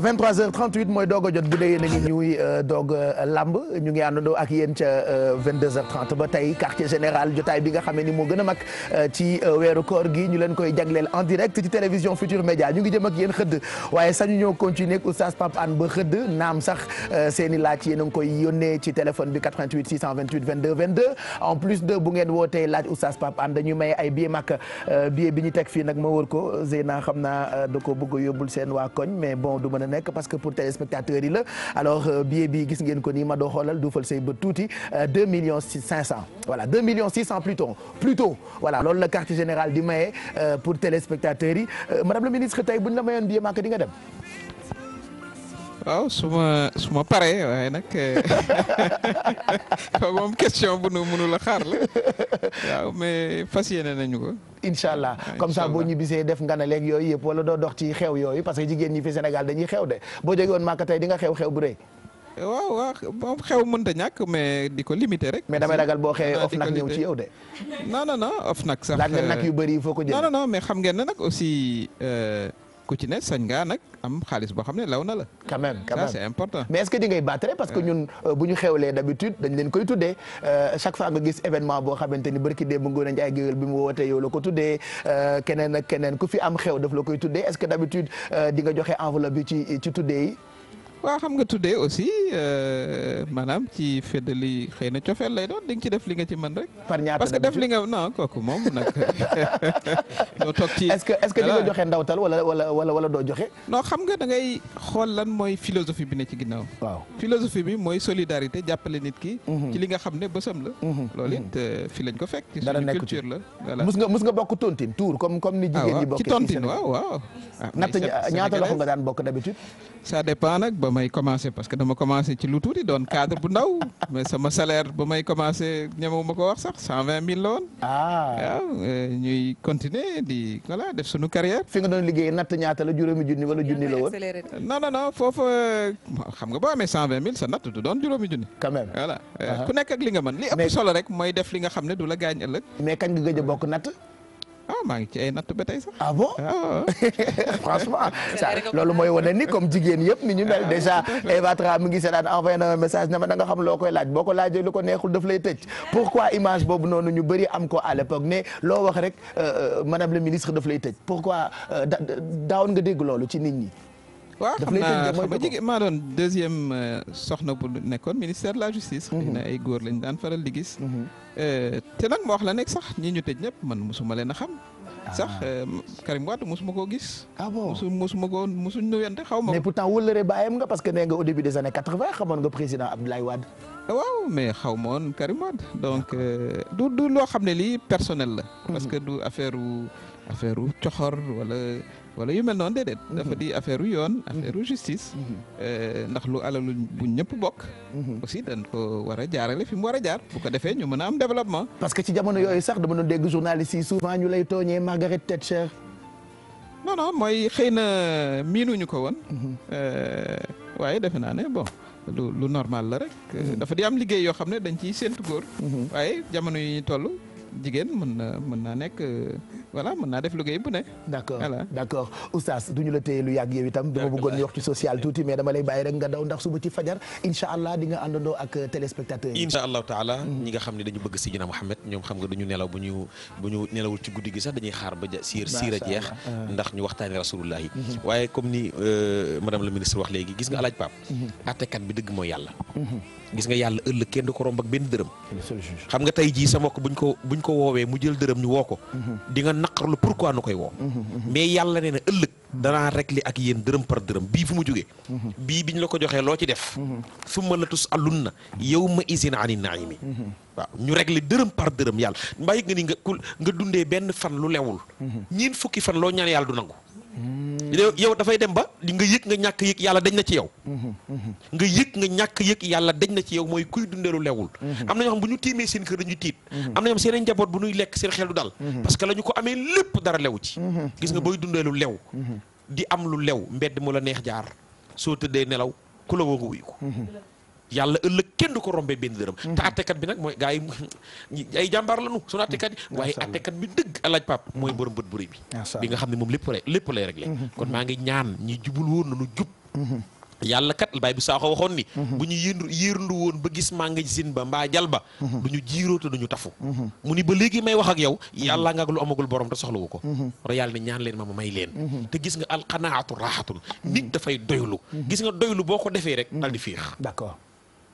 23h38 mooy a jot bu dee yéen euh, euh, ñu ngi àndandoo ak yéen ca euh, ba tey quartier général jotaay bi nga xamee ni moo gën a mag ci weeru koor ñu leen koy jagleel en direct ci télévision Futur Média ñu ngi jëm ak yéen xëdd waaye sañu ñoo continuer naam sax seen i laaj yéen a ngi koy yónnee ci téléphone bi 88 628 22 22 en plus de bu ngeen wootee laaj oustaz Pape Anne dañuy may ay billet mag billet bi ñu teg fii nag ma wër ko xam naa da ko bëgg a yóbbul seen waa koñ mais bon du mën nekk parce que pour téléspectateurs yi la alors euh, billet bi gis ngeen ko nii ma doo xoolal duufal say bët tuuti 2 euh, millions 500 voilà 2 millions 600 plutôt plutôt voilà loolu la quartier général di maye euh, pour téléspectateurs yi madame la ministre tey la mayoon billet maa ko di waaw su ma su ma paree waaye nag eh, moom question bu nu mënul a xaar la waaw mais fas yéene nañu ko. incha allah comme ça boo ñibbisee def nga ne léegi yooyu yëpp wala doo dox ci xew yooyu parce que jigéen ñi fi Sénégal dañuy xew de boo jógee woon Màkka tey di nga xew xew bu rëy. waaw waaw moom xew mënta ñàkk mais di ko limité rek. mais damay ragal boo xewee of nag ñëw ci yow de. non non non of nag sax. laaj nga euh, nag yu bëri foo ko jël. non non non xam ngeen ne nag aussi. Euh, ku ci ne sañ ngaa nag am xaalis boo xam ne law na la. quand même mais est-ce que di ngay battre parce que ñun euh, bu ñu xewlee d'habitude dañ leen koy tuddee euh, chaque fois nga gis événement boo xamante ni barki démb Ngoné Ndiaye géwél bi mu wootee yow la ko tuddee euh, keneen ak keneen ku fi am xew daf la koy tuddee est-ce que d'habitude di nga joxe enveloppe bi ci ci yi. waaw xam nga tuddee aussi euh, maanaam ci feddali xëy na cofeel lay doon di nga ci def li nga ci mën rek. par ñaata parce que def li nga non kooku moom nag. doo toog ci est que est-ce que di joxe ndawtal wala wala wala wala doo joxe. no xam nga da ngay xool lan mooy philosophie bi ne ci ginnaaw. waaw philosophie bi mooy solidarité jàppale nit ki. Mhm. ci li nga xam ne bësam la. Mhm. loolu it mhm. euh, fi lañ ko fek ci suñu culture la dara nekkul mus nga mus nga bokk tontine tuur comme comme ni ah, jigéen ñi bokk ci Ah, natt ñaata loxo nga daan bokk d'habitude ça dépend nag ba may commencé parce que dama commencé ci lu tuuti doon cadre bu ndaw mais sama salaire ba may commencé ñemewu ma ko wax sax cent vingt mille la woon ah waaw euh, ñuy continuer di voilà def suñu carrière fi nga doon liggéey natt ñaata la juróomi junni wala junni la woon non non non euh, xam nga boo amee cent vingt mille sa natt du doon juróomi junni quand euh, uh-huh. ku nekk li nga man li ëpp solo rek mooy def li nga xam ne du la gaañ ëllëg mais kañ nga gëj a bokk natt ah maa ngi ci ay natt ba tey sax. ah bon ah, ah. franchement. loolu mooy wane ni comme jigéen yëpp ni ñu mel ah, déjà Eva a mi ngi seetaan envoyé na message na nga xam loo koy laaj boo ko laajee lu ko neexul daf lay tëj pourquoi image boobu noonu ñu bëri am ko à l'époque ne loo wax rek euh, euh, madame la ministre daf lay tëj pourquoi euh, daawoon nga dégg loolu ci nit ñi. waaw xam naa xam nga jigéen maa doon deuxième soxna bu nekkoon ministère de la justice. xëy na mhm. ay góor lañ daan faral di gis. Mhm. Euh, te nag ma wax la nekk sax ñi ñu tëj ñëpp man mosuma leen a xam. Ah. sax euh, Karim Wade mosuma koo gis. ah bon mosu mosuma koo mosuñ nu wente xaw ma. mais pourtant wëllëre baayam nga parce que nee nga au début des années quatre vingt xamoon nga président Abdoulaye Wade. waaw mais xaw ma woon Karim Wade donc euh, du du loo xam ne lii personnel la. Mhm. parce que du affaire affaire coxor wala. wala yu mel noonu déedéet. Mhm. dafa di affaire u yoon affaire u justice. Mhm. Mhm. Euh, ndax lu alalu bu ñëpp bokk. aussi dañ ko war a jaarale fi mu war a jaar bu ko defee ñu mën a am développement. parce que ci jamono yooyu sax dama doon dégg journaliste yi souvent ñu lay tooñee Margaret Thatcher. non non mooy xëy na miinuñu ko woon. Euh, waaye defe na ne bon. lu lu normal la rek. dafa di am liggéey yoo xam ne dañ ciy séntu góor. waaye jamono yi ñu jigéen mën na mën naa nekk euh, voilà mën naa def liggéey bu ne. d'accord d'accord oustaz du ñu la téye lu yàgg yow tam dama bëggoon ñu wax ci social tuuti mais dama lay bàyyi rek nga daw ndax suba ci fajar incha allah di nga àndandoo ak euh, téléspectateurs yi. incha allahu taala mm-hmm. ñi nga xam ne dañu bëgg Sidina Muhammad ñoom xam nga dañu nelaw bu ñu bu ñu nelawul ci guddi gi sax dañuy xaar ba siir siir a jeex ah. ndax ñu waxtaane rasulullah yi mm-hmm. waaye comme ni euh, madame la ministre wax léegi gis nga mm-hmm. alaaj pap attekat bi dëgg mooy yàlla gis nga yàlla ëllëg kenn du ko romb ak benn dërëm. xam nga tey jii sa mbokk buñ ko buñ ko woowee mu jël dërëm ñu woo ko. Mm-hmm. di nga naqarlu pourquoi nu koy woo. Mm-hmm, mm-hmm. mais yàlla nee na ëllëg. danaa régler ak yéen dërëm par dërëm bii fu mu jógee. bii bi biñ la ko joxee loo ci def. summa latus'alunna yawma izin anin na'imi waaw ñu régler dërëm par dërëm yàlla mbaa yëg nga ni nga ku nga dundee benn fan lu lewul. ñeent fukki fan loo ñaan yàlla du nangu. yow dafay dem ba nga yëg nga ñàkk yëg yàlla dañ na ci yow nga yëg nga ñàkk yëg yàlla dañ na ci yow mooy kuy dundeelu lewul am na ñoo xam bu ñu tiimee seen kër dañuy tiit am na ñoo seen njaboot bu nuy lekk seen xel du dal parce que la ñu ko amee lépp dara lew ci gis nga booy lu lew di am lu lew mbedd mu la neex jaar soo tëddee nelaw ku la woo nga wuyu ko yàlla ëllëg kenn du ko rombee benn dërëm mhm. te attekat bi nag mooy gaa yi ay jàmbaar lañu sunu attekat yi mhm. waaye attekat bi dëgg alaaj pap mooy borom bët bu rëy bi bi nga xam ne moom lépp lay lépp lay réglé mhm. kon maa ngi ñaan ñi jubul woon nañu jub yàlla kat baay bu saaxo waxoon ni bu ñu yéendu yéerndu woon ba gis maa mànga sin ba mbaa jal ba du ñu jiiroo te du ñu tafu mu ni ba léegi may wax ak yow yàlla nga ak lu amagul borom te soxlawu ko ra yàlla ne ñaan leen ma ma may leen te gis nga alqanaatu raaxatul nit dafay doylu gis nga doylu boo ko defee rek dal di fiix d'accord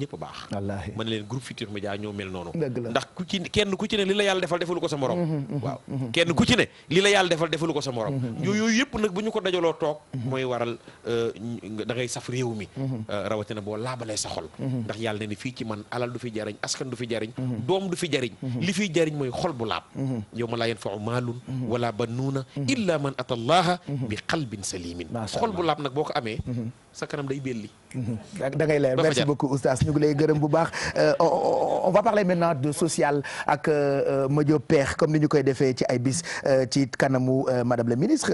ñëpp baax wallaahi mën leen groupe Futurs Médias ñoo mel noonu ndax ku ci kenn ku ci ne li la yàlla defal defalu ko sa morom mm-hmm, mm-hmm, waaw mm-hmm. kenn ku ci ne li la yàlla defal defalu ko sa morom yooyu yëpp nag bu ñu ko dajaloo toog mooy waral euh, da saf réew mi euh, rawatina boo laabalee sa xol ndax yàlla ne ni fii ci man alal du fi jariñ askan du fi jariñ doom du fi jariñ li fi jariñ mooy xol bu laab yow ma laa yanfau maalun wala bannuuna illa man ata allaha bi qalbin salimin xol bu laab nag boo ko amee sa kanam day belli da ngay leer merci beaucoup oustaz ñu ngi lay gërëm bu baax euh, on va parler maintenant de social ak euh, euh, Madiop Peex comme ni ñu koy defee ci ay bis ci kanamu madame la ministre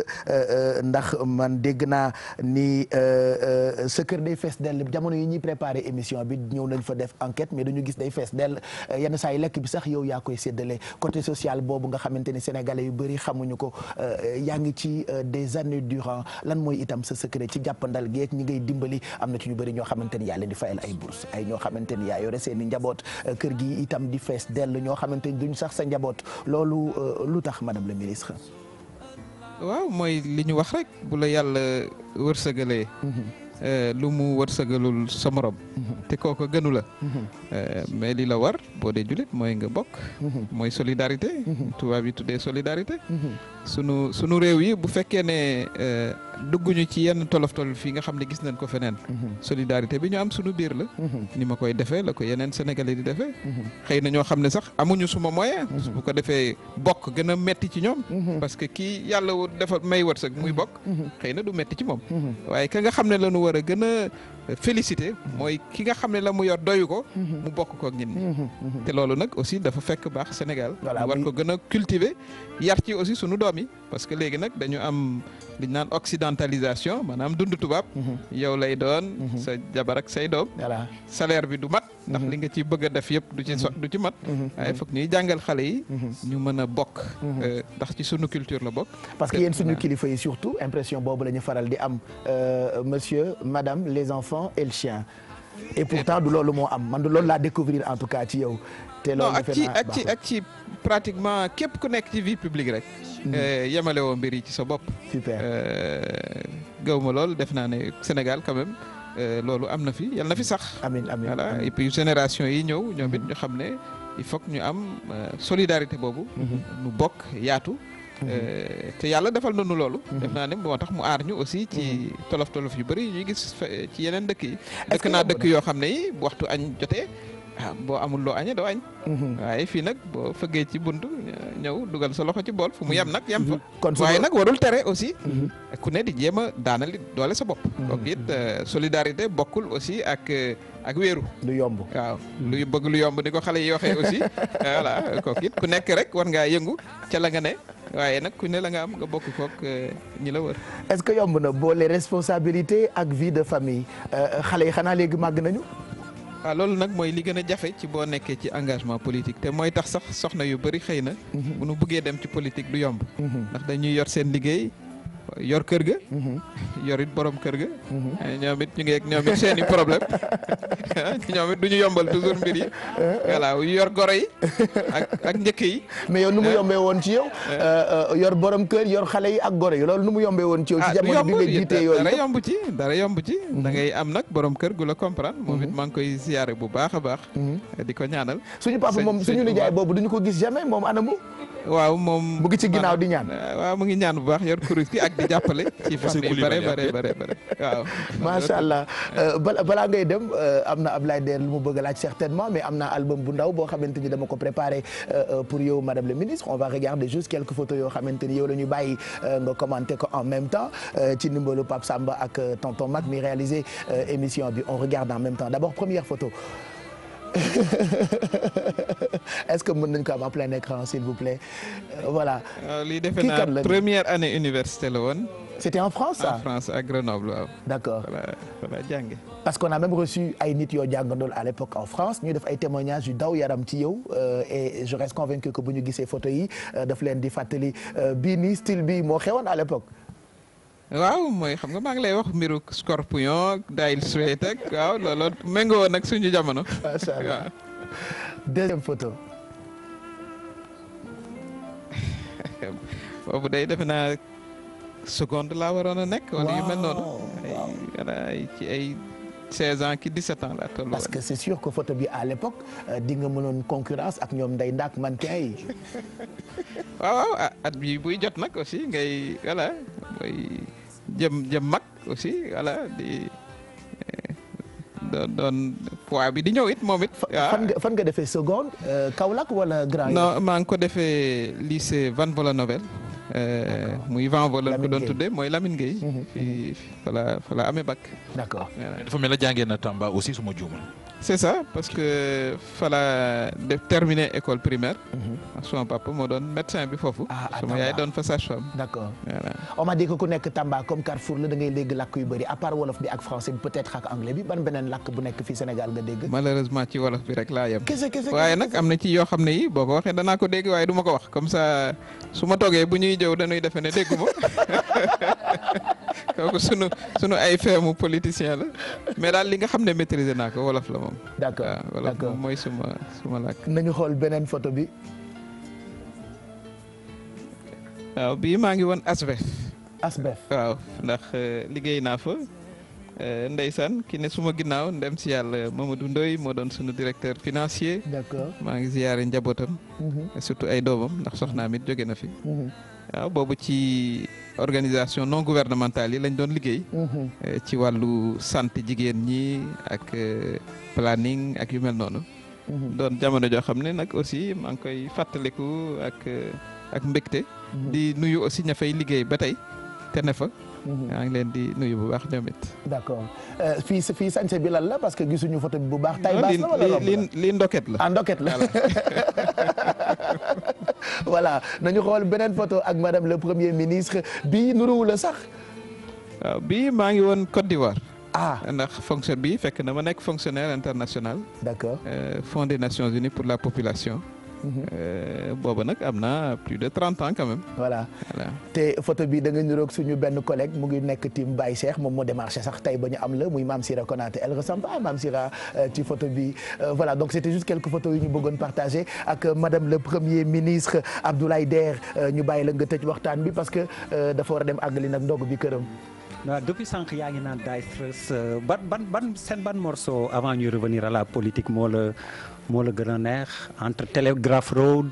ndax man dégg naa ni sa kër day fees dell jamono yi ñuy préparé émission bi ñëw nañ fa def enquête mais dañu gis day fees dell yenn saa yi lekk bi sax yow yaa koy séddale côté social boobu nga xamante ni sénégalais yu bëri xamuñu ko yaa ngi ci des années durant lan mooy itam sa secret ci jàppandal geeg ñi ngay dimbali ci ñu bëri ñoo xamante yaa leen di fayal ay bourse ay ñoo xamante ni yaa yore njaboot euh, kër gi itam di fees dell ñoo xamante ni sax sa njaboot loolu euh, lu tax madame la ministre. waaw mooy li ñu wax rek bu la yàlla wërsëgalee. Mhm. Euh, lu mu wërsëgalul sa morom. Mhm. te kooko gënu la. Mhm. mais li la war boo de jullit mooy nga bokk. mooy solidarité. tubaab yi de solidarité. sunu sunu réew yi bu fekkee ne. dugguñu ci yenn tolof tolof fii nga xam ne gis nañ ko feneen. Mhm. solidarité bi ñu am suñu biir la. Mhm. ni ma koy defee la ko yeneen sénégalais defee. Mhm. xëy na ñoo xam ne sax amuñu suma moyen. bu ko defee bokk gën a metti ci ñoom. parce que ki yàlla dafa may wërsëg muy bokk. xëy na du metti ci moom. waaye ka nga xam ne la ñu war a félicité mooy ki nga xam ne la mu yor doyu ko. Mhm. mu bokk ko ak mhm, mhm. te loolu nag aussi dafa fekk baax Sénégal. war ko gën a cultiver yar ci aussi sunu doom yi parce que léegi nag dañu am li naan occidentalisation maanaam dund tubaab. yow lay doon. sa jabar ak say doom. salaire bi du ndax mhm. li nga ci bëgg a def yëpp du ci so mhm. du ci mat mhm. waaye foog ñuy jàngal xale yi ñu mën a bokk euh, ndax ci sunu culture la bokk parce que yéen suñu euh, kilifa yi surtout impression boobu la faral di am euh, monsieur madame les enfants et le chien et pourtant du loolu moo am man du loolu laa découvrir en tout cas ci yow te loolu ak ci ci ak ci pratiquement képp ku nekk ci publique rek yemale woo mbir yi ci sa bopp super gaw ma lool def naa ne Sénégal quand Euh, loolu am na fi yal na fi sax. amiin amiin voilà et puis génération yi ñëw ñoom it ñu xam ne il faut ñu am euh, solidarité boobu. nu mhm. bokk yaatu. Mhm. Euh, te yàlla defal na nu loolu. Mhm. def naa ne moo tax mu aar ñu aussi ci tolof tolof yu bëri ñuy gis ci yeneen dëkk yi. dëkk naa dëkk yoo xam ne yi waxtu añ jotee. Ah, boo amul loo añee doo añ. Mhm. waaye fii nag boo fëggee ci bunt ñëw dugal sa loxo ci bool fu mu yem mhm. nag yem fa. Mhm. kon waaye nag warul tere aussi. ku ne di jéem a daanali doole sa bopp. donc it euh, solidarité bokkul aussi ak euh, ak wéeru. lu yomb waaw lu bëgg lu yomb ni ko xale yi waxee aussi ah, voilà kooku it ku nekk rek war ngaa yëngu ca la nga ne. waaye nag ku ne la nga am nga bokk kook euh, ñi la wër. est-ce que yomb na boole responsabilité ak vie de famille xale yi xanaa léegi màgg nañu. waaw loolu nag mooy li gën a jafe ci boo nekkee ci engagement politique te mooy tax sax soxna yu bëri xëy na. Mhm. bu nu buggee dem ci politique du yomb. Mhm. ndax dañuy yor seen liggéey. yor kër ga. Mhm. yor it borom kër ga. Mhm. Eh, ñoom it ñu ngi ñoom seen problème ñoom du ñu yombal toujours mbir eh, eh. yor goro yi ak njëkk yi. mais yow nu mu woon ci yow. Euh, euh, yor borom kër yor xale yi ak goro yi loolu nu mu yombee woon ci yow. ci ah, jamono bi nga jiite yooyu dara yomb ci dara yomb ci. Mhm. da ngay am nag borom kër gu la comprendre. moom it maa ngi koy siyaare bu baax a baax. di ko ñaanal. suñu papa moom suñu nijaay boobu duñu ko gis jamais moom anamu. waaw moom mu ngi ci ginnaaw di ñaan. Eh, waaw mu ngi ñaan baax yor ku gi ak di jàppale. ci fànn yi bare bare bare bare allah eh. Eh, balaa ngay dem am na Ablaye Der lu mu bëgg laaj certainement mais am na album bu ndaw boo xamante ni dama ko préparé pour yow madame le ministre on va regarder juste quelques photos yoo xamante ni yow la bàyyi nga commenté ko en même temps ci ndimbalu Pape Samba ak tonton Mac mi réalisé émission bi on regarde en même temps d'abord première photo. est-ce que mën nañ ko am en plein écran s'il vous plaît euh, voilà. Euh, lii defe naa première année université la woon. c'était en France ça en France à Grenoble waaw. d'accord voilà voilà jànge. parce qu'on a même reçu ay nit yoo jàngandool à l'époque en France ñuy def ay témoignages yu daw yaram ci yow euh, et je reste convaincu que bu ñu gisee photos yi daf leen di fàttali bii nii style bi moo xewoon à l'époque. waaw mooy xam nga maa ngi lay wax mbiru scorpion daayil suet waaw looloo méngoo nag suñu jamono. macha allah deuxième photo. boobu day defe naa seconde laa waroon a nekk. wala yu mel ay ci ay. 16 ans ki 17 ans la toll. parce que c'est sûr que photo bi à l'époque euh, di nga mënoon concurrence ak ñoom nday ndaak mannequin yi. waaw waaw at bi buy jot nag aussi ngay voilà mooy. jëm jëm mag aussi voilà di doon doon bi di ñëw it moom it. fan nga fan nga defee seconde euh, Kaolack wala Grand non maa ngi ko defee lycée Van Vollenhoven. Euh, muy vent volant ko doon tuddee mooy lamin Gueye. Mhm. fii fala fala amee bac. d'accord dafa mel ne jàngee na Tamba aussi suma ma c'est ça parce que fala de terminer école primaire. Mhm. ak sama papa moo doon médecin bi foofu. ah, ah yaay doon fa sage-femme. d'accord voilà. on ku nekk Tamba comme Carrefour la da ngay dégg làkk yu bëri à part wolof bi ak français bi peut-être ak anglais bi ban beneen làkk bu nekk fii Sénégal nga dégg. malheureusement ci wolof bi rek laa yem. kese kese ci yoo xam ne yi boo ko waxee danaa ko dégg waaye du ma ko wax comme ça su ma toogee bu ñuy jëw dañuy defe ne déggu ma. kooku sunu sunu ay feemu politicien la mais daal li nga xam ne maîtriser naa ko wolof la moom. d' mooy suma suma làkk. nañu xool beneen photo bi. waaw bii maa ngi woon Asbef. Asbef ndax euh, liggéey naa fa. Euh, ndeysaan ki ne suma ginnaaw ndem si yàlla Mamadou Ndoye moo doon sunu directeur financier. d' accord maa ngi ziyaare njabootam. Mm-hmm. surtout ay doomam ndax soxnaam it jóge na fi. Mm-hmm. waaw ah, boobu ci organisation non gouvernementale lañ doon liggéey. Mhm. Eh, ci wàllu santé jigéen ñi ak eh, planning ak yu mel noonu. Mhm. doon jamono joo xam ne nag aussi maa ngi koy fàttaliku ak eh, ak mbégte. Mhm. di nuyu aussi ña fay liggéey ba tey te ne fa. maa leen di nuyu bu baax ñoom it. d'accord euh, fii fii sañse bi lan la parce que gisuñu photo bi bu baax. tay baas la li li la ah ndoket la. voilà nañu xool beneen photo ak madame le premier ministre bii nuruwu la sax. bii maa ngi woon Côte d'Ivoire. ah ndax fonction bi fekk na ma nekk fonctionnaire international. d'accord euh, Fonds des Nations Unies pour la population. Euh, booba nag am na plus de trente ans quand même. voilà te photo bi da nga niroog suñu benn collègue mu ngi nekk team Baye Cheikh moom moo démarché sax tey ba ñu am la muy Mame Sira Konaté elle ressemble à Mame Sira euh, ci photo bi euh, voilà donc c' était juste quelques photos yu ñu bëggoon partagé ak madame le premier ministre Abdoulaye Der ñu bàyyi la nga tëj waxtaan bi parce que dafa war a dem àggali nag ndog bi këram. waaw depuis sànq yaa ngi naan Dice ba ban ban seen ban morceau avant ñuy revenir moo la gën a neex entre Telegraph Road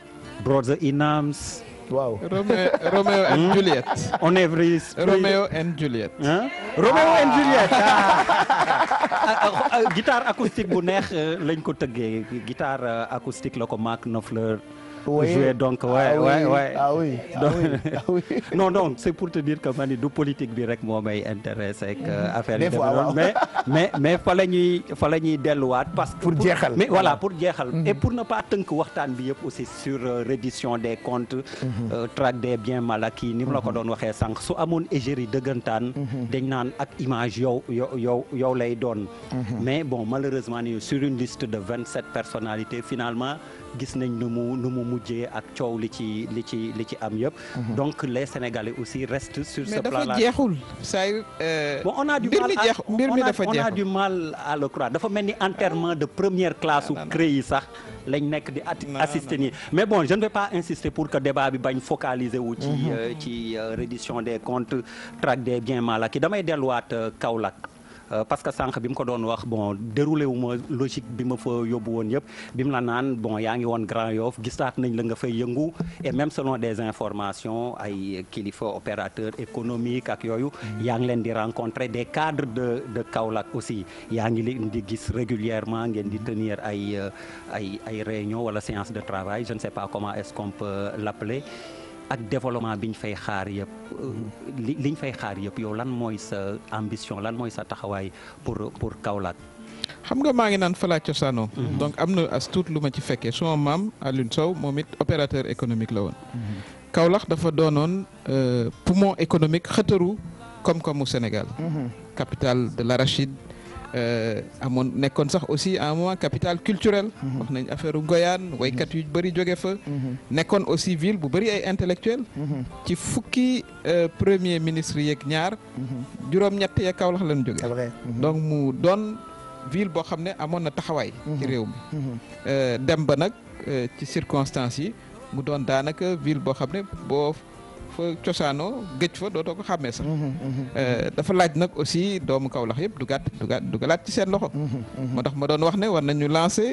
Brother Inams. waaw Romeo Romeo and hmm? Juliet. on every Romeo and Juliet. ah Romeo ah. ah, ah, guitare acoustique bu neex euh, lañ ko tëggee guitare euh, acoustique la ko Mark Knopfler. oui. jouer donc waay waay waay ah oui non c'est pour te dire que man du politique bi rek moo may intéressé que euh, mm. affaire yi demee mais mais fa la ñuy fa la ñuy delluwaat parce que pour jeexal mais voilà pour jeexal mm-hmm. et pour ne pas tënk waxtaan bi yëpp aussi sur euh, reddition des comptes mm-hmm. euh, traque des biens mal acquis ni mu la ko mm-hmm. doon waxee sànq su amoon égérie dëggantaan dañ naan ak image yow yow yow lay doon mais bon malheureusement ni sur une liste de vingt sept personnalités finalement gis nañ nu mu nu mu mujjee ak coow li ci li ci li ci am yëpp. Mhm. donc les sénégalais aussi restent sur ce plan là. mais jeexul saa yu. Euh, bon on a du mal dafa jeexul du mal à le croire dafa mel ni enterrement de première classe su CREI sax lañ nekk di. assister nii mais bon je ne vais pas insister pour que débat bi bañ focaliser wu. ci mhm. euh, ci euh, reddition des comptes traque des biens mal acquis damay delluwaat Kaolack. Euh, parce que sànq bi mu ko doon wax bon déroulé wu ma logique bi ma fa yóbbu woon yëpp bi mu la naan bon yaa ngi woon Grand yoof gisaat nañ la nga fay yëngu et même selon des informations ay kilifa opérateur économique ak yooyu mm-hmm. yaa ngi leen di rencontrer des cadres de de Kaolack aussi yaa ngi leen di gis régulièrement ngeen di mm-hmm. tenir ay euh, ay ay réunion wala séance de travail je ne sais pas comment est l'appeler ak développement bi ñu fay xaar yëpp euh, li liñ fay xaar yëpp yow lan mooy sa ambition lan mooy sa taxawaay pour pour Kaolack. xam nga maa ngi naan fala laa cosaanoo mhm. donc am na as tuut lu ma ci fekkee suma maam Alioune Sow moom it opérateur économique la woon. Mhm. Kaolack dafa doonoon euh, poumon économique xëtëru koom-koomu Sénégal. Mhm. capitale de l'arachide Euh, amoon nekkoon sax aussi à un moment capitale culturelle. Mhm. nañ affaire Ngoyaan waykat bëri jóge fa. Mhm. nekkoon aussi ville bu bëri ay intellectuels. Mhm. ci fukki euh, premier ministre yeeg ñaar. juróom-ñett ya Kaolack jóge. donc mu doon ville boo xam ne amoon na taxawaay. ci réew mi euh, dem ba nag ci circonstances yi mu doon daanaka ville boo xam ne boo. fa cosaanoo gëj fa doo ko xàmmee sax. Mhm, mhm. Euh, dafa laaj nag aussi doomu Kaolack yëpp dugaat gàtt du gàtt ci seen loxo. Mhm, moo tax ma doon wax ne war ñu lancé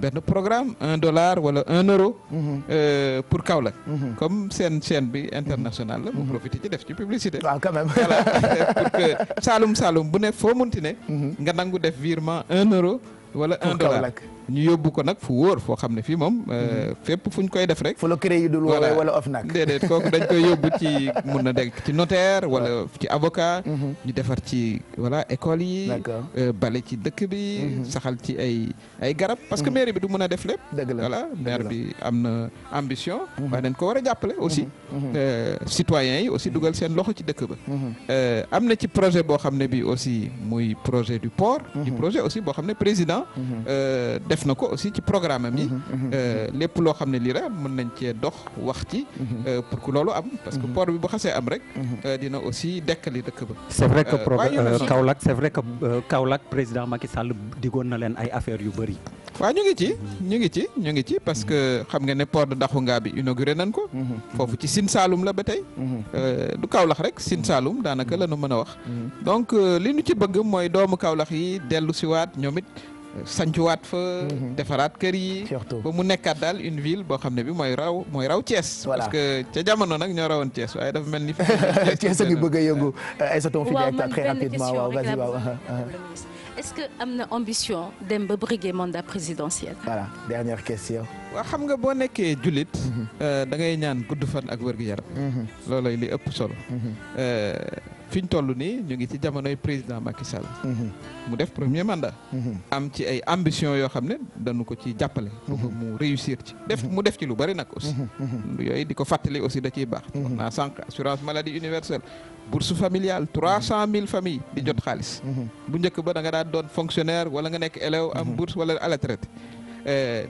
benn programme un dollar wala un euro. Euh, pour Kaolack. comme seen chaîne bi internationale la. mu profité ci def ci publicité. waaw quand même voilà pour que Saloum bu ne foo munti ne. nga nangu def virement un euro. wala un dollar. ñu yóbbu ko nag fu woor foo xam ne fii moom. Euh, mm-hmm. fépp fu ñu koy def rek. fu la créé yu dul woowee wala of nag. déedéet kooku dañ koy yóbbu ci mun na nekk ci notaire wala ci avocat. Mm-hmm. ñu defar ci voilà école yi. Euh, bale ci dëkk bi. Mm-hmm. saxal ci ay ay garab. parce que maire bi du mën a def lépp. dëgg la voilà maire bi am na ambition. waaye dañ ko war a jàppale aussi. Euh, citoyens yi aussi dugal seen loxo ci dëkk ba. am na ci projet boo xam ne bi aussi muy projet du port. du projet aussi boo xam ne président. def na ko aussi ci programme am mhm, mhm, mhm. Euh, lépp loo xam ne lii la mën nañ cee dox wax ci. Euh, pour que loolu am. parce que port bi bu xasee am rek. Euh, dina aussi dekkali dëkk ba. c'est vrai que programme Kaolack c'est vrai que Kaolack président Macky Sall digoon na leen ay affaires yu bëri. waaw ñu ngi ci ñu ngi ci ñu ngi ci parce que xam nga ne port de nga bi inauguré nañ ko. foofu ci Sine Saalum la ba tey. du Kaolack rek Sine Saalum daanaka la nu mën a wax. donc li ñu ci bëgg mooy doomu Kaolack yi dellu siwaat ñoom it sancuwaat fa. Mhm. defaraat kër yi. surtout ba mu nekkaat daal une ville boo xam ne bi mooy raw mooy raw Thiès. voilà parce que ca jamono nag ñoo rawoon Thiès waaye dafa mel ni. Thiès a ngi bëgg a yëngu ay sa fi nekk très rapidement waaw vas-y uh-huh. est-ce que am na ambition dem ba briguer mandat présidentiel. voilà dernière question. waaw xam nga boo nekkee jullit. Mhm. Euh, da ngay ñaan gudd fan ak wér gu yaram. Mhm. loolooy li ëpp solo. Euh, fi ñu toll nii ñu ngi ci jamonoy président Macky Sall. Mhm. mu def premier mandat. Mhm. am ci ay ambition yoo xam ne dañu ko ci jàppale. pour mhm. mu réussir ci def mu def ci lu bari nag aussi. yooyu di ko fàttali aussi da ciy baax. wax naa sànq assurance maladie universelle bourse familiale trois cent mille familles di jot xaalis. bu njëkk ba da nga daan doon fonctionnaire wala nga nekk élève am bourse wala à la traite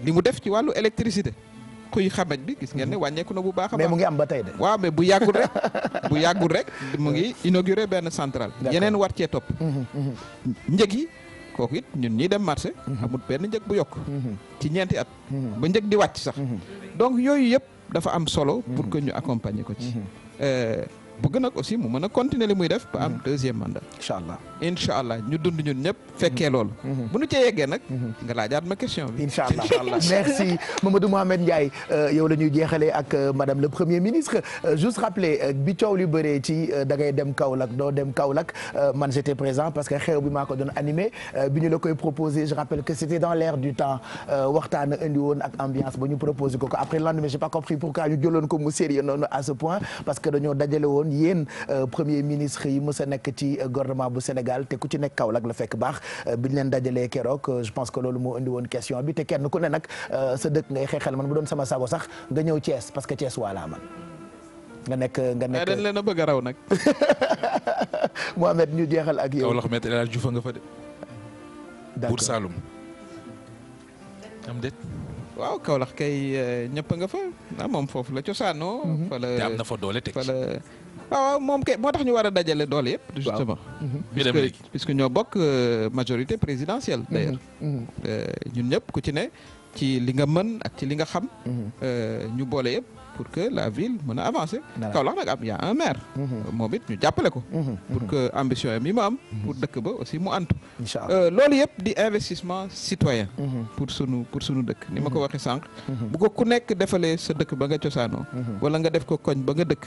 li euh, mu def ci wàllu électricité. kuy xamaj bi gis ngeen ne mhm. wàññeeku na bu baax a baax. mais mu ngi am ba tey de. waaw bu yàggul rek bu yàggul rek mu ngi inauguré benn centrale. yeneen war cee topp. Mhm, mhm. njëg yi kooku it ñun ñii dem marché. amul benn njëg bu yokk. ci ñeenti at. ba njëg di wàcc sax. donc yooyu yëpp dafa am solo. pour que ñu accompagner ko ci. Euh, bëgg nag aussi mu mën a continuer li muy def ba am deuxième mandat. incha allah. incha allah ñu dund ñun fekkee mhm. loolu. bu mhm. ñu cee yeggee nag. Mhm. nga laajaat ma question bi. incha allah merci Mamadou Mouhamed Ndiaye euh, yow la ñuy jeexalee ak euh, madame le premier ministre euh, juste rappeler bi coow li ci da dem Kaolack doo dem Kaolack man j'étais présent parce que xew bi maa doon animé bi ñu la koy proposé je rappelle que c'était dans l'air du temps waxtaan indi woon ak ambiance ba ñu proposé ko après le lendemain pas compris a nekk Sénégal te ku ci nekk Kaolack la fekk baax euh, bi ñu leen dajalee keroog euh, je pense que loolu moo indi woon question bi te kenn ku ne euh, sa dëkk ngay xeexal man bu doon sama sago sax nga ñëw Thiès parce que Thiès wala man nga nekk nga eh, nekk dañ a bëgg a raw nag. ñu jeexal ak yow. Kaolack Maître El Hadji Diouf nga fa de. d'accord Buur Saloum. am déet waaw Kaolack kay ñëpp nga fa ah moom foofu la cosaanoo. Mhm. fa la te na fa doole teg waaw moom kay moo tax ñu war a dajale doole yëpp. justement mhm. puisque puisque ñoo bokk euh, majorité présidentielle. Mhm. d'ailleurs mhm. Euh, ñun ñëpp ku ci ne ci li nga mën ak ci li nga xam. Euh, ñu boole yëpp. pour que la ville mën a avancer. Kaolack nag am y' a un maire. Mhm. moom it ñu jàppale ko. Mhm. Mhm. pour que ambition yi mu am. pour dëkk ba aussi mu antu. incha euh, allah loolu di investissement citoyen. pour sunu dëkk ni ma ko waxee sànq. bu ku nekk defalee sa dëkk ba nga cosaanoo. wala nga def ko koñ ba nga dëkk.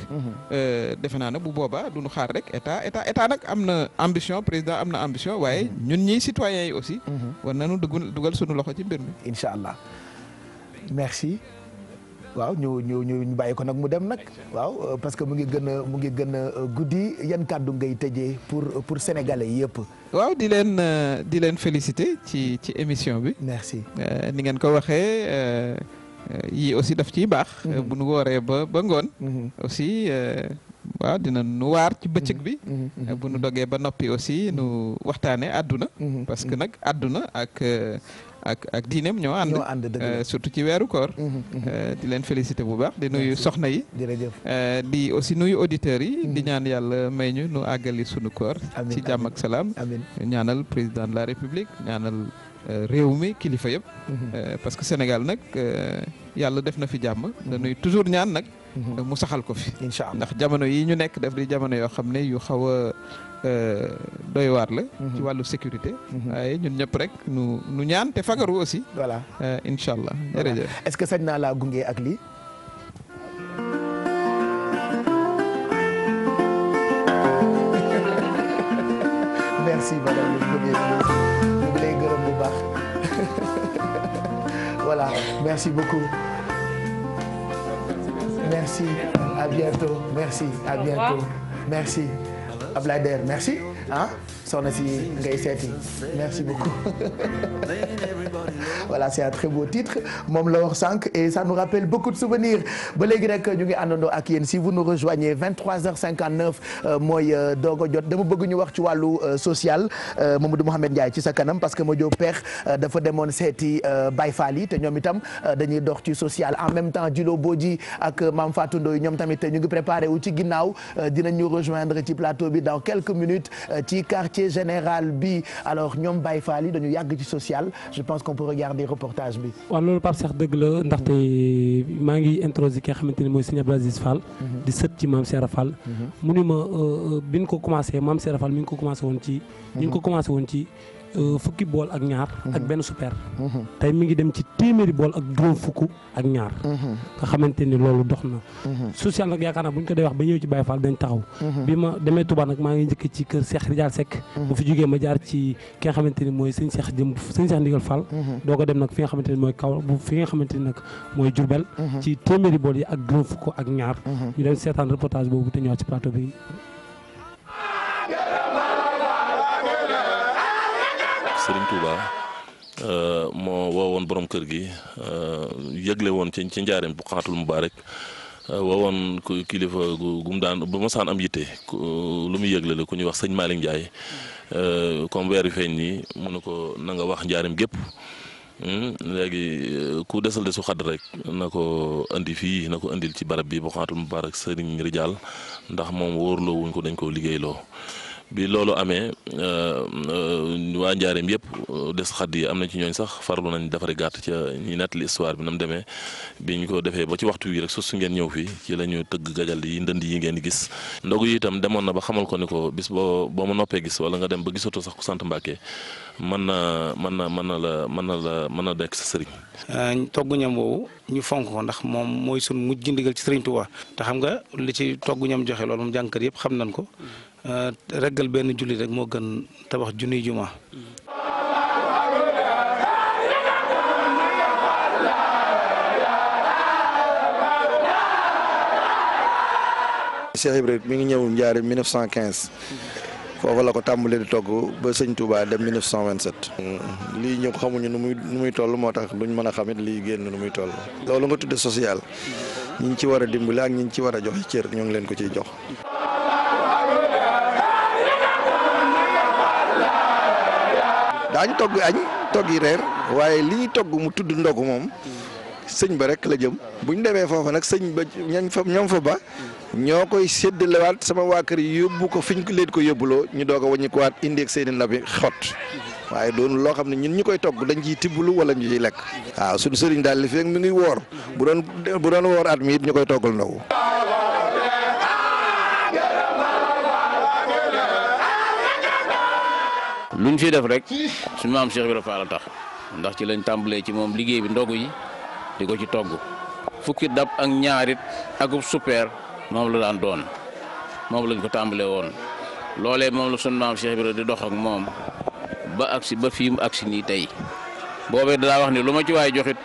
Euh, defe naa ne bu boobaa duñu xaar rek état nag am na ambition président am na ambition waaye ñun ñii citoyens yi aussi. war nañu dugal sunu loxo ci mbir mi. incha allah waaw ñu ñu ñu bàyyi ko nag mu dem nag. waaw euh, parce que mu ngi gën a mu ngi gën a euh, guddi yan kàddu ngay tëjee pour pour sénégalais yëpp. waaw di leen euh, di leen féliciter ci ci émission bi. merci ni ngeen ko waxee. yi aussi daf ci baax. Mm-hmm. bu nu wooree ba ba ngoon. Mm-hmm. aussi waaw dina nu waar ci bëccëg bi. Mm-hmm. bu nu dogee ba noppi aussi nu waxtaanee àdduna. parce que nag àdduna ak. ak ak diineem ñoo ànd. ñoo euh, surtout ci weeru koor. Mm-hmm, mm-hmm. Euh, di leen félicité bu baax di nuyu soxna yi. jërëjëf euh, di aussi nuyu auditeurs yi. di mm-hmm. ñaan yàlla may ñu nu àggali sunu koor. ci jàmm ak salaam. ñaanal président de la république ñaanal réew mi kilifa yëpp. parce que Sénégal nag yàlla def na fi jàmm. dañuy toujours ñaan nag. Mm-hmm. mu saxal ko fi. incha allah ndax jamono yi ñu nekk daf di jamono yoo xam ne yu xaw a euh, doy waar la. Mm-hmm. wàllu sécurité. Mm-hmm. waaye ñun ñëpp rek nu nu ñaan te fagaru aussi. voilà euh, incha allah jërëjëf. est-ce que sañ naa laa gunge ak lii. merci beaucoup. merci à bientôt merci à bientôt merci Ablaye Der merci ah soxna si ngay seeti merci beaucoup voilà c'est un très beau titre moom la wax sànq et ça nous rappelle beaucoup de souvenirs ba léegi rek ñu ngi àndandoo ak yéen si vous nous rejoignez 23h59 euh, mooy euh, doog jot dama bëgg ñu wax ci wàllu euh, social moom du Mouhamed Ndiaye ci sa kanam parce que Mojo Peex dafa demoon seeti bay Fall yi te ñoom itam dañuy dox ci social en même temps Djilo Boji ak mam Fatou Ndoye ñoom tamit ñu ngi préparé wu ci ginnaaw dinañu rejoindre ci général bi alors ñoom Baye Fall yi dañu yàgg ci social je pense qu'on peut regarder reportage bi. waaw loolu Pape Cheikh dëgg la ndaxte maa ngi introduit ki xamante ne mooy Serigne Abdou Aziz mhm. di sët ci maam Serap Fall. Mhm. mu ni ma euh, euh, bi ñu ko commencé maam a Fall mi ngi ko commencé woon ci. mi ngi ko commencé woon ci. Euh, fukki bool ak ñaar ak mhm. benn super mhm. tey mi ngi dem ci téeméeri bool ak juróom fukk ak ñaar mhm. nga xamante ni loolu dox na social nag yaakaar naa bu ñu ko dee wax ba ñëw ci Baye Fall dañ taxaw bi ma demee Touba nag maa ngi njëkk ci kër Cheikh Rijal Seck bu fi jógee ma jaar ci ki nga xamante ni mooy sëñ Cheikh jëm sëñ Cheikh Ndigal Fall doo ko dem nag fi nga xamante ni mooy kaw bu fi nga xamante ni nag mooy Jurbel ci téeméeri bool yi ak juróom fukk ak ñaar ñu dem seetaan reportage boobu te ñëwaat ci Serigne Touba euh, moo woowoon borom kër gi euh, yëgle woon ci ci njaareem bu xaatul Mubaarak euh, woowoon kilifa gu gum daan bu masaan am yitte lu muy yëgle la ku ñuy wax sëñ Malick Ndiaye comme weer yu feeñ nii mu ne ko na nga wax njaareem gépp hmm, léegi ku desal de su xadd rek na ko indi fii na ko indil ci barab bi bu xaatul Mubaarak Serigne Ridial ndax moom wóorloo wuñ ko dañ koo liggéeyloo. bi loolu amee euh, euh, waa njaareem yëpp euh, des xadd yi am na ci ñooñ sax farlu nañ defaree gàtt ca ñi nettali histoire bi nam demee bi ñu ko defee ba ci waxtu wi rek su su ngeen ñëw fii ci la ñu tëgg gajal yi ndënd yi ngeen gis ndogu yi itam demoon na ba xamal ko ni ko bis boo boo ma noppee gis wala nga dem ba gisatoo sax ko sant Mbàkke mën na mën na mën na la mën na la mën na dekk sa sëriñ togg ñam woowu ñu fonk ko ndax moom mooy sun mujj ndigal ci sëriñ Tuubaa te xam nga li ci togg ñam joxe loolu moom yëpp xam nañ ko Euh, reggal benn julli rek moo gën tabax junniy juma. Cheikh Ibrahima mi ngi ñëw njaari 1915 foofu la ko tàmbalee di togg ba sëñ Touba dem 1927. Mm-hmm. lii ñëpp xamuñu nu muy nu muy toll moo tax duñ mën a xamit lii génn nu muy toll. loolu nga tudde social. Mm-hmm. ñi ñu ci war a dimbali ak ñi ñu ci war a jox cër ñoo ngi leen ko ciy jox. añ togg añ togg yi reer waaye li ñuy togg mu tudd ndog moom sëñ ba rek la jëm buñ demee foofa nag sëñ ba ñañ fa ñoom fa ba ñoo koy séddalewaat sama waa kër yóbbu ko fi ñu leen ko yóbbuloo ñu doog a wàññikuwaat indi ak seeni labi xott waaye doon loo xam ne ñun ñu koy togg dañ ciy tibblu wala ñu ciy lekk. waaw suñu sëriñ daal li fi mi ngi woor bu doon woor at mi it ñu koy toggal ndogu. lu luñ fi def rek suñu maam Cheikh Ibra Fall tax ndax ci lañ tàmbalee ci moom liggéey bi ndogu yi di ko ci togg fukki dab ak ñaarit akub super moom la daan doon moom lañ ko tàmbalee woon loolee moom la suñu maam Cheikh Ibra di dox ak moom ba agsi ba fii mu agsi nii tey boobee daa wax ni lu ma ci waay joxit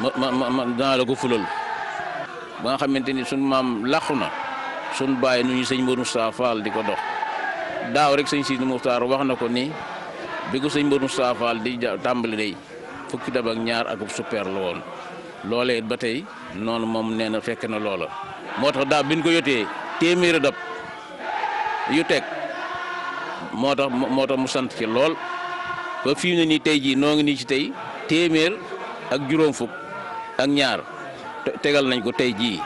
ma ma ma danaa la ko fulal ba nga xamante ni suñ maam làqu na suñu bàyyi nu ñu sëñ Mbour Moustapha Fall di ko dox daaw rek sëñ Sidi Muxtaar wax na ko ni bi ko sëñ Mbër Moustapha Fall di tàmbali day fukki dab ak ñaar ak suppeer la woon loolee ba tey noonu moom nee na fekk na loola moo tax daaw bi ñu ko yotee téeméeri dab yu teg moo tax mu sant ci lool ba fii ne nii tey jii noo ngi nii ci tey téeméer ak juróom fukk ak ñaar tegal nañ ko tey jii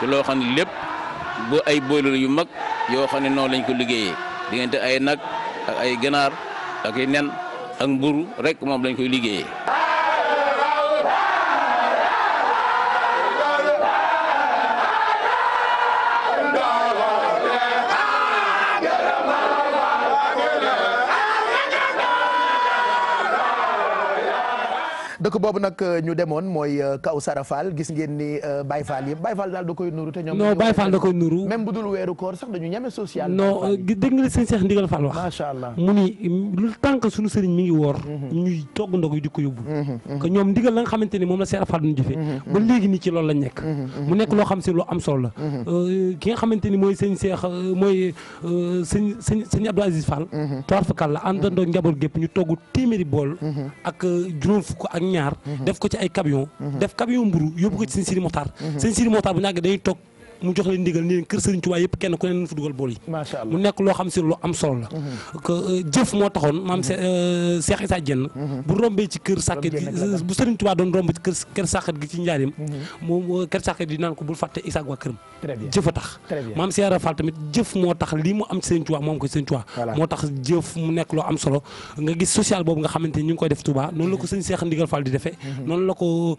te loo xam ne lépp bu ay booleel yu mag yoo xam ne noonu lañ ko liggéeyee. diggante ay nag ay ganaar ak nen ak mburu rek moom lañu koy liggéeyee. dëkk boobu nag euh, ñu euh, euh, da koy nuru te ñoom. non Baye Fall mu ni lu tànk suñu sëriñ mi ngi woor. Mhm. ñuy togg ndog yi di ko yóbbu. Mhm, mhm. que ñoom ndigal la nga xamante moom la Cheikh Fall duñu jëfee. ba léegi nii ci loolu lañ nekk. mu nekk loo xam si lu am solo la. ki nga xamante ni mooy sëñ Cheikh mooy sëñ sëñ sëñ Abdou Aziz Fall. Touare Fakal da àndandoo njaboot gépp ñu togg téeméeri bool ak juróom fukk ak ñaar mhm. def ko ci ay camion mhm. def camion mburu yóbbu ko ci sëñ Sidi Moxtaar mhm. sëñ Sidi Moxtaar bu ñu àggee dañuy toog mu jox leen ndigal ne kër Serigne Touba yëpp kenn ku ne na fa dugal bool yi. mu nekk loo xam si lu am solo la. Mhm. que euh, jëf moo taxoon maam euh, Cheikh Issa Diène. Mhm. kër sàkket gi bu Serigne Touba doon romb ci kër kër sàkket gi ci njaarim mhm. moom euh, kër sàkket di naan ko bul fàtte Issa ak waa a tax maam Cheikh Ibra tamit jëf moo tax lii mu am ci Serigne Touba moom ko Serigne Touba. moo tax jëf mu nekk loo am solo nga gis social boobu nga xamante ni ñu ngi koy def Touba noonu la ko Serigne Cheikh Ndigal Fall di defee. noonu la ko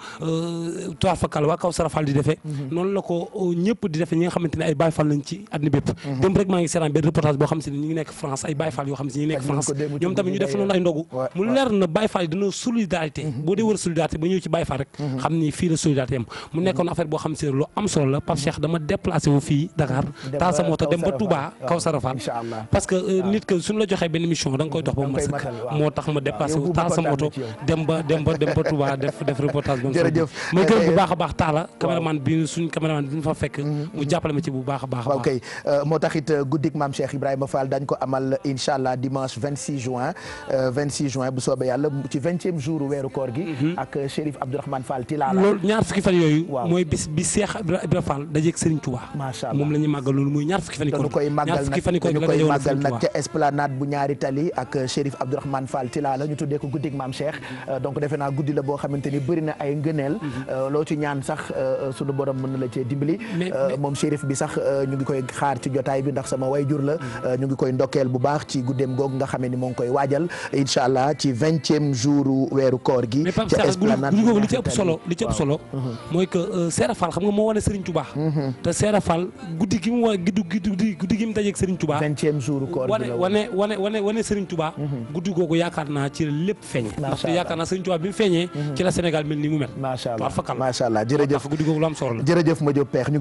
Touba Fakal waa Kaw Sara Fall di defee. noonu la ko ñëpp di defee ñi xamante ne ay Baye Fall ci àddina bépp dem mhm. rek maa ngi seetaan benn reportage boo xam si ne ñi nekk France ay Baye yoo xam si ne nekk France ñoom tamit ñu def noonu ay ndogu mu leer na Baye Fall solidarité mhm. boo dee wër solidarité ba ñëw ci Baye rek mhm. xam ni fii la solidarité am mu nekkoon affaire boo xam si ne am solo la Pape Cheikh dama déplacé fii Dakar taa sa moto dem ba dem ba dem def reportage ba ma gërëm mu jàppale ma ci bu baax a baax. waaw euh, moo tax euh, guddik maam Cheikh Ibrahima Fall dañ ko amal incha allah dimanche 26 juin 26 euh, juin bu soobee yàlla ci vingtième jour weeru koor gi. Mhm. ak Chérif Abdourahmane Fall Tilala. loolu ñaar fukki fan yooyu. waaw mooy bi Cheikh Ibrahima Fall dajeeg Serigne Touba. la ñuy màggal loolu mooy ñaar fukki fan. ñaar fukki fan yi nag ca esplanade bu ñaari tali ak Chérif Abdourahmane Fall Tilala ñu tuddee ko guddik maam Cheikh mhm. donc defe naa guddi la boo xamante ni bëri na ay ngëneel mhm. loo ci ñaan sax sunu borom mën na la cee dimbali Euh, moom shérif bi sax euh, ñu ngi koy xaar ci jotaay bi ndax sama wayjur la mm-hmm. euh, ñu ngi koy ndokkeel bu baax ci guddeem googu nga xamee ni moo koy waajal incha allah ci vingtième jour weeru koor gi. ci esplanade mm-hmm. mais mm-hmm. guddi wa guddi guddi guddi gi mu dajeeg Serigne Touba. vingtième jour koor bi la wane wane wane wane Serigne Touba. guddi googu yaakaar naa ci lépp feeñ. macha allah yaakaar naa Serigne Touba bi mu feeñee. ci la Sénégal mel ni mu mel. macha allah macha allah jërëjëf guddi googu lu am solo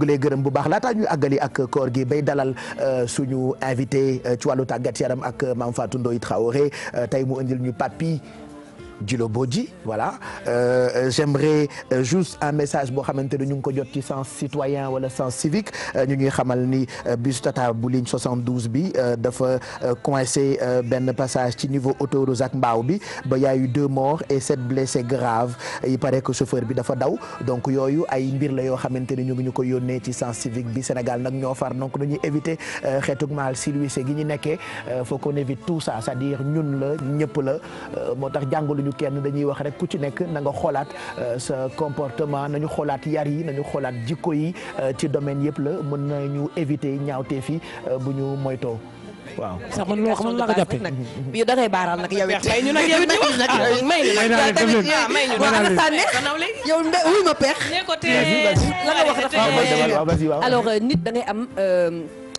la bu baax ta ñuy àggali ak koor gi bay dalal euh, suñu invité euh, ci wàllu tàggat yaram ak euh, Mame Fatou Ndoye Traoré tey mu indil ñu papi Djilo Bodji voilà euh, euh, j'aimerais euh, juste un message boo xamante ne ñu ngi ko jot ci sens citoyen wala sens civique ñu ñuy xamal ni bus Tata bu ligne 72 bi dafa coincé benn passage ci niveau autoroute ak mbaaw bi ba y a eu deux morts et sept blessés graves il paraît que chauffeur bi dafa daw donc yooyu ay mbir la yoo xamante ne ñu ngi ñu ko yónnee ci sens civique bi Sénégal nag ñoo far donc dañuy éviter xeetug maal silwise gi ñu nekkee faut qu'on évite tout ça c'est-à-dire la ñëpp la moo tax jàngaluñu ñu kenn dañuy wax rek ku ci nekk na nga xoolaat euh, sa comportement nañu xoolaat yar yi nañu xoolaat jikko yi euh, ci domaine yëpp la mën nañu éviter ñaawtee fi euh, bu ñu moytoo waaw sax man loo xam ne laa ko jàppee. yow da ngay baaral nag yow it may ñu nag yow it nag may ñu nag yow tamit may ñu nag ma peex. nit da am.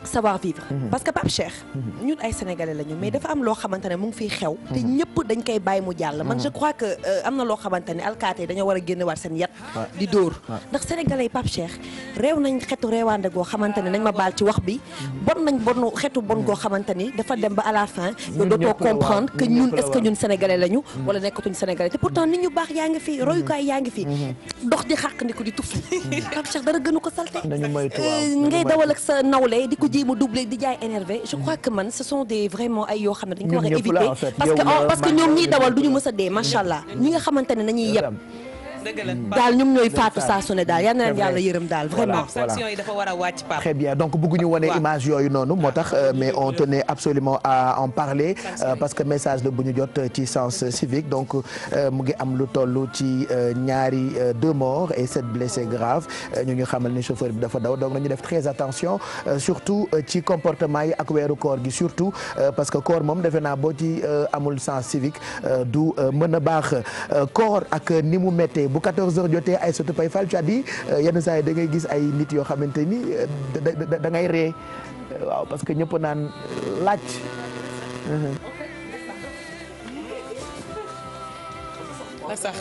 savoir vivre mhm. parce que Pape Cheikh mhm. ñun ay sénégalais lañu mais mhm. dafa am loo xamante ne mu ngi fiy xew te ñëpp dañ koy bàyyi mu jàll man je crois que euh, am na loo xamante ne alkaate yi dañoo war a génne waat seen yat di dóor ndax sénégalais yi Pape Cheikh réew nañ xetu réewaande goo xamante ne nañ ma baal ci wax bi bon nañ bon xetu bon goo xamante ni dafa dem ba à la fin yow dootoo comprendre que ñun est-ce que ñun sénégalais lañu wala nekkatuñ sénégalais te pourtant nit ñu baax yaa ngi fi royukaay yaa ngi fi dox di xàq ni ko di tuf Pape Cheikh ko euh, sa nawle di jéem a doublé di jaay énervé je crois que man ce son des vraiment ay yoo xam ne dañ ko war a parce que parce que ñoom ñiy dawal du ñu mës a dee macha allah ñi nga xamante ne nañuy yeb Hmm. daal ñoom ñooy faatu saa su ne daal yal na leen yàlla yërëm daal vraiment. sanction yi dafa war a wàcc Pape. très bien donc bëgguñu wone image yooyu noonu moo tax euh, mais on tenait absolument à en parler euh, parce que message la bu ñu jot ci sens civique donc euh, mu ngi am lu toll ci ñaari deux morts et sept blessés graves ñu ñu xamal ni chauffeur bi dafa daw donc ñu def très attention surtout ci comportement yi ak weeru koor gi surtout parce que koor moom defe naa boo ci amul sens civique du mën a baax bu 14h jotee ay sotti pay fal tu as euh, yenn saa yi da ngay gis ay nit yoo xamante ni euh, da ngay ree waaw parce que ñëpp naan euh, laaj. la sax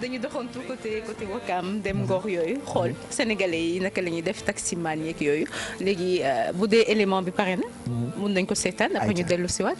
dañu doxantu côté côté Wakam dem ngoox yooyu xool sénégalais yi naka lañuy def taximan yeeg yooyu léegi bu dee élément bi pare na. Mhm. mun nañ ko seetaan a ñu dellu siwaat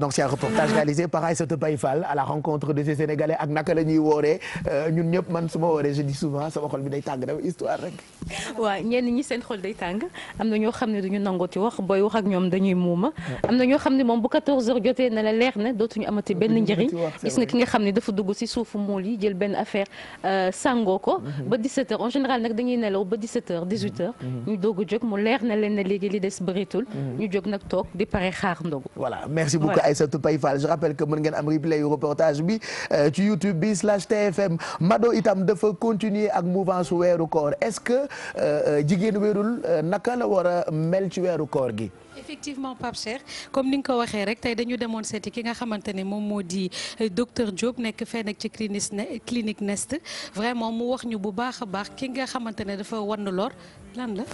donc c'est un reportage réalisé par Aïssatou Paye Fall à la rencontre de ces ak naka la ñuy wooree euh, ñun ñëpp man su ma wooree je dis souvent sama xol bi day tàng dafa histoire waaw ñenn ñi seen xol day tàng am na ñoo xam ne duñu nangooti wax booy wax ak ñoom dañuy muuma am na ñoo xam ne moom bu 14h jotee na la leer na dootuñu amati benn njëriñ gis nga ki nga xam ne dafa dugg si suufu mool yi jël benn affaire euh, sàngoo ko mhm. ba 17h en général nag dañuy nelaw ba 17h 18h mhm. mhm. ñu doog a jóg mu leer na leen ne léegi li des bëritul ñu jóg nag toog di pare xaar ndogu voilà merci beaucoup Aïssatou Paye Fall je rappelle que mën ngeen am replay yu reportage bi euh, ci youtube bi slash tfm dafa continuer ak mouvance weeru koor est-ce Euh, euh, jigéen wérul euh, naka la war a mel ci weeru koor gi. effectivement Pape Cheikh comme ni nga ko waxee rek tey dañu demoon seeti ki nga xamante ne moom moo di docteur Diop nekk fee nekk ci clinique clinique Nest vraiment mu wax ñu bu baax a baax ki nga xamante ne dafa wan loor lan la.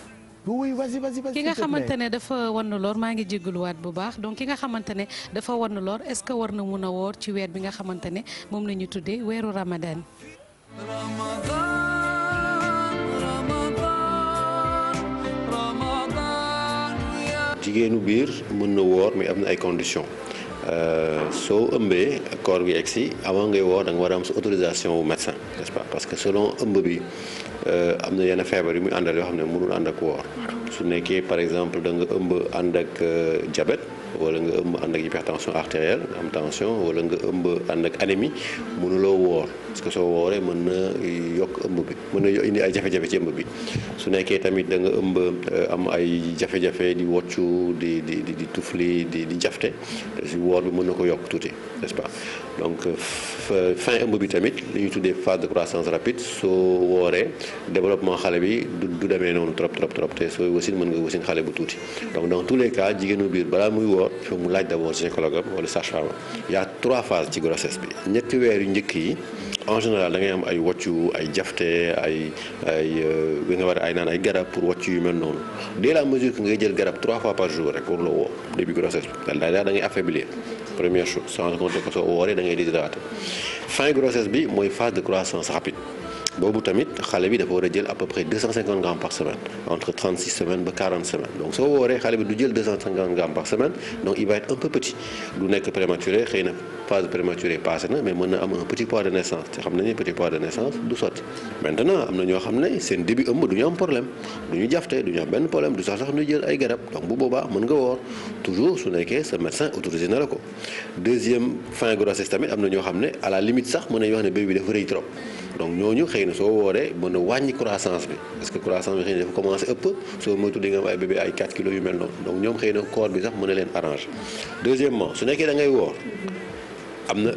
oui vas-y vas nga xamante ne dafa wan lor maa ngi jégaluwaat bu baax donc ki nga xamante ne dafa wan lor est-ce que war na mun a woor ci weer bi nga xamante ne moom la ñu tuddee weeru Ramadan. jigéenu biir mën na woor mais am na ay conditions euh, soo ëmbee koor gi egg si avant ngay woor da nga war a am sa autorisation wu médecin n'est-ce pas parce que selon ëmb bi euh, am na yenn feebar yu muy àndal yoo xam ne mënul ànd ak woor su nekkee par exemple da nga ëmb ànd ak jabet euh, wala nga ëmb ànd ak hypertension artérielle am tension wala nga ëmb ànd ak anémie mënuloo woor parce que soo wooree mën na yokk ëmb bi mën na indi ay jafe-jafe ci ëmb bi su nekkee tamit da nga ëmb euh, am ay jafe-jafe di woccu di di di di tufli di di jafte si woor bi mën na ko yokk tuuti n'est-ce pas donc euh, euh, fin bi tamit li ñu tuddee phase de croissance rapide soo wooree développement xale bi du demee noonu trop trop trop te sooy wasin nga wasin xale bu tuuti donc dans tous les cas jigéenu biir balaa muy woor mu laaj d'abord gynécologue am wala sage-femme am y bi ñetti weer yu njëkk yi en général da ngay am ay wàccu ay jafte ay ay bi euh, nga war ay naan ay garab pour wàccu yu mel noonu dès la mesure que ngay jël garab trois fois par jour rek waruloo woo début grossesse bi daal da ngay affaiblir première chose sans compter que soo wooree da ngay déshydraté fin grossesse bi mooy phase de croissance rapide. boobu tamit xale bi dafa war a jël à peu près 250 par semaine entre 36 semaines ba 40 semaines donc soo wooree xale bi du jël 250 par semaine donc il va du nekk prématuré xëy na phase prématurée passé na mais mën na am un petit poids de naissance te xam nañu petit poids de naissance du sotti maintenant am na ñoo xam ne seen début ëmb du ñu am problème du ñu jafte du ñu am benn problème du sax sax ñu jël ay garab donc bu boobaa mën sa médecin autorisé xëy soo wooree mën a wàññi croissance bi parce que croissance bi xëy na dafa commencé ëpp soo moytu di nga am ay bébé ay 4 kilos yu mel noonu donc ñoom xëy na koor bi sax mën na leen deuxièmement su nekkee da ngay am na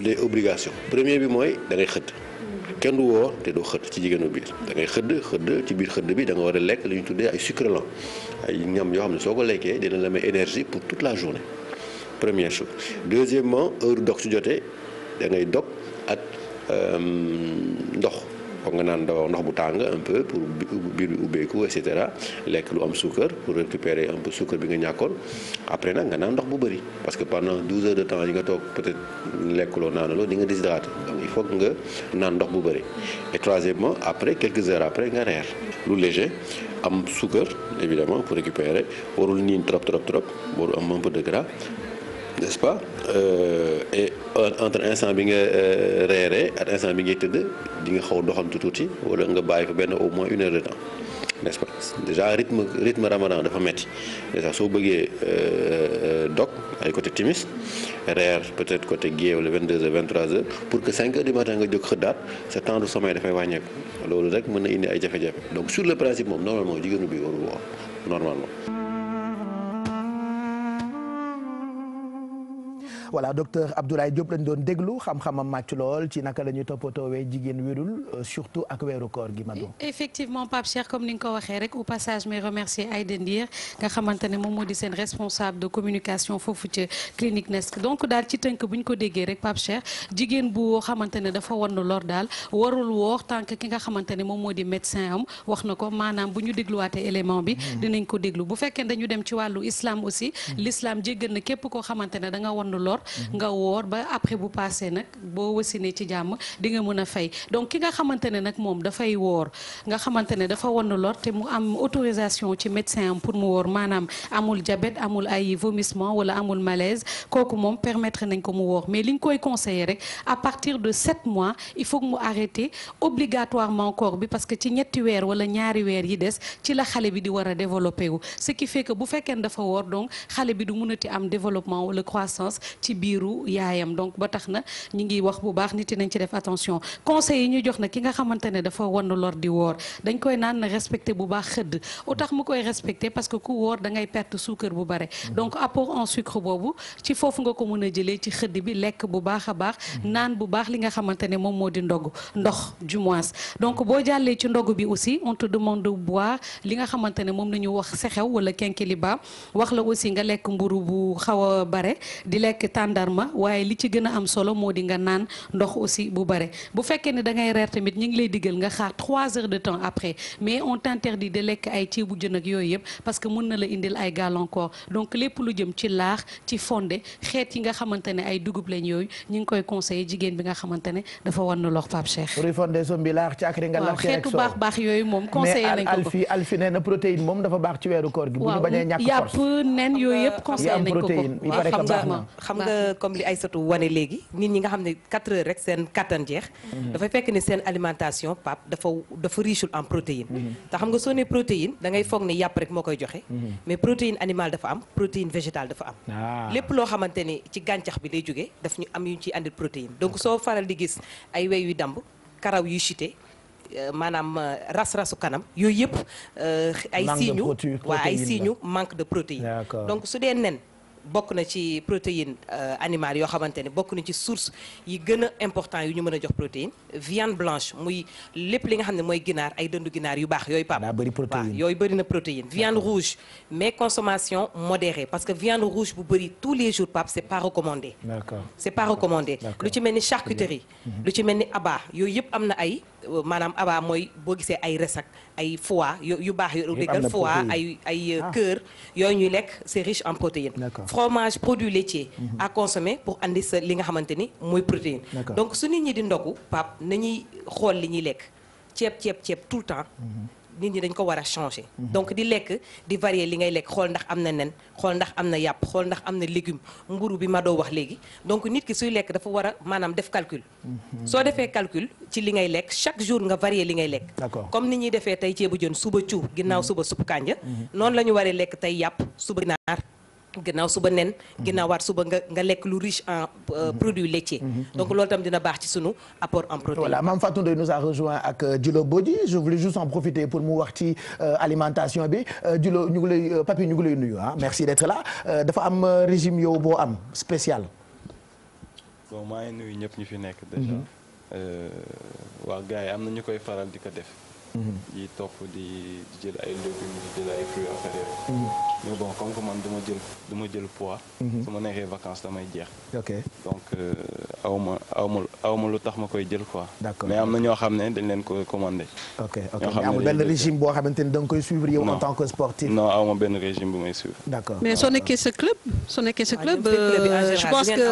des obligations premier bi mooy da ngay xëdd kenn du woor te doo xëdd ci jigéenu biir da ngay xëdd xëdd ci biir xëdd bi da nga war a lekk li ñu tuddee ay sucre ñam yoo xam ne soo ko lekkee dina la may énergie pour toute la journée première chose deuxièmement heure dog su jotee da ngay dog ak euh, ndox foog nga naan ndox bu tàng un peu pour biir bi ubbeeku et cetera lekk lu am suukar pour récupérer un peu suukar bi nga ñàkkoon après nag nga naan ndox bu bëri parce que pendant 12 heures de temps yi nga toog peut-être lekkuloo naanaloo di nga déshydraté donc il faut nga naan ndox bu bëri et troisièmement après quelques heures après nga reer lu léger am suukar évidemment pour récupérer warul niin trop trop trop warul am un peu de gras n'est-ce pas euh, entre instant bi nga euh, reeree ak instant bi ngay tëdd di nga xaw doxantu tuuti wala nga bàyyi fa benn au moins une heure de temps n'est-ce pas déjà rythme rythme ramadan dafa metti soo bëggee euh, doc ay côté timis reer peut-être côté géew le 22h 23h pour que 5h du matin nga jóg xëddaat sa temps de sommeil dafay wàññeeku loolu rek mën na indi ay jafe-jafe donc sur le principe moom normalement jigéenu bi warul woor normalement. voilà docteur Abdoulaye Diop lañ doon déglu xam-xamam màcc lool ci naka la ñuy toppatoowee jigéen wérul euh, surtout ak weeru koor gi ma e, effectivement Pape Cheikh comme ni nga ko waxee rek au passage may remercier Aïda Ndiir nga xamante ne moom moo di seen responsable de communication foofu ca clinique Nesk donc daal ci tënk bu ñu ko déggee rek Pape Cheikh jigéen bu xamante ne dafa wan lor daal warul woo tànk ki nga xamante ne moom moo di médecin am wax na ko maanaam bu ñu dégluwaatee élément bi hmm. dinañ ko déglu bu fekkee dañu dem ci wàllu islam aussi hmm. l'islam jéggal na képp koo xamante ne da nga wan lor Mhm. nga woor ba après bu passé nag boo wasinee ci jàmm di nga mën a fay donc ki nga xamante ne nag moom dafay woor nga xamante ne dafa wann lor te mu am autorisation ci médecin am pour mu woor maanaam amul jabet amul ay vomissement wala amul malaise kooku moom permettre nañ ko mu woor mais li liñ koy conseiller rek à partir de sept mois il faut mu arrêter obligatoirement koor bi parce que ci ñetti weer wala ñaari weer yi des ci la xale bi di war a développer wu ce qui fait que dafa woor donc xale bi du mënati am développement wala croissance ci biiru yaayam donc ba tax na ñu ngi wax bu baax nit yi nañ ci def attention na ki nga di woor dañ koy naan na respecté bu baax xëdd au tax mu koy respecté parce que ku woor da ngay perte suukar bu bare mhm. donc apport en sucre boobu ci foofu nga ko mën a jëlee ci xëdd bi lekk bu baax a baax mhm. naan bu baax li nga xamante ne moom moo di ndog ndox du moins donc boo jàllee ci ndog bi aussi on te demande de boire li nga xamante ne moom la ñu wax sexew wala kenkeliba wax la aussi nga lekk mburu a tàndarma waaye li ci gën a am solo moo di nga naan ndox aussi bu bare bu fekkee ne da ngay reer tamit ñu ngi lay diggal nga xaar 3 heures de temps après mais on t'interdit de lekk ay ceebu jën ak yooyu yëpp parce la indil ay gàllankoor yi nga xamante ne ay ne dafa wan na lox Pape Cheikh. ruy fonde nañ ko mais alfi alfi nee na protéine moom dafa baax ci weeru koor gi. bu ñu bañee ko waaw xam nga que euh, comme li Aïssatou wane léegi nit ñi nga xam ne 4 heures seen kattan jeex. Mhm. dafay fekk ni seen alimentation Pape dafa dafa riche en protéine. Mhm. te xam nga soo nee protéine dangay foog ne yàpp rek moo koy joxe. Mhm. mais protéine animale dafa am protéine végétale dafa am. Ah. lépp loo xamante ni ci gàncax bi lay jógee daf ñu am yu ñu ciy andil protéine donc soo faral di gis ay wey yu damb karaw yu chuté. Euh, maanaam euh, ras-rasu kanam yooyu yëpp ay signes waa ay signes manque de protéine donc su nen bokk na ci protéine euh, animale yoo xamante ne bokk na ci source yi gën a important yu ñu mën a jox protéine viande blanche muy lépp li nga xam ne mooy ginaar ay dëndu ginaar yu baax yooyu pap waaw yooyu bëri na protéine viande rouge mais consommation modérée parce que viande rouge bu bëri tous les jours pap c'est pas recommandé c'est pas recommandé lu ci mel ni charcuterie lu ci mel ni abats yooyu yëpp am na ay maanaam aba mooy boo gisee ay resak ay fois yu baax yu déggal foie ay ay euh, ah. cœur yooyu ñuy lekk c'est riche en protéines fromage produit laitier mhm. à consommer pour indi sa li nga xamante ni mooy protéine donc su nit ñi di ndogu pap nañuy xool li ñuy lekk ceeb ceeb ceeb tout le temps mhm. nit ñi dañ ko war a changer. donc di lekk di varier li ngay lekk xool ndax am na nen xool ndax am na yàpp xool ndax am na légume mburu bi ma doo wax léegi donc nit ki suy lekk dafa war a maanaam def calcule mhm. soo defee calcule ci li ngay lekk chaque jour nga varier li ngay lekk. comme ni ñuy defee tey ceebu jën suba cuub ginnaaw mhm. suba supp kànja mhm. noonu la ñu waree lekk tey yàpp suba ginaar ginnaaw suba nen ginnaawaat suba nga nga lekk lu riche en euh, mhm. produits laitiers mhm. mhm. donc loolu tam dina baax ci sunu apport en protéines voilà Mame Fatou Ndoye nous a rejoint ak euh, Djilo Bodji je voulais juste en profiter pour mu wax ci euh, alimentation bi Djilo ñu ngi lay papi ñu ngi lay nuyu ah merci d'être la dafa am régime yow boo am spécial bon maa nuyu ñëpp ñu fi nekk déjà waaw gars yi am na ñu koy faral di ko def Mm-hmm. yi topp di di jël ay légumes di jël ay fruits affaire mm-hmm. mais bon comme que man du ma jël du ma jël poids. Mm-hmm. su ma neexee vacances damay jeex. ok donc euh, aw ma aw ma aw ma lu tax ma koy jël quoi. d'accord mais am na ñoo xam ne dañ leen ko commandé. ok ok mais benn régime boo xamante ne da nga koy suivre yow. en tant que sportif non a ma benn régime bu may suivre. d'accord mais soo nekkee sa club. Ah, club euh, je pense que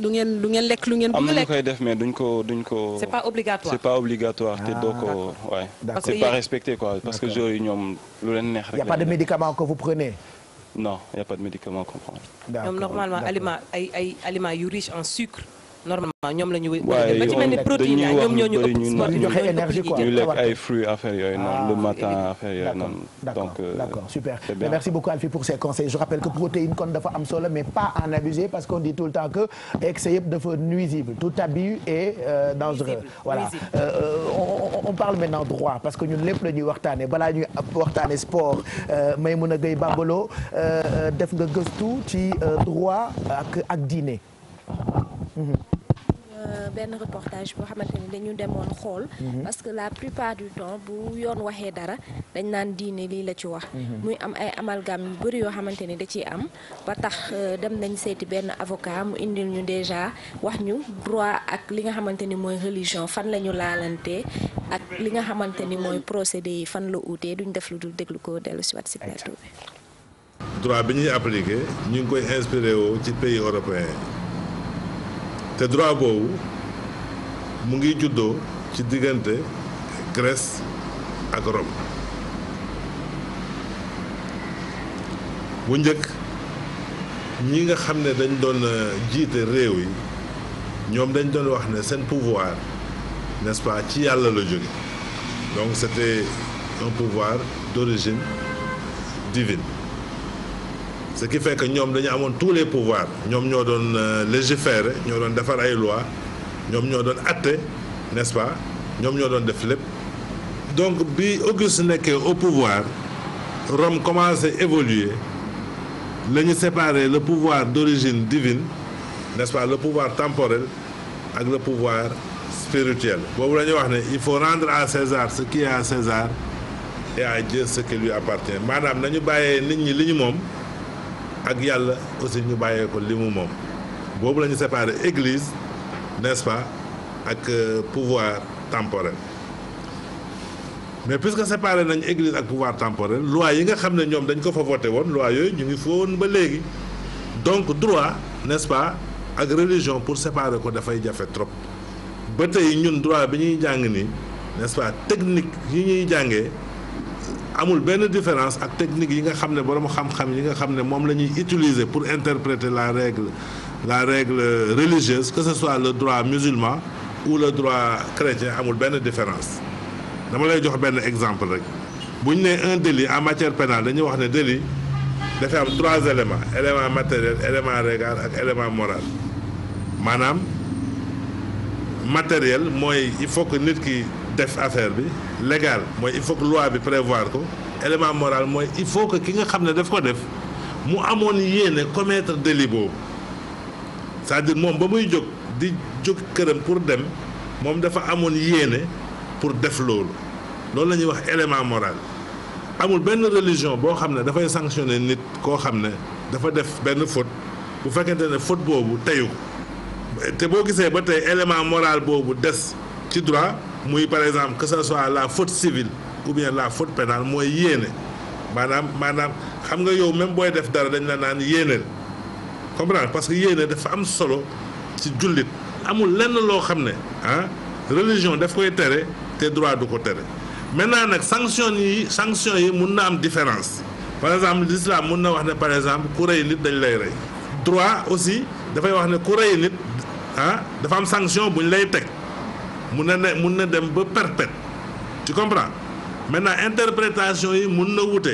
du ngeen du ngeen lekk lu ngeen. bëgg lekk am na ñu koy def mais duñ ko duñ ko. c'est pas obligatoire c'est doo ko waaye. Ah, d'accord c'est pas respecté quoi parce que joueurs yi ñoom lu leen neex rek. y a pas de médicament que vous prenez. non y a pas de médicament qu'on prend. d'accord normalement aliment ay ay aliments yu riche en sucre. normalement ñoom la ñu. waaye ba ci mel ni protéine yi ñoom ñoo ñu ëpp. waaye joxe énergie quoi ñu lekk ay fruits affaire yooyu noonu. le ah, matin affaire yooyu noonu. donc euh, d' accord super mais merci beaucoup Alfie pour ces conseils je rappelle que protéine kon dafa am solo mais pas en abuser parce qu'on dit tout le temps que excès yëpp dafa nuisible tout abus est euh, dangereux. voilà euh, on parle maintenant droit parce que ñun lépp la ñuy waxtaanee balaa ñuy waxtaanee sport Maimouna Gueye Bambalo def nga gëstu ci droit ak ak diine. Euh, benn reportage boo xamante ni dañu demoon xool. Mhm. parce que la plupart du temps bu yoon waxee dara dañ naan diine lii la ci wax. Mhm. muy am ay amalgam yu bëri yoo xamante ni da ciy am ba tax euh, dem nañ seeti benn avocat mu indil ñu déjà wax ñu droit ak li nga xamante ni mooy religion fan la ñu laalante ak li nga xamante ni mooy procédé yi fan la uutee duñ def lu dul déglu ko dellu si waat si plateau bi. européen te droit boobu mu ngi juddoo ci diggante Grèce ak Rome bu njëkk ñi nga xam ne dañ doon euh, jiite réew yi ñoom dañ doon wax ne seen pouvoir n'est-ce pas ci yàlla la jóge donc c'était un pouvoir d'origine divine ce qui fait que ñoom dañu amoon tous les pouvoirs ñoom ñoo doon euh, légiférer ñoo doon defar ay loi ñoom ñoo doon atte n'est-ce pas ñoom ñoo doon def lépp donc bi Auguste nekkee au pouvoir Rome commencé évoluer la ñu séparer le pouvoir d'origine divine n'est-ce pas le pouvoir temporel ak le pouvoir spirituel boobu la ñuy wax ne il faut rendre à César ce qui est à César et à Dieu ce qui lui appartient maanaam nañu bàyyee nit ñi li ñu moom ak yàlla aussi ñu bàyyee ko li mu moom boobu la ñu séparé église nes ce pas ak euh, pouvoir temporel mais puisque séparé nañ église ak pouvoir temporel loi yi nga xam ne ñoom dañ ko fa voté woon loi yooyu ñu ngi fóon ba léegi donc droit n'est-ce pas ak religion pour séparer ko dafay jafe trop ba tey ñun droit bi ñuy jàng nii n'est-ce technique yi ñuy jàngee amul benn différence ak technique yi nga xam ne borom xam-xam yi nga xam ne moom la ñuy utiliser pour interpréter la règle la règle religieuse que ce soit le droit musulman ou le droit chrétien amul benn différence dama lay jox benn exemple rek bu ñu nee un délit en matière pénale dañuy wax ne délit dafay am trois éléments élément matériel élément légal ak élément moral maanaam matériel mooy il faut que nit ki def affaire bi légal mooy il faut que loi bi prévoir ko élément moral mooy il faut que ki nga xam ne daf ko def mu amoon yéene commettre délit boobu cest dire moom ba muy jóg di jóg këram pour dem moom dafa amoon yéene pour def loolu loolu la ñuy wax élément moral amul benn religion boo xam ne dafay sanctionner nit koo xam ne dafa def benn faute bu fekkente ne faute boobu teyu te boo gisee ba tey élément moral boobu des ci droit muy par exemple que ce soit la faute civile ou bien la faute pénale mooy yéene maanaam maanaam xam nga yow même booy def dara dañ la naan yéeneel comprendre parce que yéene dafa am solo ci jullit amul lenn loo xam ne ah religion daf koy tere te droit du ko tere maintenant nag sanction yi sanction yi mun na am différence par exemple l'islam mun na wax ne par exemple ku rey nit dañ lay rey droit aussi dafay wax ne ku rey nit ah dafa am sanction buñ lay teg mun na ne mun na dem ba perpète tu comprends maintenant interprétation yi mun na wute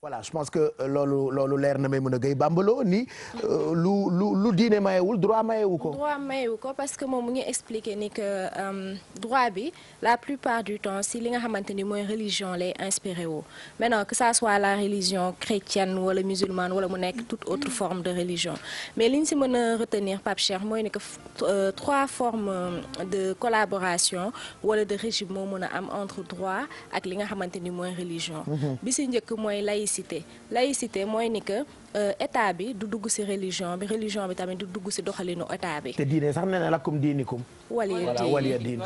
voilà je pense que euh, loolu loolu leer na may mën a gëy bàmbaloo ni euh, lu lu lu diine mayewul droit mayewu ko. droit mayewu ko parce que moom mu ngi expliquer ni que euh, droit bi la plupart du temps si li nga xamante ni mooy religion lay inspiré woo maintenant que ça soit la religion chrétienne wala musulmane wala mu nekk toute autre forme de religion mais li ñu si mën a retenir Pape Cheikh mooy ni que trois formes de collaboration wala de régime moo mën a am entre droit ak li nga xamante ni mooy religion. Mhm. laïcité laïcité mooy ni que Euh, état bi du dugg ci religion bi religion bi tamit du dugg ci doxalinu état bi. te diine sax nee na lakum diinikum. waliya diin waliya diin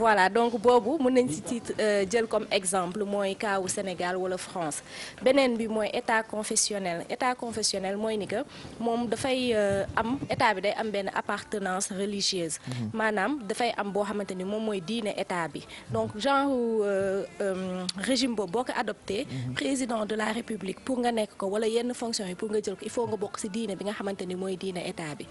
voilà donc boobu mën nañ ci tiit euh, jël comme exemple mooy kaawu Sénégal wala France beneen bi mooy état confessionnel état confessionnel mooy ni que moom dafay euh, am état bi day am benn appartenance religieuse. Mhm. maanaam dafay am boo xamante ni moom mooy diine état bi donc genre régime boobu boo ko adopté mhm. président de la république pour nga nekk ko wala yenn fonction yi pour nga jël ko il faut nga bokk ci diine bi nga xamante ni mooy diine état bi.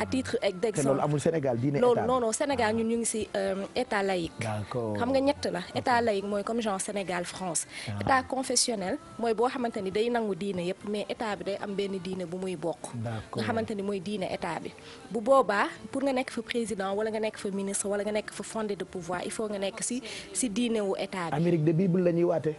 à titre d'exemple te loolu amul Sénégal diine état non ñun ñu ngi ci euh, état laïque. xam nga ñett la état laïque mooy comme genre Sénégal France. Ah. état confessionnel mooy boo xamante ni day nangu diine yépp mais état bi day am benn diine bu muy bokk. nga xamante ni mooy diine état bi. bu boobaa pour nga nekk fa président wala nga nekk fa ministre wala nga nekk fa fondé de pouvoir il faut nga nekk ci ci état bi. Amérique la ñuy waate.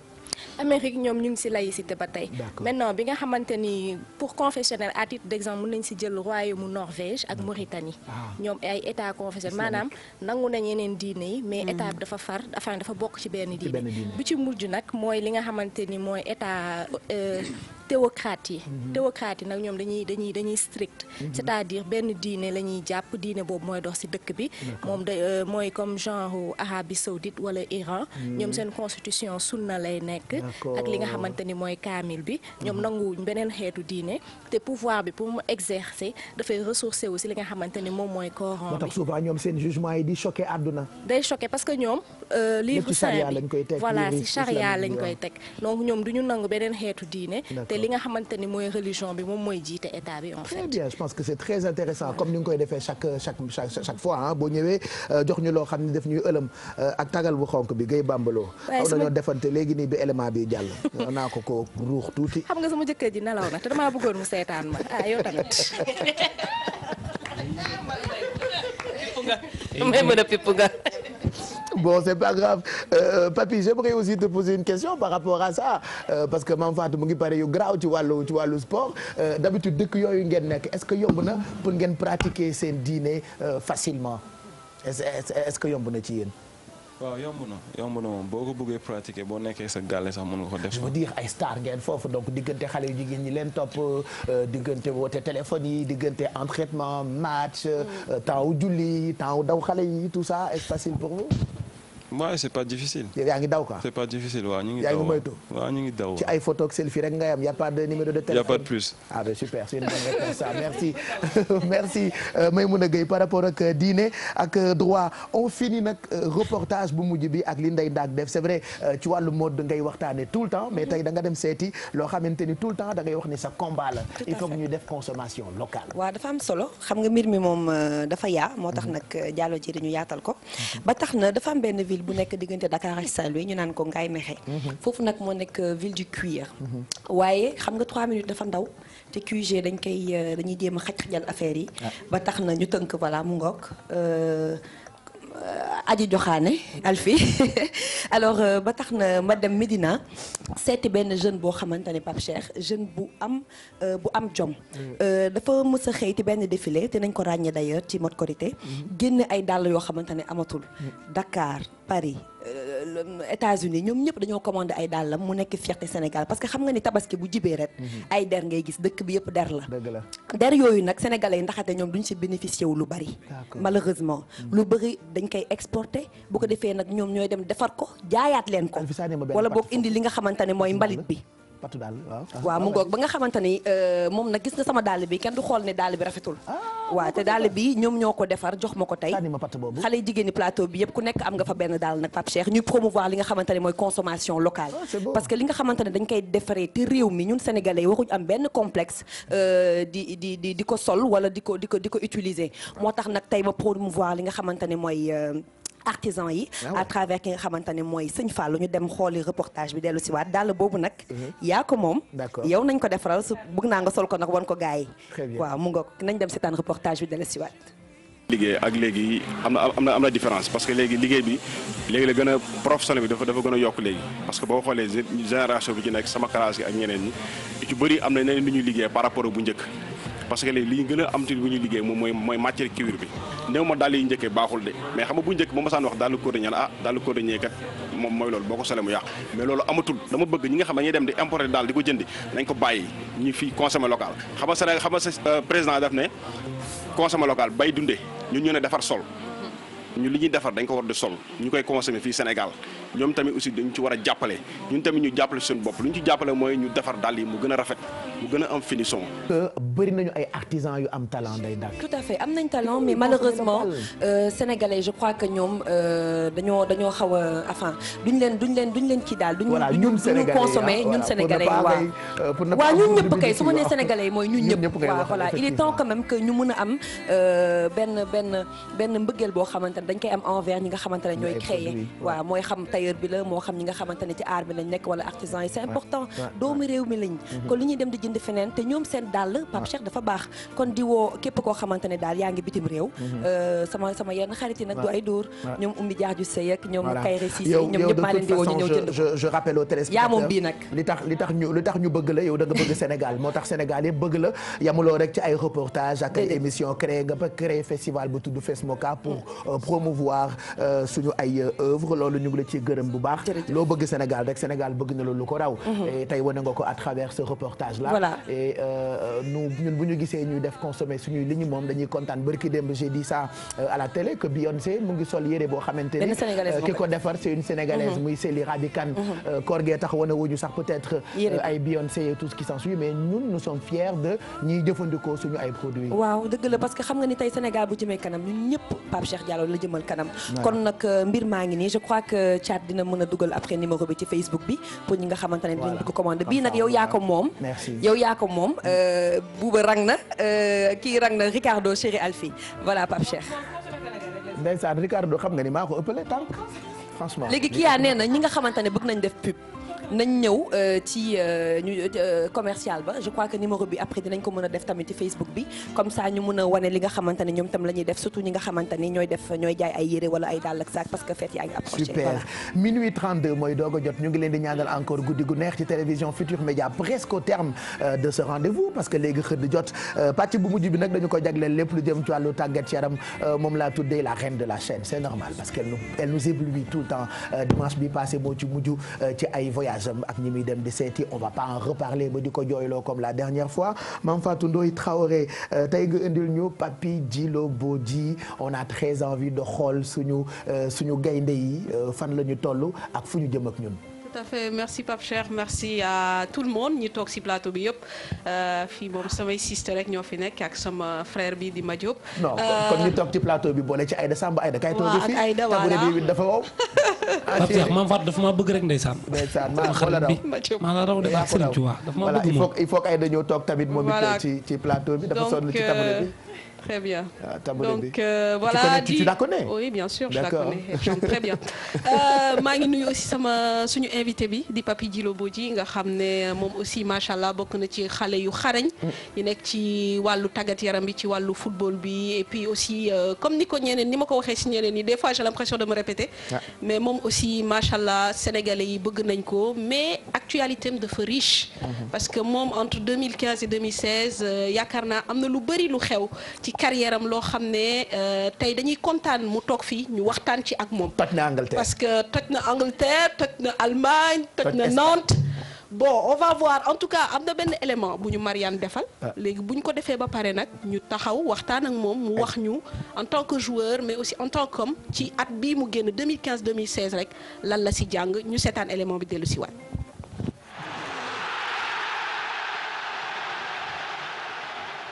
Amérique ñoom ñu ngi ci laïcité ba tey maintenant bi nga xamante ni pour confessionnel à titre d'exemple mën nañ ci jël royaume Norvège ak Mauritanie ah. ñoom ay état confessionnel maanaam nangu nañ yeneen diine yi mais hmm. état dafa far enfin dafa bokk ci benn diine bi ci mujj nag mooy li nga xamante ni mooy état euh, théocrates yi mhm. théocrates yi nag ñoom dañuy dañuy dañuy strict mhm. c'est-à-dire benn diine la ñuy jàpp diine boobu mooy dox ci dëkk bi moom da euh, mooy comme genre Arabie Saoudite wala Iran mhm. ñoom seen constitution sunna lay nekk ak li nga xamante ni mooy kaamil bi ñoom nanguwuñ beneen xeetu diine te pouvoir bi pour mu exercer dafay ressourcer wu si li nga xamante ni moom mooy Coran bi souvent ñoom seen jugement yi di choquer àdduna day choquer parce que ñoom euh, livre saint bi voilà ci charia lañ koy teg donc ñoom duñu nangu beneen xeetu diine te li nga xamante ni mooy religion bi moom mooy jiite état bi en fait. très bien je pense que c'est très intéressant comme ni nga koy defee chaque fois boo ñëwee euh, jox ñu loo xam ne def ñuy ëlëm euh, ak tagal bu xonk bi gay bambaloo. waaye sama xaw defante léegi nii bi élément bi jàll. naa ko ko ruux tuuti. xam nga sama jëkkër ji nelaw na te damaa bëggoon mu seetaan ma ah yow tamit. nga may mën a pipp nga bon c'est pas grave euh, Papy j'aimerais aussi te poser une question par rapport à ça euh, parce que Mame Fatou mu ngi pare yu garaaw ci wàllu ci wàllu sport euh, d'habitude dëkk yooyu ngeen nekk est-ce que yomb na pour ngeen pratiquer seen diine euh, facilement est-ce est que yomb na ci yéen waaw yomb na yomb na moom boo ko bëggee pratiquer boo nekkee sa gàlle sax mën nga ko def. je veux dire ay star ngeen foofu donc diggante xale yu jigéen ñi leen topp euh, euh, diggante woote téléphone yi diggante entraînement match euh, mm. temps wu julli temps daw xale yi tout ça est facile pour vous. waaye c' est pas difficile. yow yaa ngi daw quoi. c' pas difficile waaw ñu ngi. daw ci ay photo ak selfie rek nga yam y' a pas de numéro de téléphone. y' a pas de plus. ah ben super c' euh, euh, euh, bu mujj bi ak li Ndeye Ndack def c' est vrai ci wàllu mode ngay waxtaanee le temps mais tey da nga dem seeti loo xamante ni tout le temps da wax ni sa combat la. ñu def consommation locale. waaw dafa am solo xam nga mbir mi moom dafa yaa moo tax mhm. nag jàllo ji yaatal ko mhm. ba tax na dafa am benn ville bu nekk diggante Dakar ak saint ñu naan ko Ngaye Mékhé mhm. foofu nag moo nekk euh, ville du cuir mhm. waaye xam nga 3 minutes dafa ndaw te QG dañ koy euh, dañuy jéem a xaj-xajal affaire yi ah. ba tax na ñu tënk voilà mu ngoog euh, Euh, aji joxaane alfi euh, ba tax na ma dem Medina seeti benn jeune boo xamante ne Pape Cheikh jeune bu am euh, bu am jom mm. dafa mës a xëy ci benn défilé te nañ ko ràññee d'ailleurs ci mode Korité mm-hmm. génn ay dàll yoo xamante ne amatul mm. Dakar Paris États-Unis ñoom ñëpp dañoo commandé ay dàllam mu nekk fierté Sénégal parce que xam nga ni tabaski bu jibee rek. Mhm. ay der ngay gis dëkk bi yëpp der la. dëgg der yooyu nag sénégalais yi ndaxate ñoom duñ si bénéficié wu lu bari. malheureusement mhm. lu bëri dañ koy exporté bu ko defee nag ñoom ñooy dem defar ko jaayaat leen ko. wala boo indi li nga xamante ne mooy mbalit bi. patu daal waaw. Ah, waaw mu ngoog ba nga xamante ni euh, moom nag gis nga sama dàll bi kenn du xool ne dàll bi rafetul. Ah, waaw te dàll bi ñoom ñoo ko defar jox ma ko tey. ma pat boobu xale jigéeni plateau bi yëpp ku nekk am nga fa benn dàll nag Pape Cheikh ñuy promouvoir li nga xamante ne mooy consommation locale. Ah, parce que li nga xamante dañ koy defaree te réew mi ñun sénégalais waxuñ am benn complexe euh, di di di di ko sol wala di ko di ko di ko utiliser moo tax nag tey ma promouvoir li nga xamante ne mooy. Euh, artisan yi ah à ki nga xamante ne mooy sëñ Fallou ñu dem xooli reportage bi dellu si waat dàll boobu nag mhm. yaa ko moom yow nañ ko defaral su bëgg naa nga sol ko nag wan ko gars yi waaw mu nga nañ dem seetaan reportage bi dellu si waat liggéey ak léegi am na am na am na différence parce que léegi liggéey bi léegi la gën a professionnel bi dafa gën a yokk léegi parce que boo xoolee génération bi ci nekk sama classe yi ak ñeneen ñi ci bëri am na ñeneen lu ñuy liggéey par rapport bu njëkk parce que léegi li ñu gën a am ci bu ñuy liggéey moom mooy mooy matière bi néew ma daal yi njëkkee baaxul de mais xam nga bu njëkk ba ma saan wax daal cordonnier ah daal cordonnier kat moom mooy loolu boo ko solee mu yàq mais loolu amatul dama bëgg ñi nga xam ne dem di importer daal di ko jëndi nañ ko bàyyi ñu fi consommer local xam nga Sénégal xam nga euh, président daf ne consommer local bay dundee ñun ñu ne defar sol ñu li ñuy defar dañ ko war di sol ñu koy consommer fii Sénégal ñoom tamit aussi dañu ci war jàppale ñun tamit ñu jàppale suñu bopp lu ñu ci jàppale mooy ñu defar dàll yi mu gën a rafet mu gën a am finition. bëri nañu ay artisans yu am talent day dàkk. tout à fait am nañ talent mais malheureusement euh, sénégalais je crois que ñoom euh, dañoo dañoo xaw a enfin leen duñ leen duñ leen kii daal. duñ duñ duñu consommé ñun sénégalais yi waaw. Euh, waaw ñun ñëpp kay su ma nee sénégalais yi mooy ñu ñëpp. waaw voilà il est temps quand même que ñu mën a am benn benn benn mbëggeel boo xamante ne dañ koy am envers ñi nga xamante ne ñooy créer waaw tailleur bi la moo xam ñi nga xamante ne ci art bi lañ nekk wala artisan yi c'est important doomu réew mi lañ mhm. kon li ñuy dem di jënd feneen te ñoom seen dàll Pape Cheikh dafa baax kon di képp koo xamante daal yaa ngi bitim réew mhm. euh, sama sama yenn xarit nag du ay dóor ñoom ummi jaaju sëy ak ñoom kayre si ñoom ñëpp maa tax li bëgg la yow da nga bëgg ci ay reportage ak ay émission créé nga ba créé festival bu tudd Fesmoka pour euh, promouvoir euh, suñu gërëm bu baax loo bëgg Sénégal rek Sénégal bëgg na loolu lu ko raw mhm. tey wane nga ko à travers ce reportage là voilà. et euh, bu ñu gisee ñuy def consommer suñuy li ñu moom dañuy kontaan barki démb j'ai dit ça euh, la télé que Beyoncé mu ngi yére boo xamante ni euh, ki ko defar c'est une sénégalaise mhm. muy Célie Rabikan mhm. koor gee tax wane wuñu sax peut-être ay Beyoncé tout ce qui s'ensuit mais ñun nous sommes fiers de ñiy jëfandikoo suñu ay produits waaw dëgg la parce que xam dina mën a dugal après numéro bi ci Facebook bi pour ñi nga xamante ne dinañ bëgg commande bii nag yow yaa moom yow yaa ko moom mm. euh, Bouba rang na euh, kii rang na Ricardo chéri Alfi voilà Pape Cheikh ndeysaan Ricardo xam nga ni maa ko ëppale tànk franchement léegi kii yaa nee na ñi nga xamante ne bëgg nañ def pub nañ ñëw euh, ci euh, ñu euh, ba je crois que numéro bi après dinañ ko mën a def tamit ci Facebook bi comme ça ñu mën a wane li nga xamante ne ñoom tam la def surtout ñi nga xamante ñooy def ñooy jaay ay yére wala ay dàll ak saak parce que fête yaa ngi approché. super minuit 32 mooy doog a jot ñu ngi leen di ñaanal encore guddi gu neex ci télévision Futur Média presque au terme de ce rendez-vous parce que léegi xëdd jot pàcc bu mujj bi nag dañu ko jagleel lépp lu jëm ci wàllu tàggat yaram moom laa tuddee la reine de voyage am ak ñi muy dem di seeti on va pas en reparler ba di ko jooyloo comme la dernière fois Mame Fatou Ndoye Traoré euh, tey nga indil ñu Papy Djilo Bodji on a très envie de xool suñu euh, suñu gaynde yi euh, fan la ñu toll ak fu ñu jëm ak ñun. tout merci Pape Cheikh merci à tout le monde ñi toog si plateau bi yëpp euh, fii moom samay siste rek ñoo fi nekk ak sama frère bi di ma Diop. non kon euh, ñi toog ci plateau bi boole ci Aïda Samba Aïda kay toog fii Aïda voilà tabou bi dafa wow. Ah, Pape Cheikh maam Fatou dafa maa bëgg rek ndeysaan. ndeysaan maa xoola raw maa la raw de ak Serigne Touba dafa maa bëgg moom. voilà il faut il faut que Aïda ñëw toog tamit moom it ci ci plateau bi dafa sonn ci tabou bi. Euh, très bien. Ah, donc euh, voilà tu, connais, tu, tu la connais. Euh, maa ngi nuyu aussi sama suñu invité bi di Papi Djilo ji nga xam ne moom aussi macha allah bokk na ci xale yu xarañ. yi nekk ci wàllu tàggat yaram bi ci wàllu football bi et puis aussi euh, comme ni ko ñeneen ni ma ko waxee si ñeneen ni des fois j'ai l'impression de me répéter. mais moom aussi macha allah sénégalais yi bëgg nañ ko mais actualité am dafa riche. Mhm. parce que moom entre 2015 et 2016 euh, yaakaar naa am na lu bëri lu xew carrière am loo xam ne euh, tey dañuy kontaan mu toog fii ñu waxtaan ci ak moom. toj na Angleterre parce que toj na Angleterre toj na Allemagne. toj na Nantes. bon on va voir en tout cas am na benn élément bu ñu Marianne defal. Ah. léegi bu ñu ko defee ba pare nag ñu taxaw waxtaan ak moom mu wax ñu en tant que joueur mais aussi en tant qu'homme ci at bii mu génn 2015 2016 rek lan la si jàng ñu seetaan élément bi dellu si waat.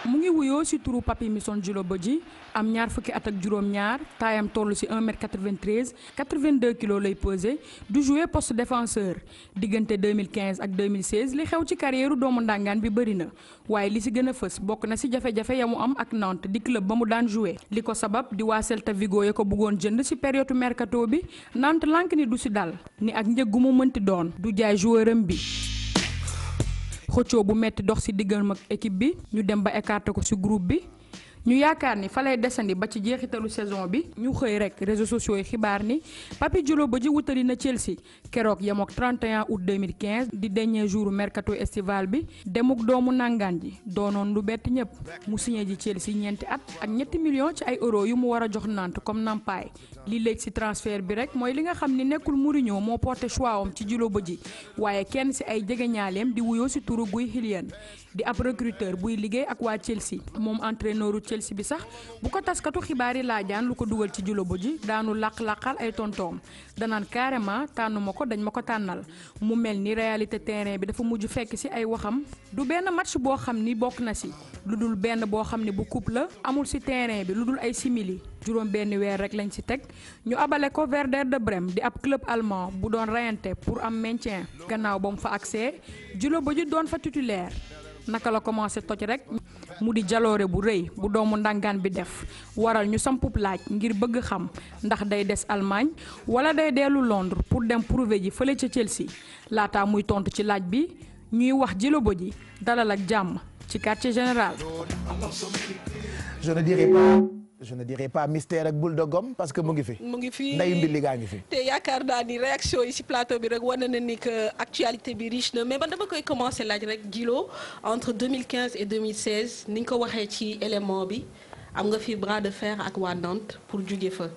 mu ngi wuyoo ci turu Papi Mission Djilo ji am ñaar fukki at ak juróom-ñaar taayam toll ci 1 mètre 93 82 kilos lay pesé du jouer poste défenseur diggante 2015 ak 2016 li xew ci carrière doomu ndàngaan bi barina na waaye li ci gën a fës bokk na ci jafe-jafe ya am ak Nantes di club ba mu daan jouer li ko sabab di waa selta Vigo ya ko bëggoon jënd ci période mercato bi nant lank ni du ci dal ni ak njëg gu mu mënti doon du jaay joueuram bi. xëccoo bu metti dox si diggal mag équipe bi ñu dem ba écarté ko si groupe bi ñu yaakaar ni fa lay desandi ba ci jeexitalu saison bi ñu xëy rek réseaux sociaux yi xibaar ni Papy Djolo Badji wutali na Chelsea keroog yemook 31 août 2015 di dernier jour mercato estival bi demuk doomu nangaan ji doonoon lu bett ñëpp mu signé ji Chelsea ñeenti at ak ñetti million ci ay euro yu mu war a jox nant comme nampaay li léegi ci transfert bi rek mooy li nga xam ni nekkul Mourinho moo porté choix am ci Djolo Badji waaye kenn ci ay jegeñaaleem di wuyoo ci Guy Hylien di ab recruteur buy liggéey ak waa Chelsea moom entraîneuru Chelsea bi sax bu ko taskatu xibaar yi laajaan lu ko dugal ci jolobo ji daanu laq-laqal ay tontoom danaan carrément tànnuma ko dañ ma ko tànnal mu mel ni réalité terrain bi dafa mujj fekk ci ay waxam du benn match boo xam ni bokk na ci lu dul benn boo xam ni bu coupe la amul ci terrain bi lu dul ay simili juróom benn weer rek lañ ci teg ñu abale ko Werder de Brême di ab club allemand bu doon rayante pour am maintien gannaaw ba mu fa accès jolobo ji doon fa titulaire naka la commencé toj rek mu di jaloore bu rëy bu doomu ndàngaan bi def waral ñu sampub laaj ngir bëgg xam ndax day des Allemagne wala day dellu Londres pour dem prouver ji fële ca Chelsea laata muy tontu ci laaj bi ñuy wax jëlobo ji dalal ak jàmm ci quartier général. Je je ne dirais pas mystère ak boule de gomme parce que mu ngi fi. mu ngi fi ndeyu mbili gaa ngi fi. te yaakaar naa réaction yi ci plateau bi rek wane na ni que actualité bi riche na mais man dama koy commencer laaj rek Djilo entre et 2016 ko waxee ci élément bi am nga fi bras de fer ak waa Nantes pour juge fa.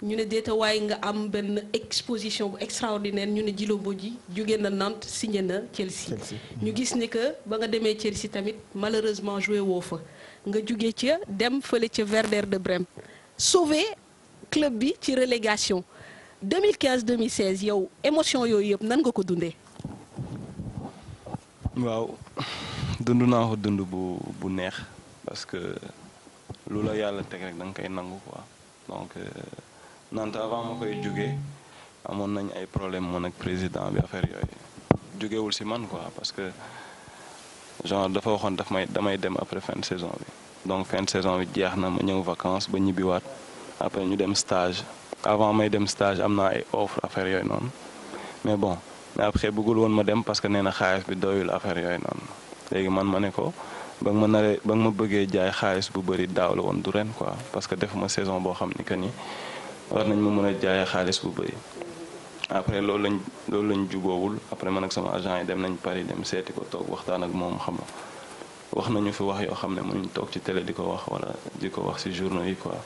ñu ne déeta waaye nga am benn exposition extraordinaire ñu ne Djilo Mbodji jóge na Nantes signé na Chelsea. ñu gis ni que ba nga demee Chelsea tamit malheureusement joué nga jóge ca dem fële ca Werder de Brême sauvé club bi ci relégation 2015 2016 yow émotion yooyu yëpp nan nga ko dundee. waaw dund naa ko dund bu bu neex parce que lu la yàlla teg rek da nga koy nangu quoi donc euh, nanta avant ma koy jóge amoon nañ ay problème moom ak président bi affaire yooyu jógewul si man quoi parce que. genre dafa waxoon daf may damay dem après fin de saison bi donc fin de saison bi jeex na ma ñëw vacances ba ñibbiwaat après ñu dem stage avant may dem stage am na ay offre affaire yooyu noonu mais bon mais après bëggul woon ma dem parce que nee na xaalis bi doyul affaire yooyu noonu léegi man ma ne ko ba nga ma naree ba nga ma bëggee jaay xaalis bu bëri daaw la woon du ren quoi parce que ma saison boo xam ni que nii war nañ ma mën a jaayee xaalis bu bëri. après loolu lañ loolu lañ juboowul après man ak sama agent yi dem nañ Paris dem seeti ko toog waxtaan ak moom xam nga wax nañu fi wax yoo xam ne ñu toog ci télé di ko wax wala di ko wax ci journaux yi quoi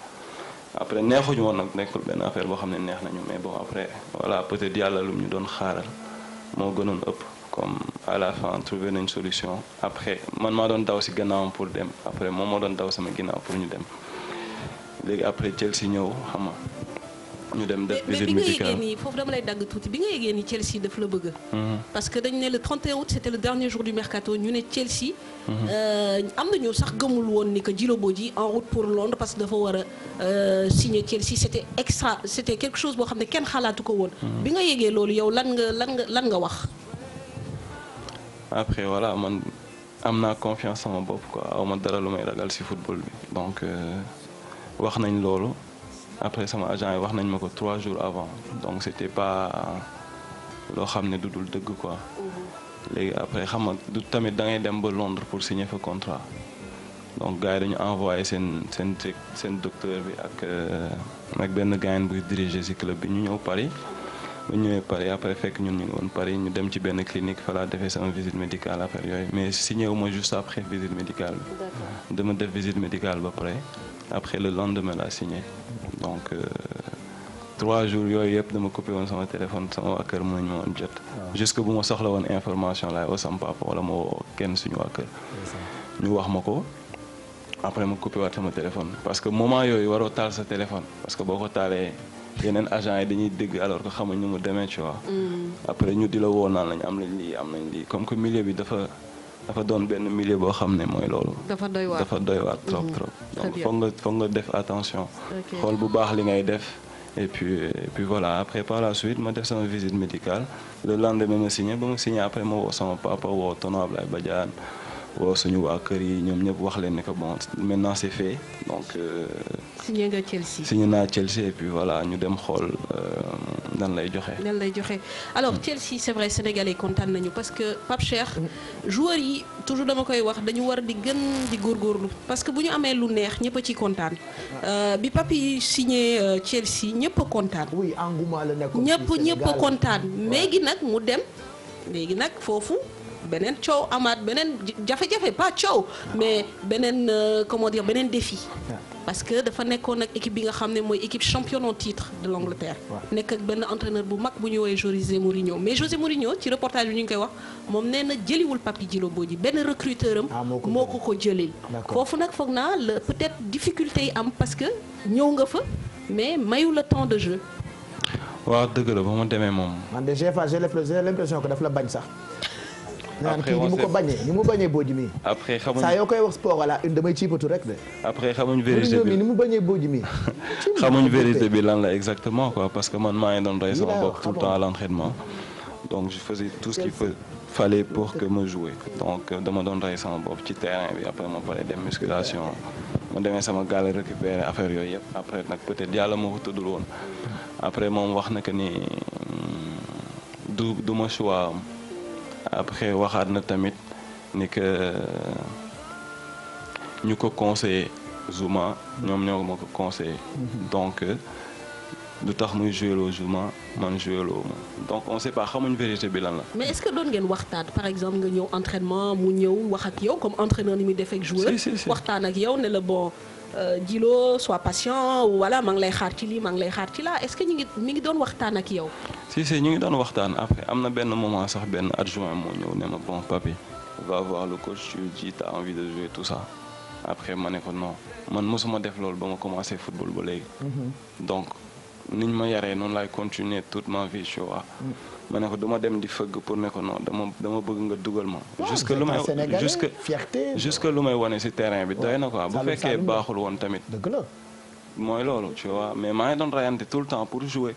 après neexuñu woon nag nekkul benn affaire boo xam ne neex nañu mais après voilà peut-être yàlla lu ñu doon xaaral moo gënoon ëpp comme à la fin trouvé nañ solution après man maa doon daw si gannaawam pour dem après moom moo doon daw sama ginnaaw pour ñu dem léegi après Chelsea ñëw xam ñu dem def visite musicale foofu dama lay dagg tuuti bi nga yëgee nii Chelsea daf la bëgg. Mhm. parce que dañu ne le 31 août c' était le dernier jour du mercato ñu ne Chelsea. Mhm. Euh, am na ñu sax gëmul woon ni que Djilo ji en route pour Londres parce que dafa war a euh, signer Chelsea c' était extra c' était quelque chose boo xam ne kenn xalaatu ko woon. Mhm. bi nga yëgee loolu yow lan nga lan nga lan nga wax. après voilà man am naa confiance sama bopp quoi aw ma dara lu may ragal ci football bi donc euh, wax nañ loolu. après sama agent yi wax nañ ma ko trois jours avant donc c'était pas loo xam ne du dul dëgg quoi. Mm-hmm. léegi après xam nga du tamit da ngay dem ba Londres pour signer fa contrat donc gars dañu envoyé seen seen seen docteur bi ak euh, ak benn gaayen buy diriger ci club bi ñu ñëw Paris. ba ñëwee Paris après fekk ñun ñu ngi woon Paris ñu dem ci benn clinique fa laa defee sama visite médicale affaire yooyu mais signé wu ma juste après visite médical bi. dama def visite médical ba pare. après le lendemain laa signé donc euh, trois jours yooyu yëpp dama coupé woon sama téléphone sama waa kër mënuñ ma woon jot. Ah. jusque bu ma soxla woon information laay woo sama papa kenn suñu waa ñu wax ma ko après ma coupé waat sama téléphone. parce que moment yooyu waroo taal sa téléphone parce que boo ko taalee yeneen agent yi dañuy dégg alors que xamuñ nu mu demee mm. après ñu di la woo naan am nañ lii am nañ lii comme que milieu bi dafa. dafa doon benn milieu boo xam ne mooy loolu. dafa doy waar dafa doy waar trop mhm. trop. donc foog nga foog nga def attention. xool bu baax li ngay def. et puis et puis voilà après par la suite ma def sama visite médical le lendemain ma signé ba ma signé après ma woo sama papa woo tonton Ablaye Badiane. woo suñu waa kër yi ñoom ñëpp wax leen ne que bon maintenant c'est fait donc. Euh, signé nga Chelsea. signé naa Chelsea et puis voilà ñu dem xool euh, nan lay joxe. nan lay joxe alors Chelsea c'est vrai sénégalais kontaan nañu parce que Pape Cheikh mm. joueurs yi toujours dama koy wax dañu war di gën di góorgóorlu parce que bu ñu amee lu neex ñëpp ci ciy kontaan ah. euh, bi Papi signé Chelsea ñëpp a kontaan. oui engouement la nekkoon ñëpp ñëpp kontaan. léegi nag mu dem léegi nag foofu. beneen coow amaat beneen jafe-jafe pas coow mais beneen euh, comment dire beneen défi parce que dafa nekkoon nag équipe bi nga xam ne mooy équipe championne en titre de l'Angleterre nekk ak benn entraîneur bu mag bu ñu woowee José Mourinho mais José Mourinho ci reportage bi ñu ngi koy wax moom nee na jëliwul Pape Djilo Bodji benn recruteur am ah, moo ko ko jëlil foofu nag foog naa la peut-être difficulté yi am parce que ñëw nga fa mais mayu la temps de jeu waaw dëgg la moom man de j'ai l'impression la bañ sax naan kii ni mu ko bañee ni mu bañee booji mii après xamuñ saa yoo koy wax sport voilà une damay ciipatu rek de après xamuñ vérité bi vérité bi lan la exactement quoi parce que man maa ngi doon rey sama bopp tout le temps à l'entraînement donc je faisais pour ma jouer donc euh, dama doon rey sama bopp ci terrain bi après ma pare dem musculation moo demee sama gaale récupérer affaire yooyu yëpp après nag peut-être yàlla moo ko woon après moom wax na que ni mm, du ma choix après waxaat na tamit ni que euh, ñu ko conseillé Zuma ñoom ñoo ma ko conseillé. Mhm. donc euh, lu tax muy jouéloo Zuma man jouéloo ma donc on sait pas xamuñ vérité bi la. mais est ce que doon ngeen waxtaan par exemple nga ñëw entraînement mu ñëw wax ak yow comme entraîneur ni muy def ak joueur. waxtaan ak yow ne la bon. Euh, Djilo sois patient ou voilà maa lay xaar ci lii maa lay xaar ci laa est-ce que ñu ngi mi ngi doon waxtaan ak yow. si si ñu ngi doon waxtaan après am na benn moment sax benn adjoint moo ñëw ne ma bon papi va voir le coach tu dis envie de jouer tout ça après ma ne ko non man mosuma def loolu ba ma commencé football ba léegi. Mhm. donc niñ ma yaree noonu laay continuer toute ma vie tu ma ne ko du dem di fëgg pour ne ko non dama bëgg nga dugal ma. jusque lu may jusque lu may wane si terrain bi doy na quoi bu fekkee baaxul woon tamit. dëgg la mooy loolu tu vois mais maa ngi doon rayante tout le temps pour jouer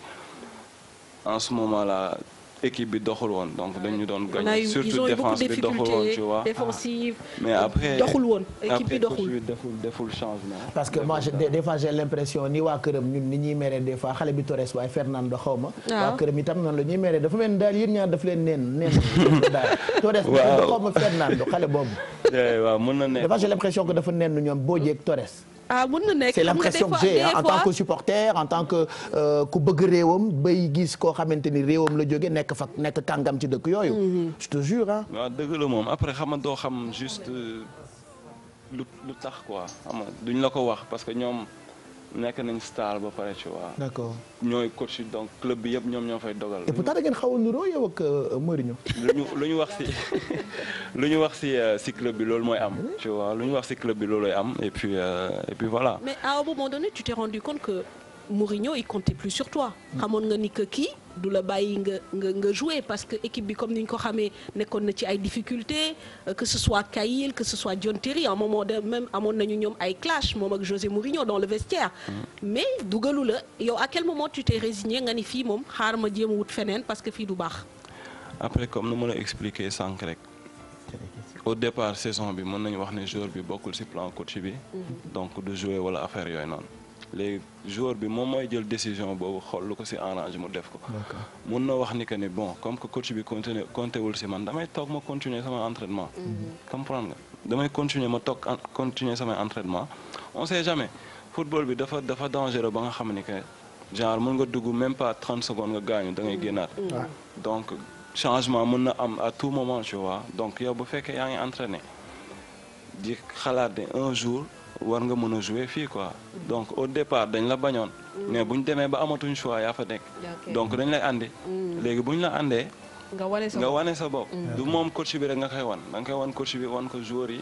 en ce moment équipe bi doxul woon donc dañu doon gagné surtout défense bi doxul woon tu vois défensive mais après doxul woon équipe bi doxul parce que moi des l'impression ni waa këram ñun ni ñuy mere des xale bi Torres waaye Fernando xaw ah. waa këram itam noonu la ñuy dafa mel daal yéen ñaar daf leen neen neen daal Torres xaw ma Fernando xale boobu eh, waaw mën l'impression que dafa nen ñoom Bojé ak Torres ah mën na nekk c'est l'impression que j'ai en tant que supporter en tant que euh, ku bëgg réewam bay gis koo xamante ni réewam la jóge nekk fa nekk kàngam ci dëkk yooyu. Mm-hmm. je te jure dëgg la moom après xam nga doo xam juste euh, lu lu tax quoi xam nga duñ la ko wax parce que ñoom. nekk nañ star ba pare tu vois. d'accord ñooy coach donc club bi yëpp ñoom ñoo fay dogal. et pourtant da xaw a niroo yow ak euh, Mourinho. lu ñu lu ñu wax si lu ñu wax si si euh, club bi loolu mooy am. tu vois lu ñu wax si club bi loolooy am et euh, voilà. mais à un moment donné tu t'es rendu compte que. Mourinho il comptait plus sur toi. Mm. xamoon nga ni que kii du la bàyyi nga nga nga jouer parce que équipe bi comme ni ñu ko xamee nekkoon na ci ay difficultés euh, que ce soit Cahill que ce soit John Terry à un même amoon nañu ñoom ay clash moom ak José Mourinho dans le vestiaire. Mm. mais dugalu la yow à quel moment tu t'es résigné nga ni fii moom xaar ma jéem a wut feneen parce que fii du baax. après comme nu ma la expliquer sànq rek. au départ saison bi mën nañu wax ne joueur bi bokkul ci plan coach bi. Mm-hmm. donc du jouer wala affaire yooyu noonu. léegi joueur bi moom mooy jël décision boobu xool lu ko ci arrange mu def ko. mun na wax ni que ni bon comme que coach bi continuer compté wul si man damay toog ma continuer sama entraînement. Mm-hmm. comprendre nga ma toog continuer samay entraînement on sait jamais football bi dafa dafa dangereux ba nga xam ni que genre mun nga dugg même pas 30 secondes nga gaañu da ngay mm-hmm. génnaat. Mm-hmm. donc changement mun na am à tout moment tu vois donc yow bu fekkee yaa ngi entraîné di xalaat ne un jour. war nga mën a jouer fii quoi donc au départ dañ la bañoon mais bu ñu demee ba amatuñ choix yaa fa nekk donc dañ lay àndi mm. léegi bu ñu la àndee nga wane sa bopp nga wane sa bopp mm. du moom coach bi rek nga koy wan da nga koy wan coach bi wan ko joueur yi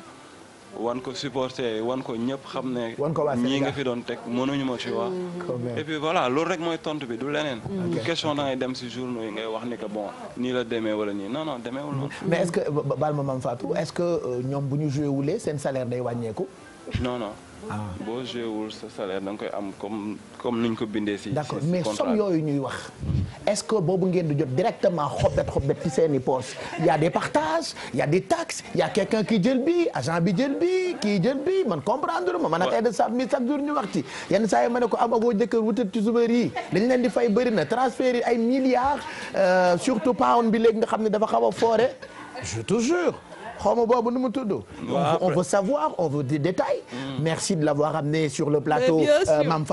wan ko supporter wan ko ñëpp xam ne. ñii nga fi doon teg mënuñu ma ci wax. Mm. et puis voilà loolu rek mooy tontu bi du leneen. question da ngay dem si journaux yi ngay wax ni que bon nii la demee wala nii non non demeewul noonu. mais est-ce que baal ma Mame Fatou euh, wulee seen salaire day wàññeeku. non non. ah boo joué wul sa salaire da koy am comme comme niñ ko bindee si. d'accord mais somme yooyu ñuy wax. est-ce boobu ngeen di jot directement xobbet xobbet ci seeni poches y a des partages y a des taxes y a quelqu'un qui jël bi agent bi jël bi kii jël bi man comprendre ma man na aide sab mi chaque jour ñu wax ci yenn sa yi ma ne ko am aboo jëkkër wutal ci subar yi dañ leen di fay bëri na transfert yi ay milliards euh, surtout pound bi léegi nga xam ne dafa xaw a foore je xaw ma boobu nu mu tudd. on veut savoir on veut des détails. Mm. merci de l'avoir amené sur le plateau. Euh, Mam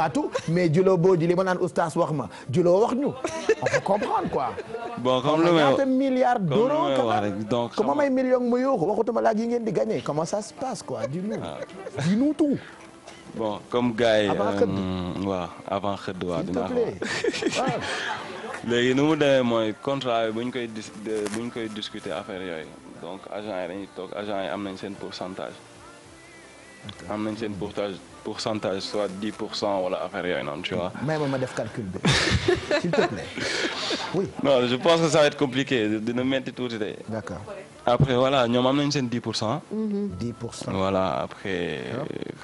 mais Julo boo ji li ma naan oustaz wax ma Julo wax ñu on peut comprendre quoi. comme lu may d'euros donc comment may million mu yoo ko waxutuma laa gi ngeen di gagner comment ça se passe quoi dis-nous ah. dis-nous tout. bon comme gars avant xëdd euh, waaw dinaa ko ah. léegi nu mu demee mooy contrat bi bu ñu koy dis bu ñu koy discuter affaire yooyu. donc agent yi dañuy toog agent yi am nañ seen pourcentage. am nañ seen pourcentage pourcentage soit dix pour cent wala affaire yooyu noonu tu vois. may ma ma def calcul bi s'il je pense que ça va être compliqué dina métti tuuti de. d'accord après voilà ñoom am nañ seen dix pour cent. Mhm. dix pour cent voilà après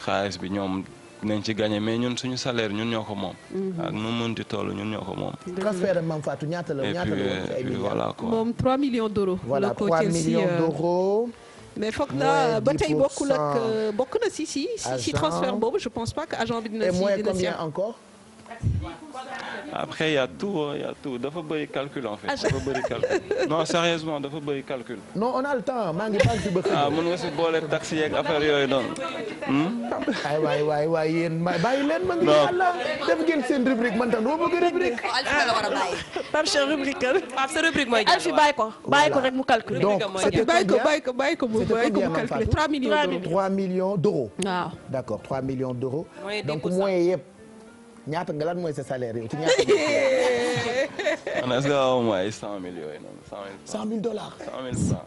xaalis bi ñoom. nañ ci gagné mais ñun suñu salaire ñun ñoo ko moom. Mhm. ak nu mu mënti ñun ñoo ko moom. transfert Mame Fatou ñaata la ñaata la woon ci ay millions voilà quoi moom 3 euh, d'euros. mais foog na ba tey bokkul ak euh, bokk na si si si transfert boobu je pense pas que agent bi dina si dina si. et encore. après y a tout y a tout dafa bëri calcul en fait. Ah, dafa bëri calcul non sérieusement dafa bëri calcul. non on a le temps maa ngi bànq ba. ah mën nga si boole taxi yeeg affaire yooyu noonu. Hmm? ay waay waay waay yéen ma bàyyi leen ma ngi yàlla def ngeen seen rubrique man tam dama bëgg rubrique. Alphie la war a bàyyi. Pape Cheikh rubrique kan. Pape sa rubrique mooy Alphie bàyyi ko. bàyyi ko rek mu calcul. donc c'était bàyyi ko bàyyi ko bàyyi ko mu calculer 3 millions. 3 millions d'euros. waaw d'accord 3 millions d'euros. donc moyen yëpp. ñaata nga lan mooy sa salaire yow ci ñaata nga. man est-ce que aw ma ay cent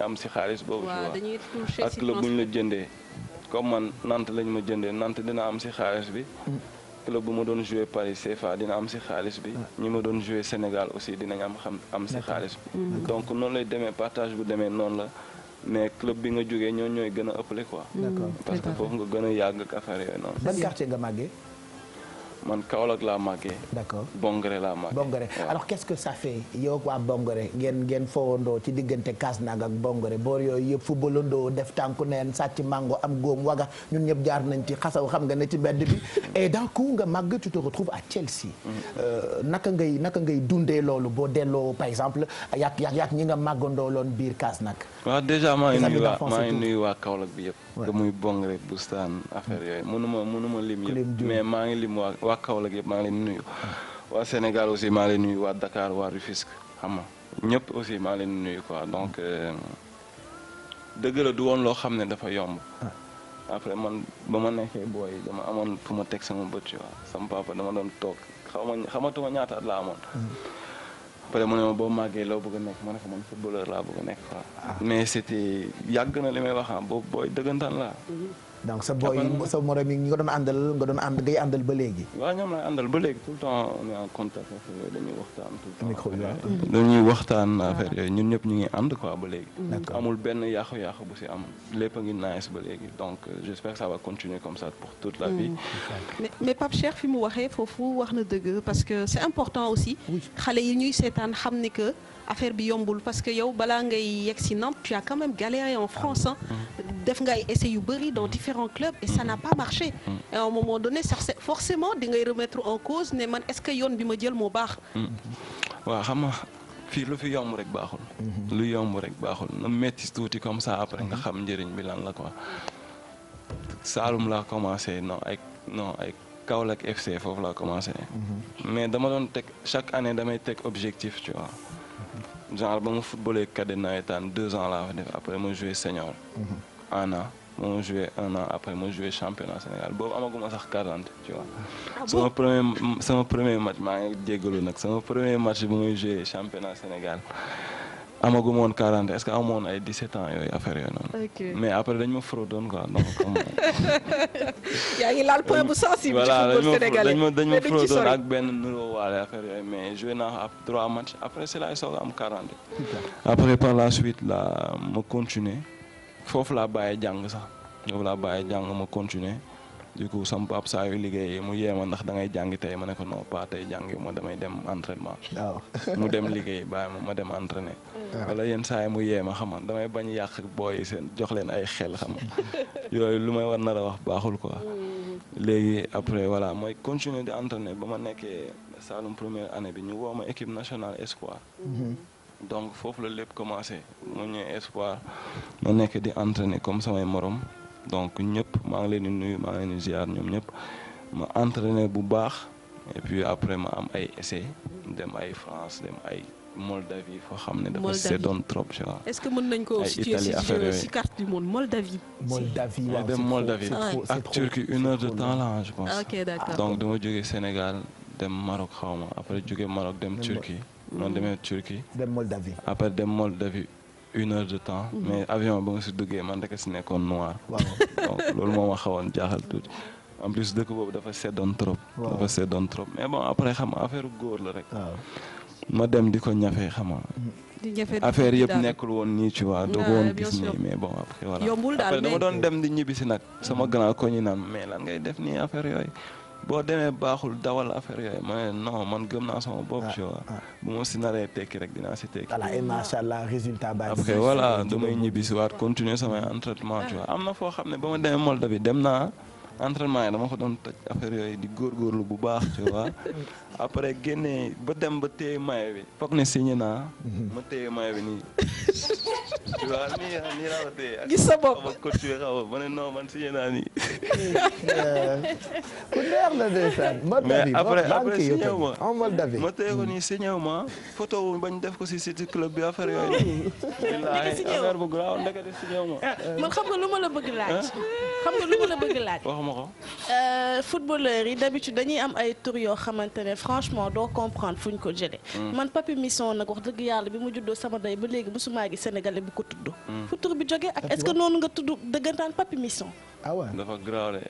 ñuy am si xaalis boobu si parce que bu ñu la jëndee comme man nant lañ ma jëndee nant dina am si xaalis bi mm. club bu ma doon joué Paris CFA dina am si xaalis bi ah. ñu ma doon joué Sénégal aussi dinañ am xam am si xaalis bi mm. donc noonu lay demee partage bu demee noonu la mais club bi nga jógee ñoo ñooy gën a ëppale ko parce que foofu nga gën a yàgg ak affaire noonu ban quartier nga màggee man Kaolack laa màggee. d'accord Bongore laa màggee. Bongore alors qu'est-ce que ça fait yow waa Bongore ngeen foowandoo ci diggante kaas Kasnaag ak Bongore boor yooyu yëpp footballandoo def tànku neen sàcc mango am góom waga ñun ñëpp jaar nañ ci xasaw xam nga ne ci mbedd bi et d'un coup nga màgg tu te retrouves à Chelsea. Mm-hmm. Euh, naka ngay naka ngay dundee loolu boo delloo par exemple yàq yàq yàq ñi nga màggandoo loon biir Kasnaag. waaw déjà maa ngi nuyu waa maa ngi bi yëpp. que muy Bongre Bustaan affaire yooyu mënuma mënuma lim yëpp mais maa ngi lim waa waa Kaolack yëpp maa leen nuyu waa Sénégal aussi maa ngi leen nuyu waa dakaar waa Rufisque xam nga ñëpp aussi maa leen nuyu quoi donc euh, dëgg du woon loo xam ne dafa yomb après man ba ma nekkee booy dama amoon fu ma teg sama bët yi waa sama papa dama doon toog xaw ma xamatuma ñaata at la amoon mm-hmm. après mu ne ma boo màggee loo bëgg a nekk ma ne ko man footballeur laa bëgg a nekk quoi. Ah. mais c'était yàgg na li may wax ah boobu booy dëggantaan laa. Mm-hmm. donc sa boy ah, sa morom yi ñi nga doon àndal nga doon ànd ngay àndal ba léegi. waaw ñoom laay àndal ba léegi tout on est en contact euh, dañuy waxtaan tout yooyu ñun ñëpp ñu ngi ànd quoi ba léegi. amul benn yàqu-yàqu bu si am lépp a ngi nice ba léegi donc euh, j' espère que ça va continuer comme ça pour toute la mm. vie. mais mais Pape fi mu waxee foofu wax na dëgg parce que c' important aussi. xale yi ñuy seetaan xam ni que. affaire bi yombul parce que yow balaa ngay yegg si Nantes tu as quand même galéré en France ah. Mm-hmm. def ngay essai yu bëri dans mm-hmm. différents clubs et ça n'a pas marché. Mm-hmm. et à un moment donné sax ce que yoon bi ma jël moo baax. waaw xam nga fii lu fi yomb rek baaxul. lu yomb rek baaxul na metti tuuti comme ça après nga xam njëriñ bi lan la quoi. Saalum laa commencé no ay non ay Kaolack FC foofu laa commencé. mais dama doon teg chaque année damay teg objectif tu genre ba ma footballé cadet nawetaan deux ans la def après ma joué senior. Mhm. un an ma joué un an après ma joué championnat Sénégal boobu amaguma sax quarante tu vois. Ah sama premier sama match maa ngi jégalu nag sama premier match bu may joué championnat Sénégal. amagu ma woon 40 est-ce que amoon ay 17 ans yooyu affaire yooyu noonu. ok mais après dañ ma fraudoon quoi donc. yaa laal point bu sensible. ci football sénégalais voilà dañ ma dañ ak benn nuroo waale affaire mais joué naa ab 3 matchs après si laay soog am 40. après par la suite la ma continuer foofu laa bàyyi jàng sax foofu laa bàyyi jàng ma continuer. du coup sama pap saa yu mu yee ma ndax dangay ngay jàngi tey ma ne ko non pas tey jàngi ma damay dem entraînement. waaw mu dem liggéey baa ma ma dem entraîner. wala yenn saa yi mu yee ma xam damay bañ yàq booy seen jox leen ay xel xam yooyu lu may war nar a wax baaxul quoi. Mm. léegi après voilà mooy continuer di entraîner ba ma nekkee Saloum première année bi ñu woo ma équipe nationale espoir. Mm-hmm. donc foofu la lépp commencé mu ñëw espoir ma nekk di entraîner comme samay morom. donc ñëpp maa ngi leen di nuyu maa ngi leen di ziar ñoom ñëpp ma entraîné bu baax et puis après ma am ay essai dem ay France dem ay Moldavie foo xam ne dafa seddoon trop si waaw. est-ce que mën nañ ko situer si carte du monde Moldavie. dem Moldavie ak Turquie une heure de temps là je donc dama jógee Sénégal dem Maroc xaw ma après jógee Maroc dem Turquie. non demee Turquie. dem Moldavie après dem Moldavie. une heure de temps. Mhm. mais avion ba nga si duggee man rek si nekkoon noir. donc loolu moo ma xawoon jaaxal tuuti. en plus dëkk boobu dafa seddoon trop. dafa seddoon trop mais bon après xam affaire góor la rek. ma dem di ko ñafe xam mhm. affaire yëpp nekkul woon nii tu vois doo woon gis nii mais bon après voilà après dama doon dem di ñibbi si nag sama mhm. grand ko ñu naan mais lan ngay def nii affaire yooyu. boo demee baaxul dawal affaire yooyu mais non man gëm naa sama bopp. ah ah bu ma si naree tekki rek dinaa si tekki. voilà et macha allah résultat baa après voilà damay ñibbi si waat continuer samay entraînement tu vois am na foo xam ne ba ma demee Molda bi dem naa entraînement yi dama ko doon toj affaire yooyu di góorgóorlu bu baax tu vois après génnee ba dem ba téye maye bi. foog ne signé naa. Mhm. ma téye maye bi nii. waaw nii ah nii sa bopp ak ko tuye xaw ma ne non man signé naa nii. ku leer ma. amal dabi ma ko nii signé wu ma. photo wu bañ def ko si site oh. ah, xam nga lu ma la bëgg laaj. xam la bëgg ma ko. Euh, footballeurs yi d'habitude dañuy am ay tur yoo xamante ne franchement doo comprendre fuñ ko jëlee. Hmm. man Papi Mission nag wax dëgg yàlla bi mu juddoo sama day ba léegi musuma gi Sénégalais bu ko tudd. Hmm. fu tur bi jógee ak est-ce que noonu nga tudd dëggantaan papi Misson. ah waaw dafa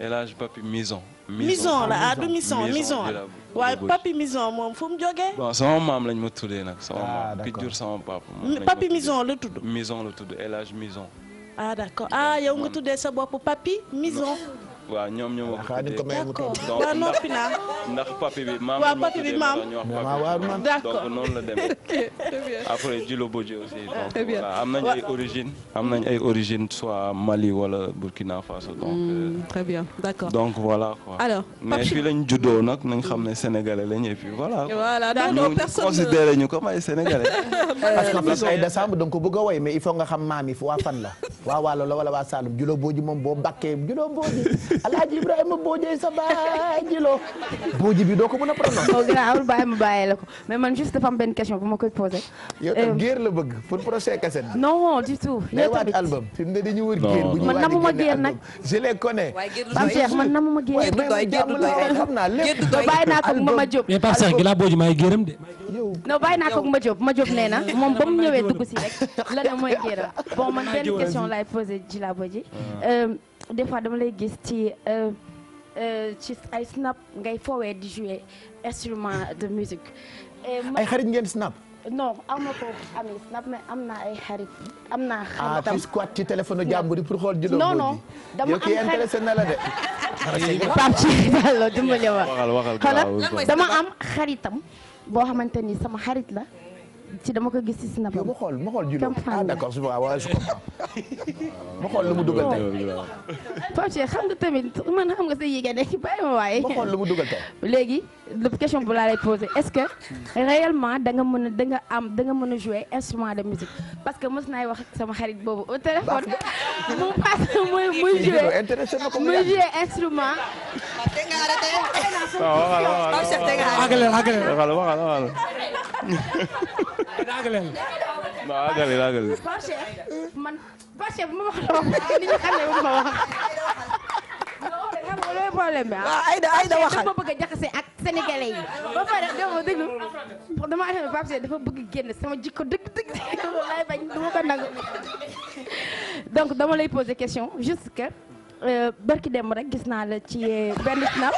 El Hadj papi Misson. Misson la ah du Misson Misson waaye papi Misson moom fu mu jógee. sama maam lañ ma tuddee ah, la tudd. Misson la tudd El Hadj Misson. ah d'accord ah yow nga tuddee sa bopp papi Misson. waa ñoom ñoo ma ko tuddee papi bi maam la ma tuddee donc noonu la demee après Djilo Bodji aussi donc voilà am nañ ay origine am nañ ay origine soit Mali wala Burkina Faso donc hmm, euh, très bien d'accord donc voilà quoi alors mais fii voilà voilà non personne parce qu'en plus ay donc ko bëgg a woy mais il faut nga xam maam yi fu waa la waa la wala waa Saloum Djilo moom boo bakkee Djilo Bodji alaaji Ibrahima sa baaji loo booji bi doo ko mën a prononcer. non oh, gannaaw bàyyi ma bàyyi la ko mais man juste dafa benn question bu ma koy posé. yow tam euh, géer la bëgg pour prochain cassette. non du tout. yow tamit album fi mu ne dañu wër géer man namu ma géer nag. je les connais. man namu ma géer. xam naa lépp bàyyi naa ko ma ma jóg. mais Pape Cheikh gannaaw booji maay géeram de. non bàyyi naa ko ma jóg ma jóg nee moom ba mu ñëwee dugg si rek la ne mooy géeram bon man benn question laay posé ci la booji ah. euh, des fois dama lay gis ci euh, euh, ci ay snap ngay foowee di jouer instrument de musique. ay xarit ngeen snap. non am na am naa ay xarit am naa. xaritam ah kuy squat ci téléphone jàmbur yi pour xool juróom non non dama am xarit yow am xaritam boo xamante ni sama xarit la. ci dama ko gis si na yow ma xool ma xool Jullo ah, a d'accord su ma waaw je comprends ma xool lu mu dugal tey. Pape xam nga tamit man xam nga sa yéegé nekk bàyyi ma waaye. ma xool lu mu dugal tey. léegi question bu laa lay posé est-ce que réellement da nga mën a da nga am da nga mën a jouer instrument de musique parce que mës naay wax ak sama xarit boobu au téléphone. mu paase instrument. te nga arrêté. waaw waaw waaw waxal daagaleel. waaw daagaleel daagaleel. man Pache bu ma wax ni ñu xamee bu ma wax. loolu problème bi ah. Aïda Aïda waxal dafa bëgg a jaxase ak sénégalais yi. ba pare dama déglu dama ne Pape dafa bëgg génn sama jikko dëgg dëgg laay bañ du ma ko nangu. donc dama lay poser question juste que euh, barki dem rek gis naa la ci euh, benn snap.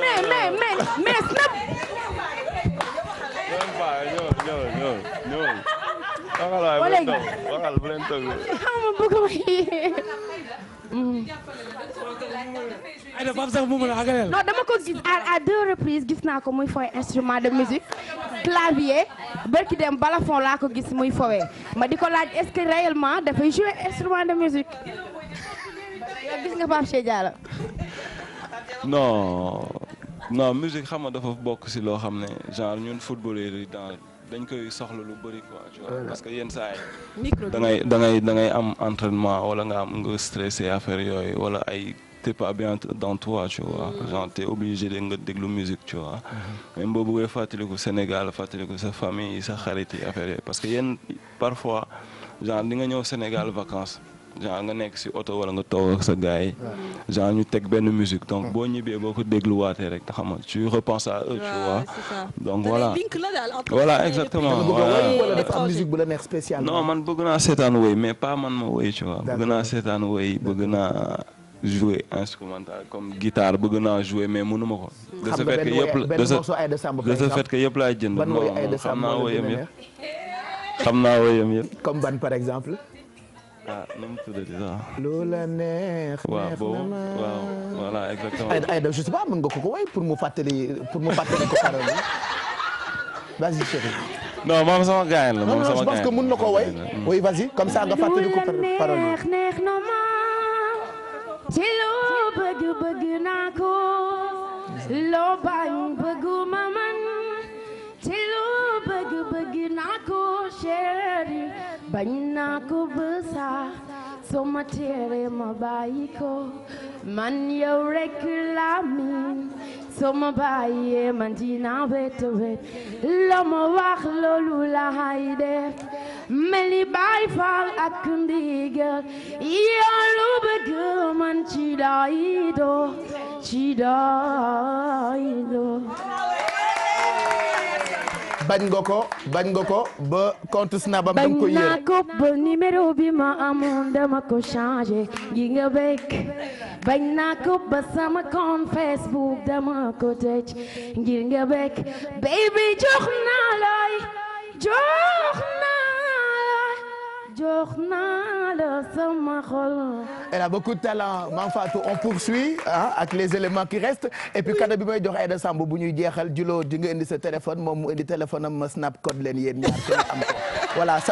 mais mais mais mais snap. waaye ñëw ñëw ñëw ñëw. waxal waaye bu leen toog waxal bu leen toog. xamuma bëgg a wax Aïda Pape Sakho mu mën a àggaleel. non dama ko gis à deux reprises gis naa ko muy fooy instrument de musique clavier barki dem balafon laa ko gis muy fowee ma di ko laaj est-ce que réellement dafay jouer instrument de musique yow gis nga Pape Cheikh Diallo. non. non musique xam nga dafa bokk si loo xam ne genre ñun footballeur yi dans dañ koy soxla lu bëri quoi tu vois parce que yenn saa yi da ngay am entraînement wala nga am nga stressé affaire yooyu wala ay t'es pas bien dans toi tu vois mm. genre t'es obligé de nga déglu musique tu vois mm-hmm. même boo bëggee fàttaliku Sénégal fàttaliku sa famille sa xarit yi affaire yooyu parce que yenn parfois genre di nga ñëw Sénégal vacances genre nga nekk si oto wala nga toog ak sa gars yi genre ñu teg benn musique donc boo ñibbee boo ko dégluwaatee rek xam nga tu repenses a eux tu vois donc voilà voilà exactement non man bëgg naa seetaan woy mais pas man ma woy tu vois bëgg naa seetaan woy bëgg naa jouer instrumental comme guitare bëgg naa jouer mais mënu ma ko. de ce fait que yëpp de ce fait que jënd. ban xam naa woyam yëpp. xam naa woyam yëpp. par exemple. ah nu mu tuddati sax. lu la neex neex na ma waaw voilà exactement. ay nga ko ko way pour mu fàttali pour mu fàttali ko parole vas-y chéri. non sama gars la moom sama gars la non non je pense que mën na ko way. oui vas-y comme ça nga fàttali ko ci lu bëgg bëgg naa ko chéri bañ naa ko bësa soo ma tere ma bàyyi ko man yow rekk laa miin soo ma bàyyee man dinaa wet wet loo ma wax loolu laay def meli baay faal ak ndigal yow lu bëgg man ci daay doo bañ nga ko bañ nga ko ba compte snap am da ko yéer bañ naa ba numéro bi ma amoon dama ko change gi nga bekk bañ naa ba sama compte Facebook dama ko tëj ngir nga bekk baby jox naa looy jox naa jox naa la elle a beaucoup de talent Mame Fatou on poursuit ak les éléments qui restent et puis cadeau bi may jox Aïda Samb bu ñuy jeexal julo di nga sa téléphone moom mu indi téléphone am snap code leen yéen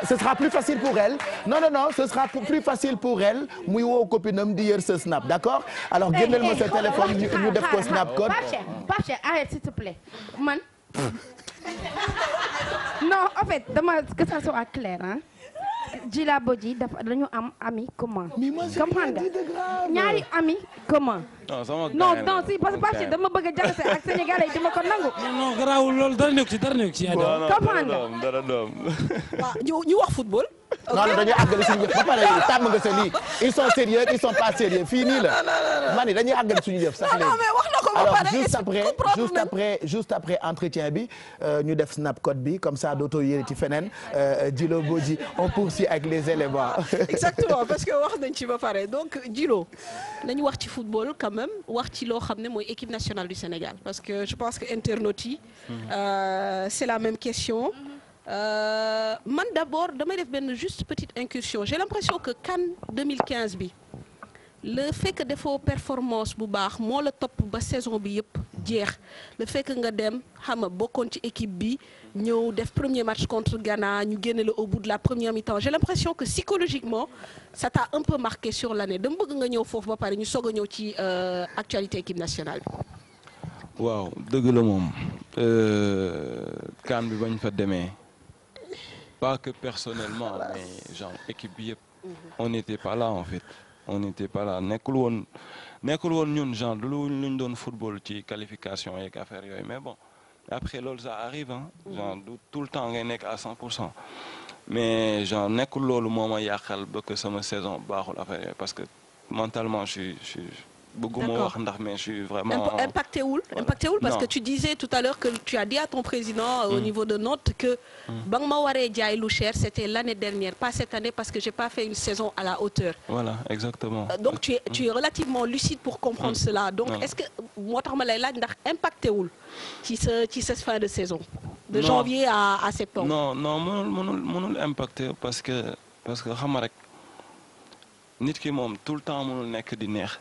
ce sera plus facile pour elle non non ce sera plus facile pour elle muy woo copine am di yër sa snap d'accord alors eh, génneel ma eh, sa téléphone ñu def ko snap code. Pape Cheikh te plaît man. Djila Bodji dafa dañu am ami comment comprendre nga ñaari ami commun. non sama non non si parce que parce que dama bëgg a jaxase ak sénégalais dama ko nangu. non garaawul loolu dara nekk ci dara nekk ci. comprendre dara doom waaw ñu wax football. non non dañuy àggali suñu jëf ba pare tàmm nga sa lii ils sont sérieux ils sont pas sérieux fii nii la man dañuy àggali suñu jëf sax léegi. alors juste après juste après juste après entretien bi euh, ñu def snap code bi comme ça dootoo yëre ci feneen euh, Djilo Bodji on poursuit avec les éléments. exactement parce que wax nañ ci ba pare donc Djilo nañu wax ci football. quand même wax ci loo xam ne mooy équipe nationale du Sénégal parce que je pense que internautes yi. Mhm. Euh, c'est la même question. Mhm. Euh, man d'abord damay def benn juste petite incursion j'ai l'impression que CAN 2015 bi. le fait que defoo performance bu baax moo la topp ba saison bi yëpp jeex le fait que nga dem xam nga bokkoon ci équipe bi ñëw def premier match contre Ghana ñu génne la au bout de la première mi-temps j'ai l'impression que psychologiquement ça t'a un peu marqué sur l'année dama bëgg nga ñëw foofu ba pare ñu soog a ñëw ci euh, actualité équipe nationale bi. waaw dëgg la moom euh, kan bi bañ fa demee pas que personnellement mais genre équipe bi yëpp mm-hmm. on n'était pas on n'était pas là nekkul woon nekkul woon ñun genre lu luñ doon football ci qualification yeeg affaire yooyu mais bon après loolu ça arrive ah. genre tout le temps ngay nekk à 100 pour cent mais genre nekkul loolu moo ma yàqal ba que sama saison baaxul affaire parce que mentalement je suis bëgguma wax ndax mais je impacté wul impacté wul parce que tu disais tout à l'heure que tu as dit à ton président. Euh, au mm. niveau de Nantes que. Mm. ba nga ma waree jaay lu cher c'était l'année dernière pas cette année parce que j'ai pas fait une saison à la hauteur. voilà exactement. Euh, donc tu lucide pour comprendre mm. cela donc est-ce que moo tax ma lay laaj ndax impacté wul ci sa ci sa fin de saison. de janvier à à septembre. non non mënul mënul mënul impacté parce que parce que xam nga rek nit ki moom tout le temps mënul nekk di neex.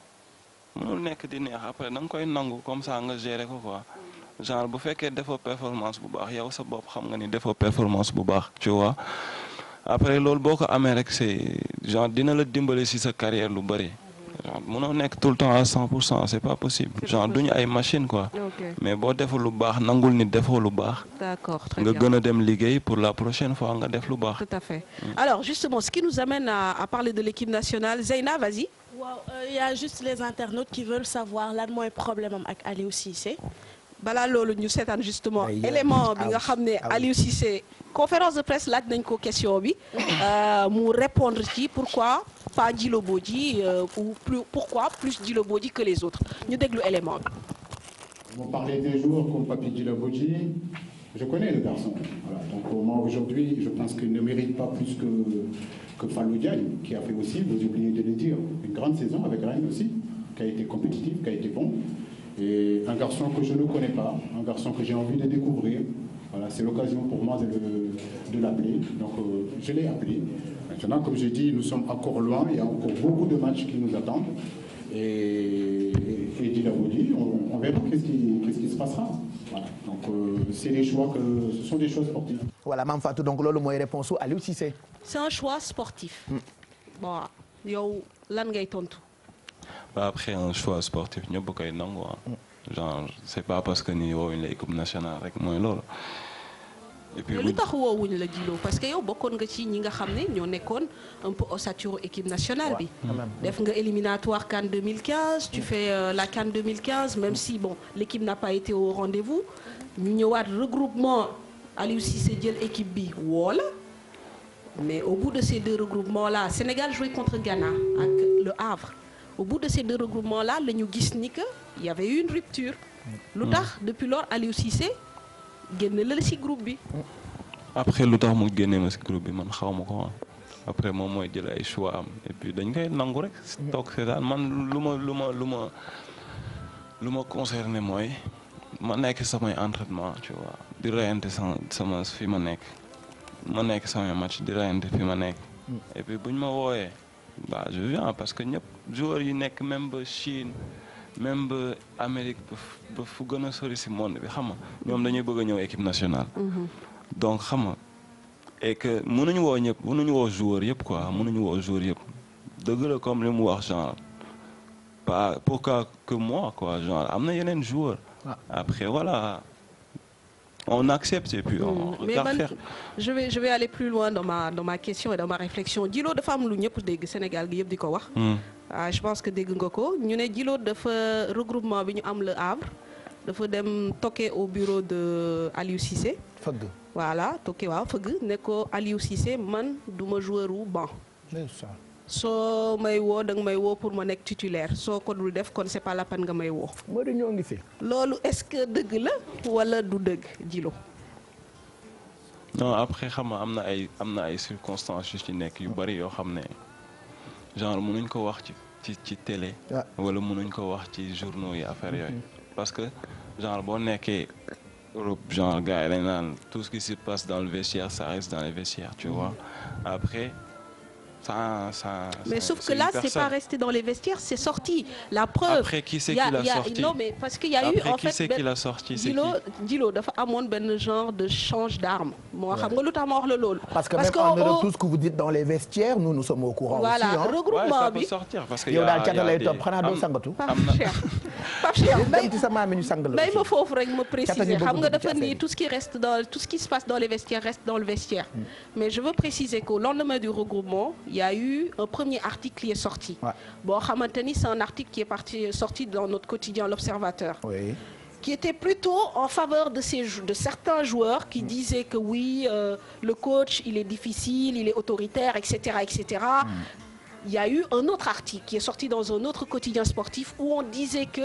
mënul nekk di neex après koy nangu comme ça nga gérer ko quoi genre bu fekkee defoo performance bu baax yow sa bopp xam nga ni defoo performance bu baax tu vois après loolu boo ko amee rek c'est genre dina la dimbali ci sa carrière lu bëri genre mënoo nekk tout le temps à pour cent c'est pas possible genre duñu ay machine quoi mais boo deful lu baax nangul ni defoo lu baax d'accord très nga gën a dem liggéey pour la prochaine fois nga def lu baax tout à fait mm. alors justement ce qui nous amène à, parler de l'équipe nationale Zeyna vas waaw euh, y a juste les internautes qui veulent savoir lan mooy problème am ak Aliou Cissé. balaa loolu ñu an justement élément bi nga xam ne Aliou Cissé conférence de presse laaj nañ ko question bi euh, mu répondre ci pourquoi pas Djilo Bodji euh, ou plus pourquoi plus Djilo Bodji que les autres ñu déglu élément bi. vous parlez des jours comme Papi Je connais le garçon. Voilà. Donc pour euh, moi aujourd'hui, je pense qu'il ne mérite pas plus que, que Fallou Diagne, qui a fait aussi, vous oubliez de le dire, une grande saison avec Rennes aussi, qui a été compétitif, qui a été bon. Et un garçon que je ne connais pas, un garçon que j'ai envie de découvrir. Voilà, c'est l'occasion pour moi de, de l'appeler. Donc euh, je l'ai appelé. Maintenant, comme j'ai dit, nous sommes encore loin, il y a encore beaucoup de matchs qui nous attendent. et, et, et Donc, euh, c'est des choix que Voilà, Mam donc loolu mooy réponse su Aliou Cissé. c'est un choix sportif. Hmm. bon yow lan ngay tontu. ba après un choix sportif ñëpp koy nangu ah. hmm. genre c'est pas parce que ni woowuñ la nationale rek mooy lool et puis lu tax woowuñ la Djilo parce que yow bokkoon nga ci ñi nga xam ne ñoo nekkoon un peu ossature équipe nationale bi. def nga éliminatoire CAN 2015 tu fais euh, la CAN 2015 même si bon l'équipe n'a pas été au rendez-vous ñu ñëwaat regroupement Aliou Cissé jël équipe bi woola mais au bout de ces deux regroupements là Sénégal jouait contre Ghana ak le Havre au bout de ces deux regroupements là la ñu gis ni que y avait une rupture. lu mm. tax depuis lors Aliou Cissé. génne la ci groupe bi. après lu tax mu génne ma si groupe bi man xaw ma ko après moom mooy jël ay choix am et puis dañ koy nangu rek. toog seetaan man lu ma lu ma lu ma lu ma concerné mooy ma nekk samay entraînement tu vois di reyante sama sama fi ma nekk ma nekk samay match di reyante fi ma nekk. et puis buñ ma wooyee. waaw je viens parce que ñëpp joueurs yi nekk même ba Chine. même ba Amérique ba fu gën a sori si monde bi xam nga ñoom dañuy bëgg a ñëw équipe nationale. Mhm. donc xam nga et que mënuñu woo ñëpp mënuñu woo joueur yëpp quoi mënuñu woo joueur yëpp dëgg la comme li mu wax genre pas pourquoi que moi quoi genre am na yeneen joueur ah. après voilà. on accepte et puis hmm. on mais man je vais je vais aller plus loin dans ma dans question et dans ma réflexion Djilo dafa am lu ñëpp dégg Sénégal gi yëpp di ko wax. Hmm. Ah, je pense que dégg nga ko ñu ne Djilo dafa regroupement bi ñu am le Havre dafa dem toquer au bureau de Aliou Cissé. fëgg voilà toquer waaw fëgg ne ko Aliou Cissé man du ma joueur wu banc. soo may woo da nga may woo pour ma nekk titulaire soo ko dul def kon c'est pas la nga may woo. Mody ñoo ngi fi. loolu est-ce que dëgg la wala du dëgg jilo non après xam nga am na ay am na ay circonstances yu ci nekk yu bari yoo xam ne genre mënuñ ko wax ci ci ci télé. Ah. wala mënuñ ko wax ci journaux yi affaire yooyu. Mm-hmm. parce que genre boo nekkee Europe genre gars yi dañ naan tout ce qui se passe dans le vestiaire ça reste dans les vestiaires tu mm-hmm. vois après. Ça, ça, mais ça, sauf que là, c'est pas resté dans les vestiaires, c'est sorti. La preuve. Après, qui c'est qui l'a sorti Non, mais parce qu'il y a Après, eu. Après, qui c'est ben, qui l'a sorti Dilo, Dilo, dafa amoon benn genre de change d'arme. moo xam nga lu tax ma wax la loolu. parce que parce même en Europe, tout ce que vous dites dans les vestiaires, nous nous sommes au courant voilà, aussi. Voilà, regroupement bi. yow daal cata lay topp xanaa doo sangatu. Pape Cheikh may ci sa maam ñu la may ma foofu rek nga dafa ni tout ce qui reste dans tout ce qui se passe dans les vestiaires reste dans le vestiaire mm. mais je veux préciser qu'au lendemain du regroupement il y a eu un premier article qui est sorti boo xamante ni c'est un article qui est parti sorti dans notre quotidien l'Observateur oui qui était plutôt en faveur de ces de certains joueurs qui mm. disaient que oui euh, le coach il est difficile il est autoritaire etc etc mm. il y a eu un autre article qui est sorti dans un autre quotidien sportif où on disait que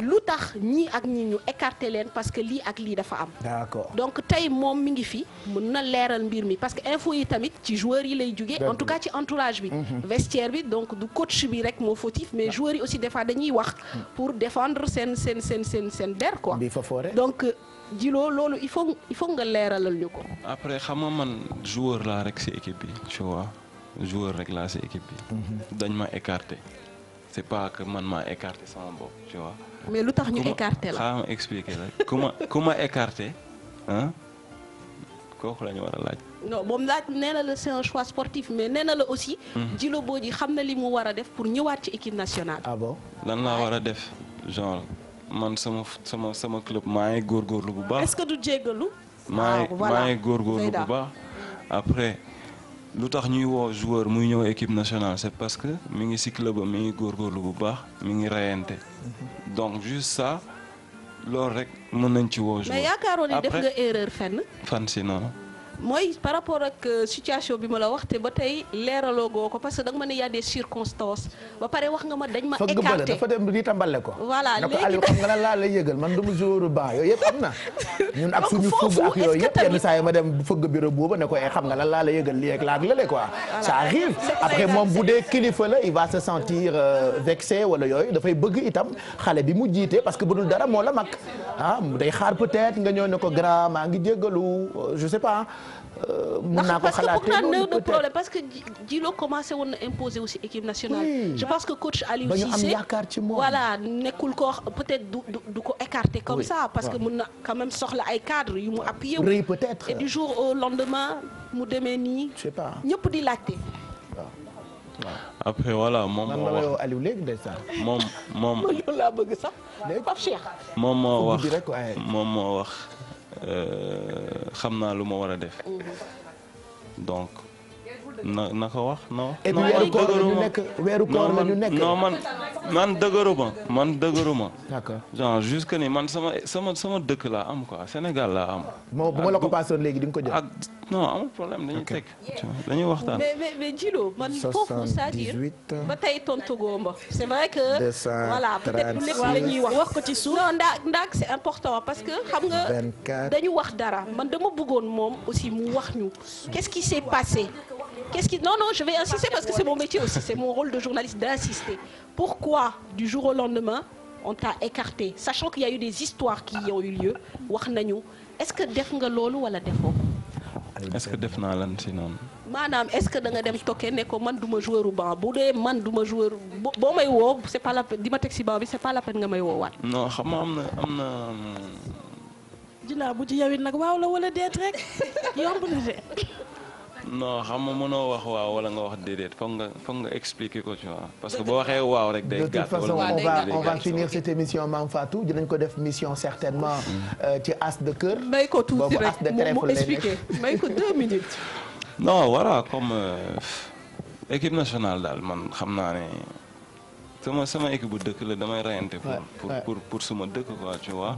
lu tax ñii ak ñi ñu écarté leen parce que lii ak lii dafa am. d'accord donc tey moom mi ngi fi mën na leeral mbir mi parce que info yi tamit ci joueurs yi lay jugee. en tout cas ci entourage bi. Mhm. vestiaire bi donc du coach bi rek moo fautif mais ah. joueurs yi aussi des dañuy wax. pour défendre seen seen seen seen seen der quoi. donc jiloo loolu il faut il faut nga leeralal ñu ko. après xam nga man joueur la rek si joueur rek laa si équipe mhm. dañ ma écarté c' est pas que man ma écarté sama bopp mais lu tax ñu écarté la xaaral ma expliqué ma ku ma écarté kooku la war a laaj. non moom laaj nee na la c' est un choix sportif mais nee na la aussi. Mhm. Djilo Bodji xam na li mu war a def pour ñëwaat ci équipe nationale. ah bon lan laa war a def genre man sama sama sama club maa ngi bu baax. est ce que du jéggalu. maa ngi ah, maa ngi bu baax après. lu tax ñuy woo joueur muy ñëw équipe nationale c'est parce que mi ngi si club mi ngi góorgóorlu bu baax mi ngi reyante donc juste ça loolu rek mën nañ ci woo. joueur mais yaakaaroon ni def nga erreur fenn. fan si noonu. mooy par rapport ak euh, situation bi ma la wax te ba tey leeraloo goo ko parce que da ma ne y de des circonstances ba pare wax nga ma dañ ma écarté dafa dem di tambale ko voilà léegi ko Aliou xam nga lan man du ma joueur ban yooyu yëpp am na ñun ak suñu fugg ak yooyu yëpp yenn saa ma dem fëgg bureau booba ne ko e xam nga lan laa lay yëgal lii ak laa ak lale quoi ça arrive après moom bu dee kilifa la il va se sentir euh, vexé wala yooyu dafay bëgg itam xale bi mu jiite parce que bu dul dara moo la mak ah day xaar peut-être nga ñëw ne ko grand maa ngi jéggalu euh, je sais pas Euh, mun naa ko xalaatee loolu peut être parce que problème parce que commencé woon na imposer aussi équipe nationale. je pense que coach Aliou Cissé ba ñu am yaakaar ci nekkul ko peut être du du ko écarter comme ça. parce que mun na quand même soxla ay cadres yu mu appuyé wu. peut et du jour au lendemain mu demee nii. je sais pas ñëpp di laajte. après voilà moom moo wax Aliou léegi ndeysaan moom moom. ma laa bëgg sax. Pape Cheikh. moom moo wax moom moo wax. Euh, xam naa lu ma war a def mmh. donc na na ko wax na non man dëgëru nekk non man man dëgëru man dëgëru ma. d'accord jusque ni man sama sama sama dëkk laa am quoi Sénégal laa am. moo bu ma la ko paasoon léegi di nga ko jël. ak non amul problème dañuy teg dañuy waxtaan. mais mais mais Djilo man foofu la ñuy parce que xam nga dañu wax dara man dama bëggoon moom aussi mu wax ñu qu'est-ce qui s'est passé. qu'est-ce qui... Non, non, je vais insister parce que c'est mon rôle de journaliste d'insister. Pourquoi, du jour au lendemain, on écarté sachant qu'il y a eu des histoires qui ont eu lieu wax nañu est-ce que def nga loolu wala defoo est-ce que def naa lan si noonu maanaam est-ce que da nga dem toke ne ko man du ma joueur banc bu man duma ma joueur boo may woo c'est pas la peine di ma teg si banc bi c'est pas la peine nga may woowaat non xam nga am am na na non xam nga mënoo wax waaw wala nga wax déedéet foog nga foog nga expliquer ko tu parce que boo waxee waaw rek day gàtt de toute façon on va finir cette émission Mame Fatou dinañ ko def mission certainement mm. euh, ci as de cœur. may ko tuuti rek mu expliquer may ko deux non voilà comme euh, équipe nationale daal man xam naa ne. sama sama équipe bu dëkk la damay reyante. pour pour pour suma dëkk quoi tu vois.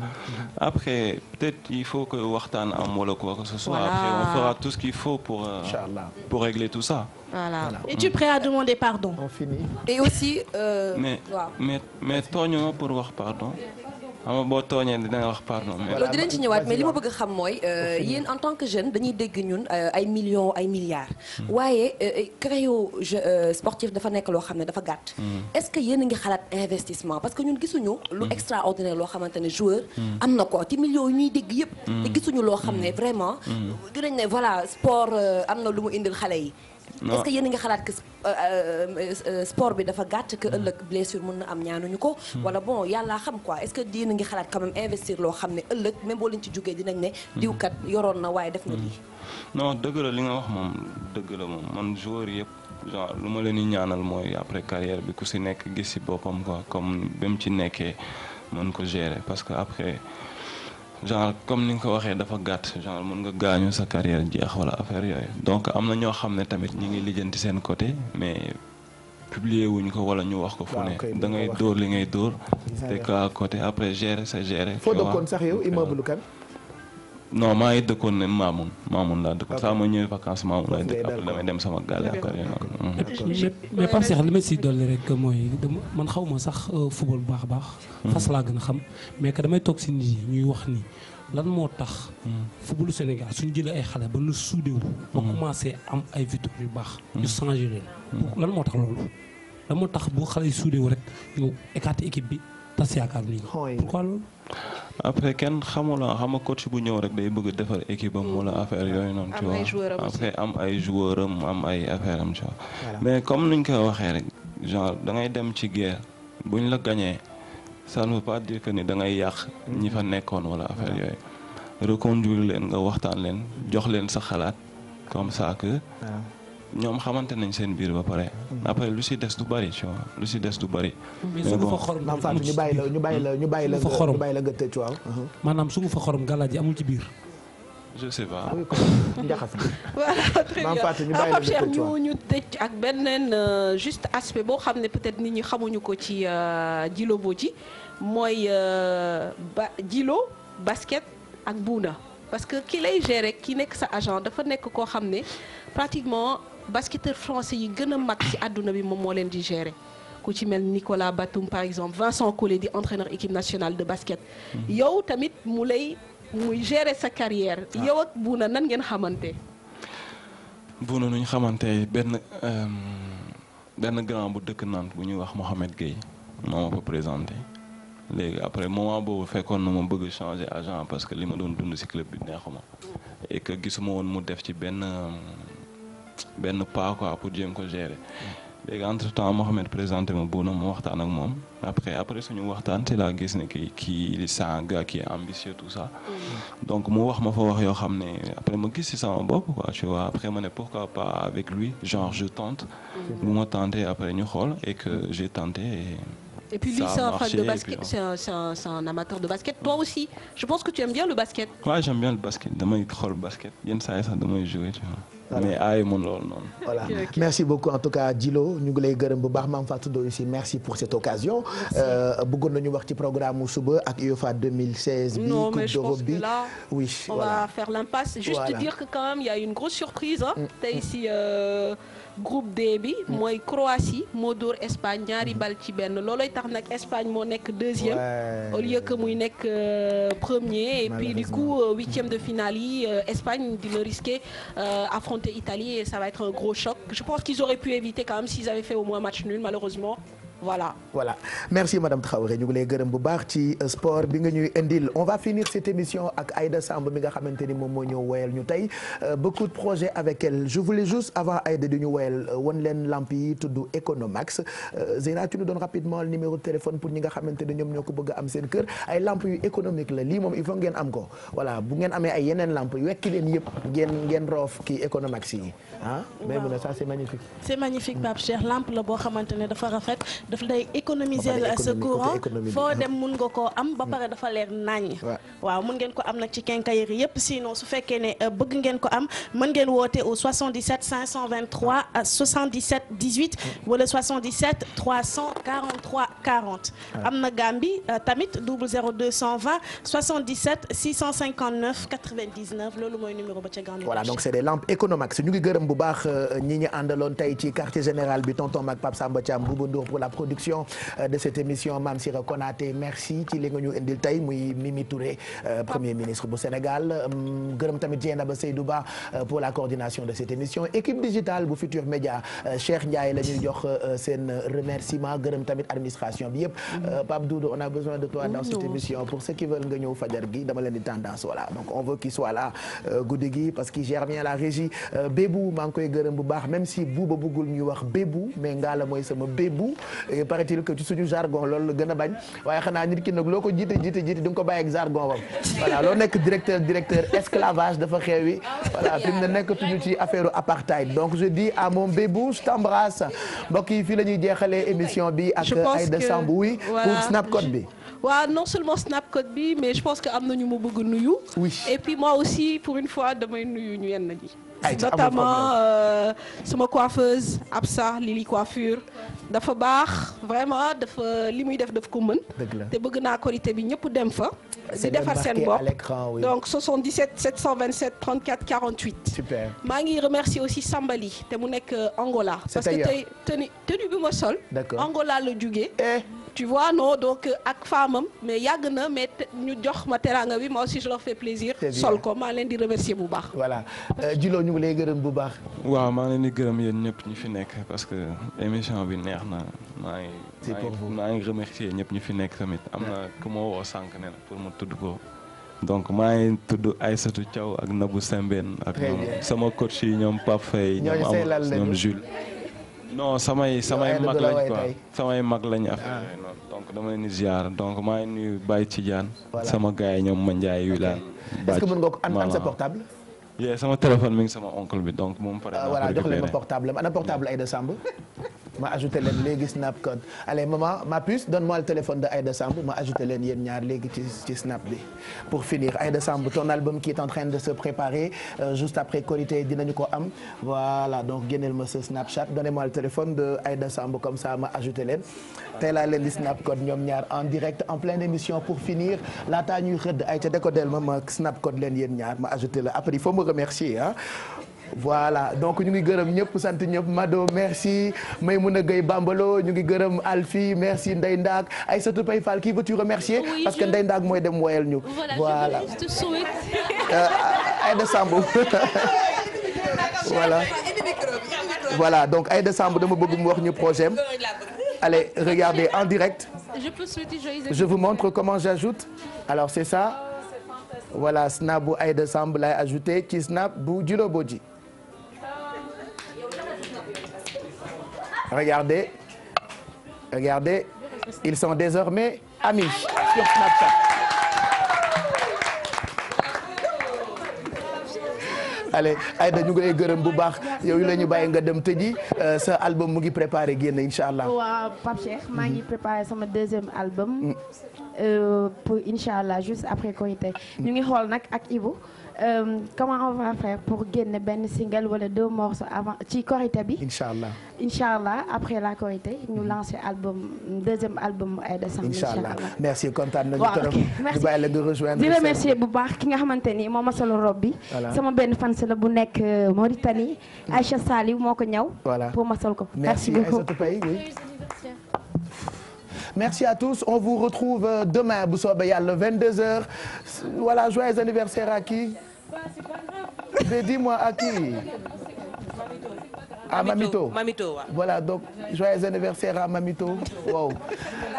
après peut-être il faut que waxtaan am wala quoi que ce soit. après on fera tout ce qu'il faut pour. Euh, Inch'Allah pour régler tout ça. voilà es-tu prêt à demander pardon. on finit et aussi. Euh, mais mais mais tooñu ma pour wax pardon. xam nga boo tooñee dina nga wax pardon. loolu dinañ ci ñëwaat mais li ma bëgg a xam mooy euh, yéen en tant que jeune dañuy dégg ñun euh, ay million ay milliards. Hmm. waaye euh, créneau sportif dafa nekk loo xam ne dafa gàtt. Hmm. est-ce que yéen a ngi xalaat investissement parce que ñun gisuñu. lu hmm. extraordinaire loo xamante ne joueur. am na ko ci millions yi ñuy dégg yëpp. te gisuñu loo xam ne vraiment. gën nañ ne voilà sport am na lu mu indil xale yi. est-ce que yéen a ngi xalaat que euh, euh, sport bi dafa gàtt que ëllëg blessure mën na am ñu ko hmm. wala bon yàllaa xam quoi est-ce que yéen a ngi xalaat quand même investir loo xam ne ëllëg même boo leen ci jógee dinañ ne hmm. diwkat yoroon na waaye def na hmm. lii non dëgg la li nga wax moom dëgg la moom man joueur yëpp genre lu ma leen di ñaanal mooy après carrière bi ku si nekk gis si boppam quoi comme ba mu ci nekkee mën ko gérer parce que après genre comme ni nga ko waxee dafa gàtt genre mën nga gaañu sa carrière jeex wala affaire yooyu donc am na ñoo xam ne tamit ñi ngi lijjanti seen côté mais publier wuñ ko wala ñu wax ko fu ne da ngay dóor li ngay dóor te ko côté après gérer sa gérer foo dëkkoon sax yow immeuble euh, kan non maa ngi dëkkoon ne Maamoun Maamoun laa dëkkoon saa ma ñëwee vacances Maamoun laay dëkk après damay dem sama gaal après noonu. Mm-hmm. mais Pape Cheikh li ma siy dolli rek mooy man xaw ma sax euh, football bu baax a baax. Mm-hmm. fas laa gën a xam mais que damay toog si nit yi ñuy wax ni lan moo tax. Mm-hmm. footballu Sénégal suñu jëlee ay xale ba nu suude wu. ba commencé am ay victoire yu baax. ñu changé lan moo tax loolu. lan moo tax bu xale yi suude rek yow écarté équipe bi tas yaakaar nañu. pourquoi après kenn xamula ah, xama coach bu ñëw rek day bëgg defar équipe wala affaire yooyu noonu tu vois après am ay joueur am am ay affaire am mais comme nuñ koy waxee rek genre dangay dem ci guerre buñ la gañee ça ne pas dire que ni da ngay yàq ñi fa nekkoon wala affaire yooyu reconduire leen nga waxtaan leen jox leen sax xalaat comme ça que ñoom xamante nañ seen biir ba pare. après lu si des du bari tu vois lu si des du bari. mais su fa xorom maam Fatou ñu bàyyi la ñu bàyyi la ñu bàyyi la ñu bàyyi la nga tëj waaw. Uh-huh. su fa xorom galaaj ji amul ci biir. je sais pas. Ah njaxas bi. voilà très bien maam ah, Pape Cheikh ñu ñu tëj euh, boo xam ne peut-être nit ñi xamuñu ko ci euh, jilo boo ci mooy euh, ba jilo basket ak buuna parce que ki lay gérer ki nekk sa agent dafa nekk koo xam ne pratiquement. basketteur français yi gën a mag ci àdduna bi moom moo leen di gérer ku ci mel Nicolas Batum par exemple Vincent Collet di entraîneur équipe nationale de basket. Mm-hmm. yow tamit mu lay muy gérer sa carrière ah. yow ak Bouna nan ngeen xamante. buuna nu ñu xamante benn euh, benn grand bu dëkk nant bu ñuy wax Mohamed Gueye moo ma ko présenté. léegi après moment boobu fekkoon na ma bëgg changer agent parce que li ma doon dund ci club bi neexuma et que gisuma woon mu def ci benn euh, benn pas quoi pour jéem ko gérer léegi entre temps Mohamed présenté ma Bouna mo waxtaan ak moom après après suñu waxtaan ci laa gis ne kii kii il est un gars qui est ambitieux tout ça. Mm. donc mu wax ma fa wax yoo xam ne après ma gis ci sama bopp quoi tu après ma ne pourquoi pas avec lui genre je tente. bu mm. ma tenté après ñu xool e que j'ai tenté Et puis lui, c'est un fan de basket, c'est un, un, un, amateur de basket. Toi aussi, je pense que tu aimes bien le basket. Ouais, j'aime bien le basket. Demain, il troll le basket. Bien ça, ça demain, il jouer, tu vois. Voilà. mais ay mon loolu noonu. voilà okay, okay. merci beaucoup en tout cas Djilo ñu ngi lay gërëm bu baax Mame Fatou Ndoye aussi merci pour cette occasion. Euh, bëggoon nañu wax ci programme mu suba ak UEFA 2016. bi coupe d'Europe bi oui on voilà. va faire l'impasse. juste voilà. dire que quand même il y a une grosse surprise. Mm. tey si. Euh, groupe D bi mooy Croatie moo dóor Espagne ñaari bal ci benn loolooy tax nag Espagne moo nekk deuxième au lieu que muy nekk euh, premier et puis du coup euh, huitième de finale yi euh, Espagne dina risquer affronter Italie et ça va être un gros choc je pense qu'ils auraient pu éviter quand même s'ils avaient au moins match nul malheureusement voilà voilà merci madame Traoré ñu ngi lay gërëm bu baax ci euh, sport bi nga ñuy indil on va finir cette émission ak Aïda Samb mi nga xamante moom moo ñëw woyal ñu tey euh, beaucoup de projets avec elle je voulais juste avant Aïda di ñu woyal euh, won leen lamp yi tudd Economax Zeyna tu nous donnes rapidement le numéro de téléphone pour ñi nga xamante ñoom ñoo ko bëgg a am seen kër ay lamp yu économique la lii moom il faut ngeen am ko voilà bu ngeen amee ay yeneen lamp yu wekki leen yëpp ngeen ngeen roof kii ah, mais mu ne ça c'est daf lay économiser la sa courant foo dem mun nga koo am ba pare dafa leer naññ waaw mun ngeen ko am nag ci quincaillerie yëpp sinon su fekkee ne euh, bëgg ngeen ko am man ngeen woote au 77 523 à 77 18 mm. wala 77 343 40 am na Gambie euh, tamit 00220 77 659 99 loolu mooy numéro ba ca Gambie voilà donc c'est des lampes Economax ngi gërëm bu baax euh, ñi ñu àndaloon tey ci quartier général bi tonton Mac Pape Samba Thiam Boubou Ndour pour la production euh, de cette émission Mame Sira Konaté merci ci li nga ñu indil tey muy Mimi Touré euh, premier ministre bu Sénégal gërëm tamit Dieynaba Seydou Ba euh, pour la coordination de cette émission équipe digitale bu Futur Média Cheikh Ndiaye la ñuy jox seen remerciement gërëm tamit administration bi yëpp mm-hmm. Pape Doudou on a besoin de toi dans cette émission pour ceux qui veulent nga ñëw fajar gi dama leen di tendance voilà donc on veut qu'il soit là guddi gi parce qu'il gère bien la régie maa ngi koy gërëm bu baax même si bu ba bëggul ñu wax mais ngaa mooy sama Bébou Eh, paraît-il que suñu jargon loolu la gën a bañ waaye xanaa nit ki nag loo ko jiite jiite jiite ko bàyyi ak jargon wam voilà loo nekk directeur directeur esclavage dafa xewi voilà fi mu ne nekkatuñu ci affaire apartheid donc je dis à mon t'embrasse mbokk yi fii la ñuy jeexalee émission bi ak Aïda Samb oui pour Snapcode bi waaw non seulement Snapcode bi mais je que am na ñu ma bëgg nuyu. oui et puis moi aussi pour une fois damay nuyu ñu yenn ji. notamment euh, suma coiffeuse Absa Lili coiffure dafa baax vraiment dafa li muy def daf ko mën te bëgg naa korité bi ñëpp dem fa di defar seen bopp donc 77 727 34 48 super maa ngi remercier aussi Sambali te mu nekk euh, Angola parce que tey bi ma sol tu vois non donc ak faamam mais yàgg na mais ñu jox ma teraanga bi ma aussi je leur fais plaisir. sol ko maa leen di remercier bu baax. voilà euh, Djilo ñu ngi lay gërëm bu baax. waaw maa leen di gërëm yéen ñëpp ñu fi nekk parce que émission bi neex na maa ngi. c'est ngi remercier ñëpp ñu fi nekk tamit am na ku ma woo sànq ne la pour mu tudd ko. donc maa ngi tudd Aïssatou Thiaw ak Nabou Sembène ak sama coach yi ñoom Pape Faye ñoom Jules. non samay samay mag lañ quoi samay mag lañ affaire ah. dama leen di ziar donc maa ngi nuyu Baye Tidiane. sama gars yi ñoom Mandiaye yu laan. est-ce que sama téléphone mi ngi sama oncle bi donc moom. pare ah, naa voilà jox leen ma portable am ana portable Aïda Samb. ma ajouté leen léegi snap code allez maman ma puce donne-moi le téléphone de Aïda Samb ma ajouté leen yéen ñaar léegi ci ci pour finir Aïda Samb ton album qui est en train de se préparer euh, juste après Korité dinañu ko am voilà donc génneel ma sa Snapchat donnez-moi le téléphone de Aïda leen. tey laa leen di snap ñoom ñaar en direct en pleine émission pour finir laataa ñuy xëdd ay ca décodel ma ma snap leen yéen ñaar ma ajouté la après il faut me remercier ah. voilà donc ñu ngi gërëm ñëpp sant ñëpp Mado merci Maïmouna gay Bambalo ñu ngi gërëm Alfi merci Ndeye Ndak ay Paye Fall qui veux-tu remercier parce que Ndeye Ndak mooy dem woyal ñu. voilà euh, Aïda Samb voilà voilà donc Aïda Samb dama bëgg mu wax ñu projet Allez, regardez en direct. Je peux souhaiter joyeux Je vous montre comment j'ajoute. Alors c'est ça. Voilà, snap bu Aïda Samb lay ajouté ci bu Djilo Regardez. ils sont désormais amis sur Snapchat. allez Aïda ñu ngi gërëm bu baax yow la ñu bàyyi nga dem tëji euh, sa album mu ngi préparé génn incha allah. waaw Pape Cheikh maa ngi préparé sama deuxième album. Mm. Euh, pour incha allah juste après Korité ñu ngi xool nag ak Ibou. Euh, comment on va faire pour génne benn single wala deux morceaux avant ci korité bi. incha allah incha allah après la korité ñu lancer album deuxième album Aïda Samb. incha allah merci kontaan a trop. merci la nga rejoindre. remercier bu baax ki nga xamante ni moom ma solo rob bi. sama benn fan fans la bu nekk euh, Mauritanie. Mm. Aïcha Saliou moo ko ñaw voilà pour ma sol ko. merci beaucoup merci merci à tous on vous retrouve euh, demain bu soobee yàlla 22h voilà joyeux anniversaire à qui à ah, Mamito Mamito voilà donc joyeux anniversaire Mamito waaw.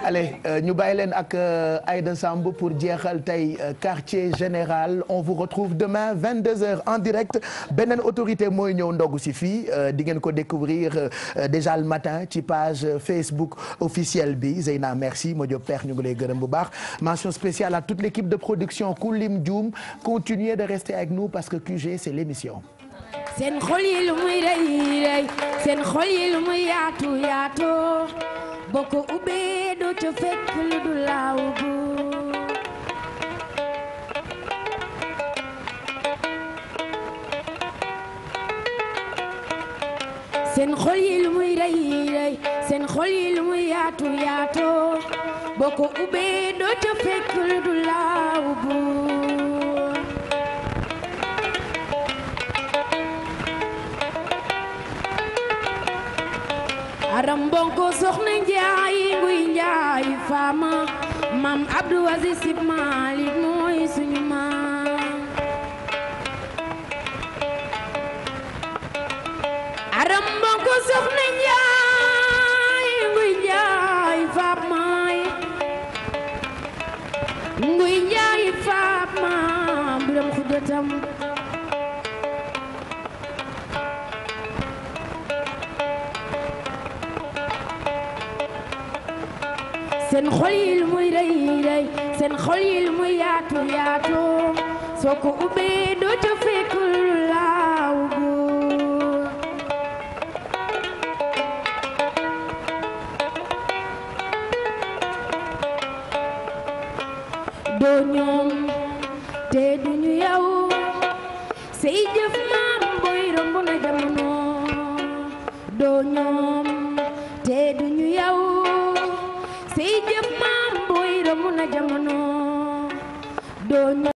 allez euh, ñu bàyyi leen ak euh, Aïda Samb pour jeexal tey euh, quartier général on vous retrouve demain 22h en direct beneen autorité mooy ñëw ndogu si fii di ngeen ko découvrir déjà le matin ci page Facebook officielle bi Zeyna merci Modou ñu ngi lay gërëm bu baax mention spéciale à toute l'équipe de production Koulim Dioum continuez de rester avec nous parce que QG c'est l'émission seen xol yi lu muy rey rey seen xol yi lu muy yaatu yaatu boo ko ubbee doo fekk lu du laaw bu yi lu muy yaatu aram bonko soxna njaay nguy njaay faama mam abdou aziz si malik mooy suñu maam aram bonko soxna njaay nguy njaay faama nguy njaay faama buram xudatam seen xol yi lu muy rëy rëy seen xol yi lu muy yaatu yaatu soo ko ubbee doo ca fekk lu laaw góor doo ñoom te duñu yow say jëf na jamono doo ñoom na jamono doo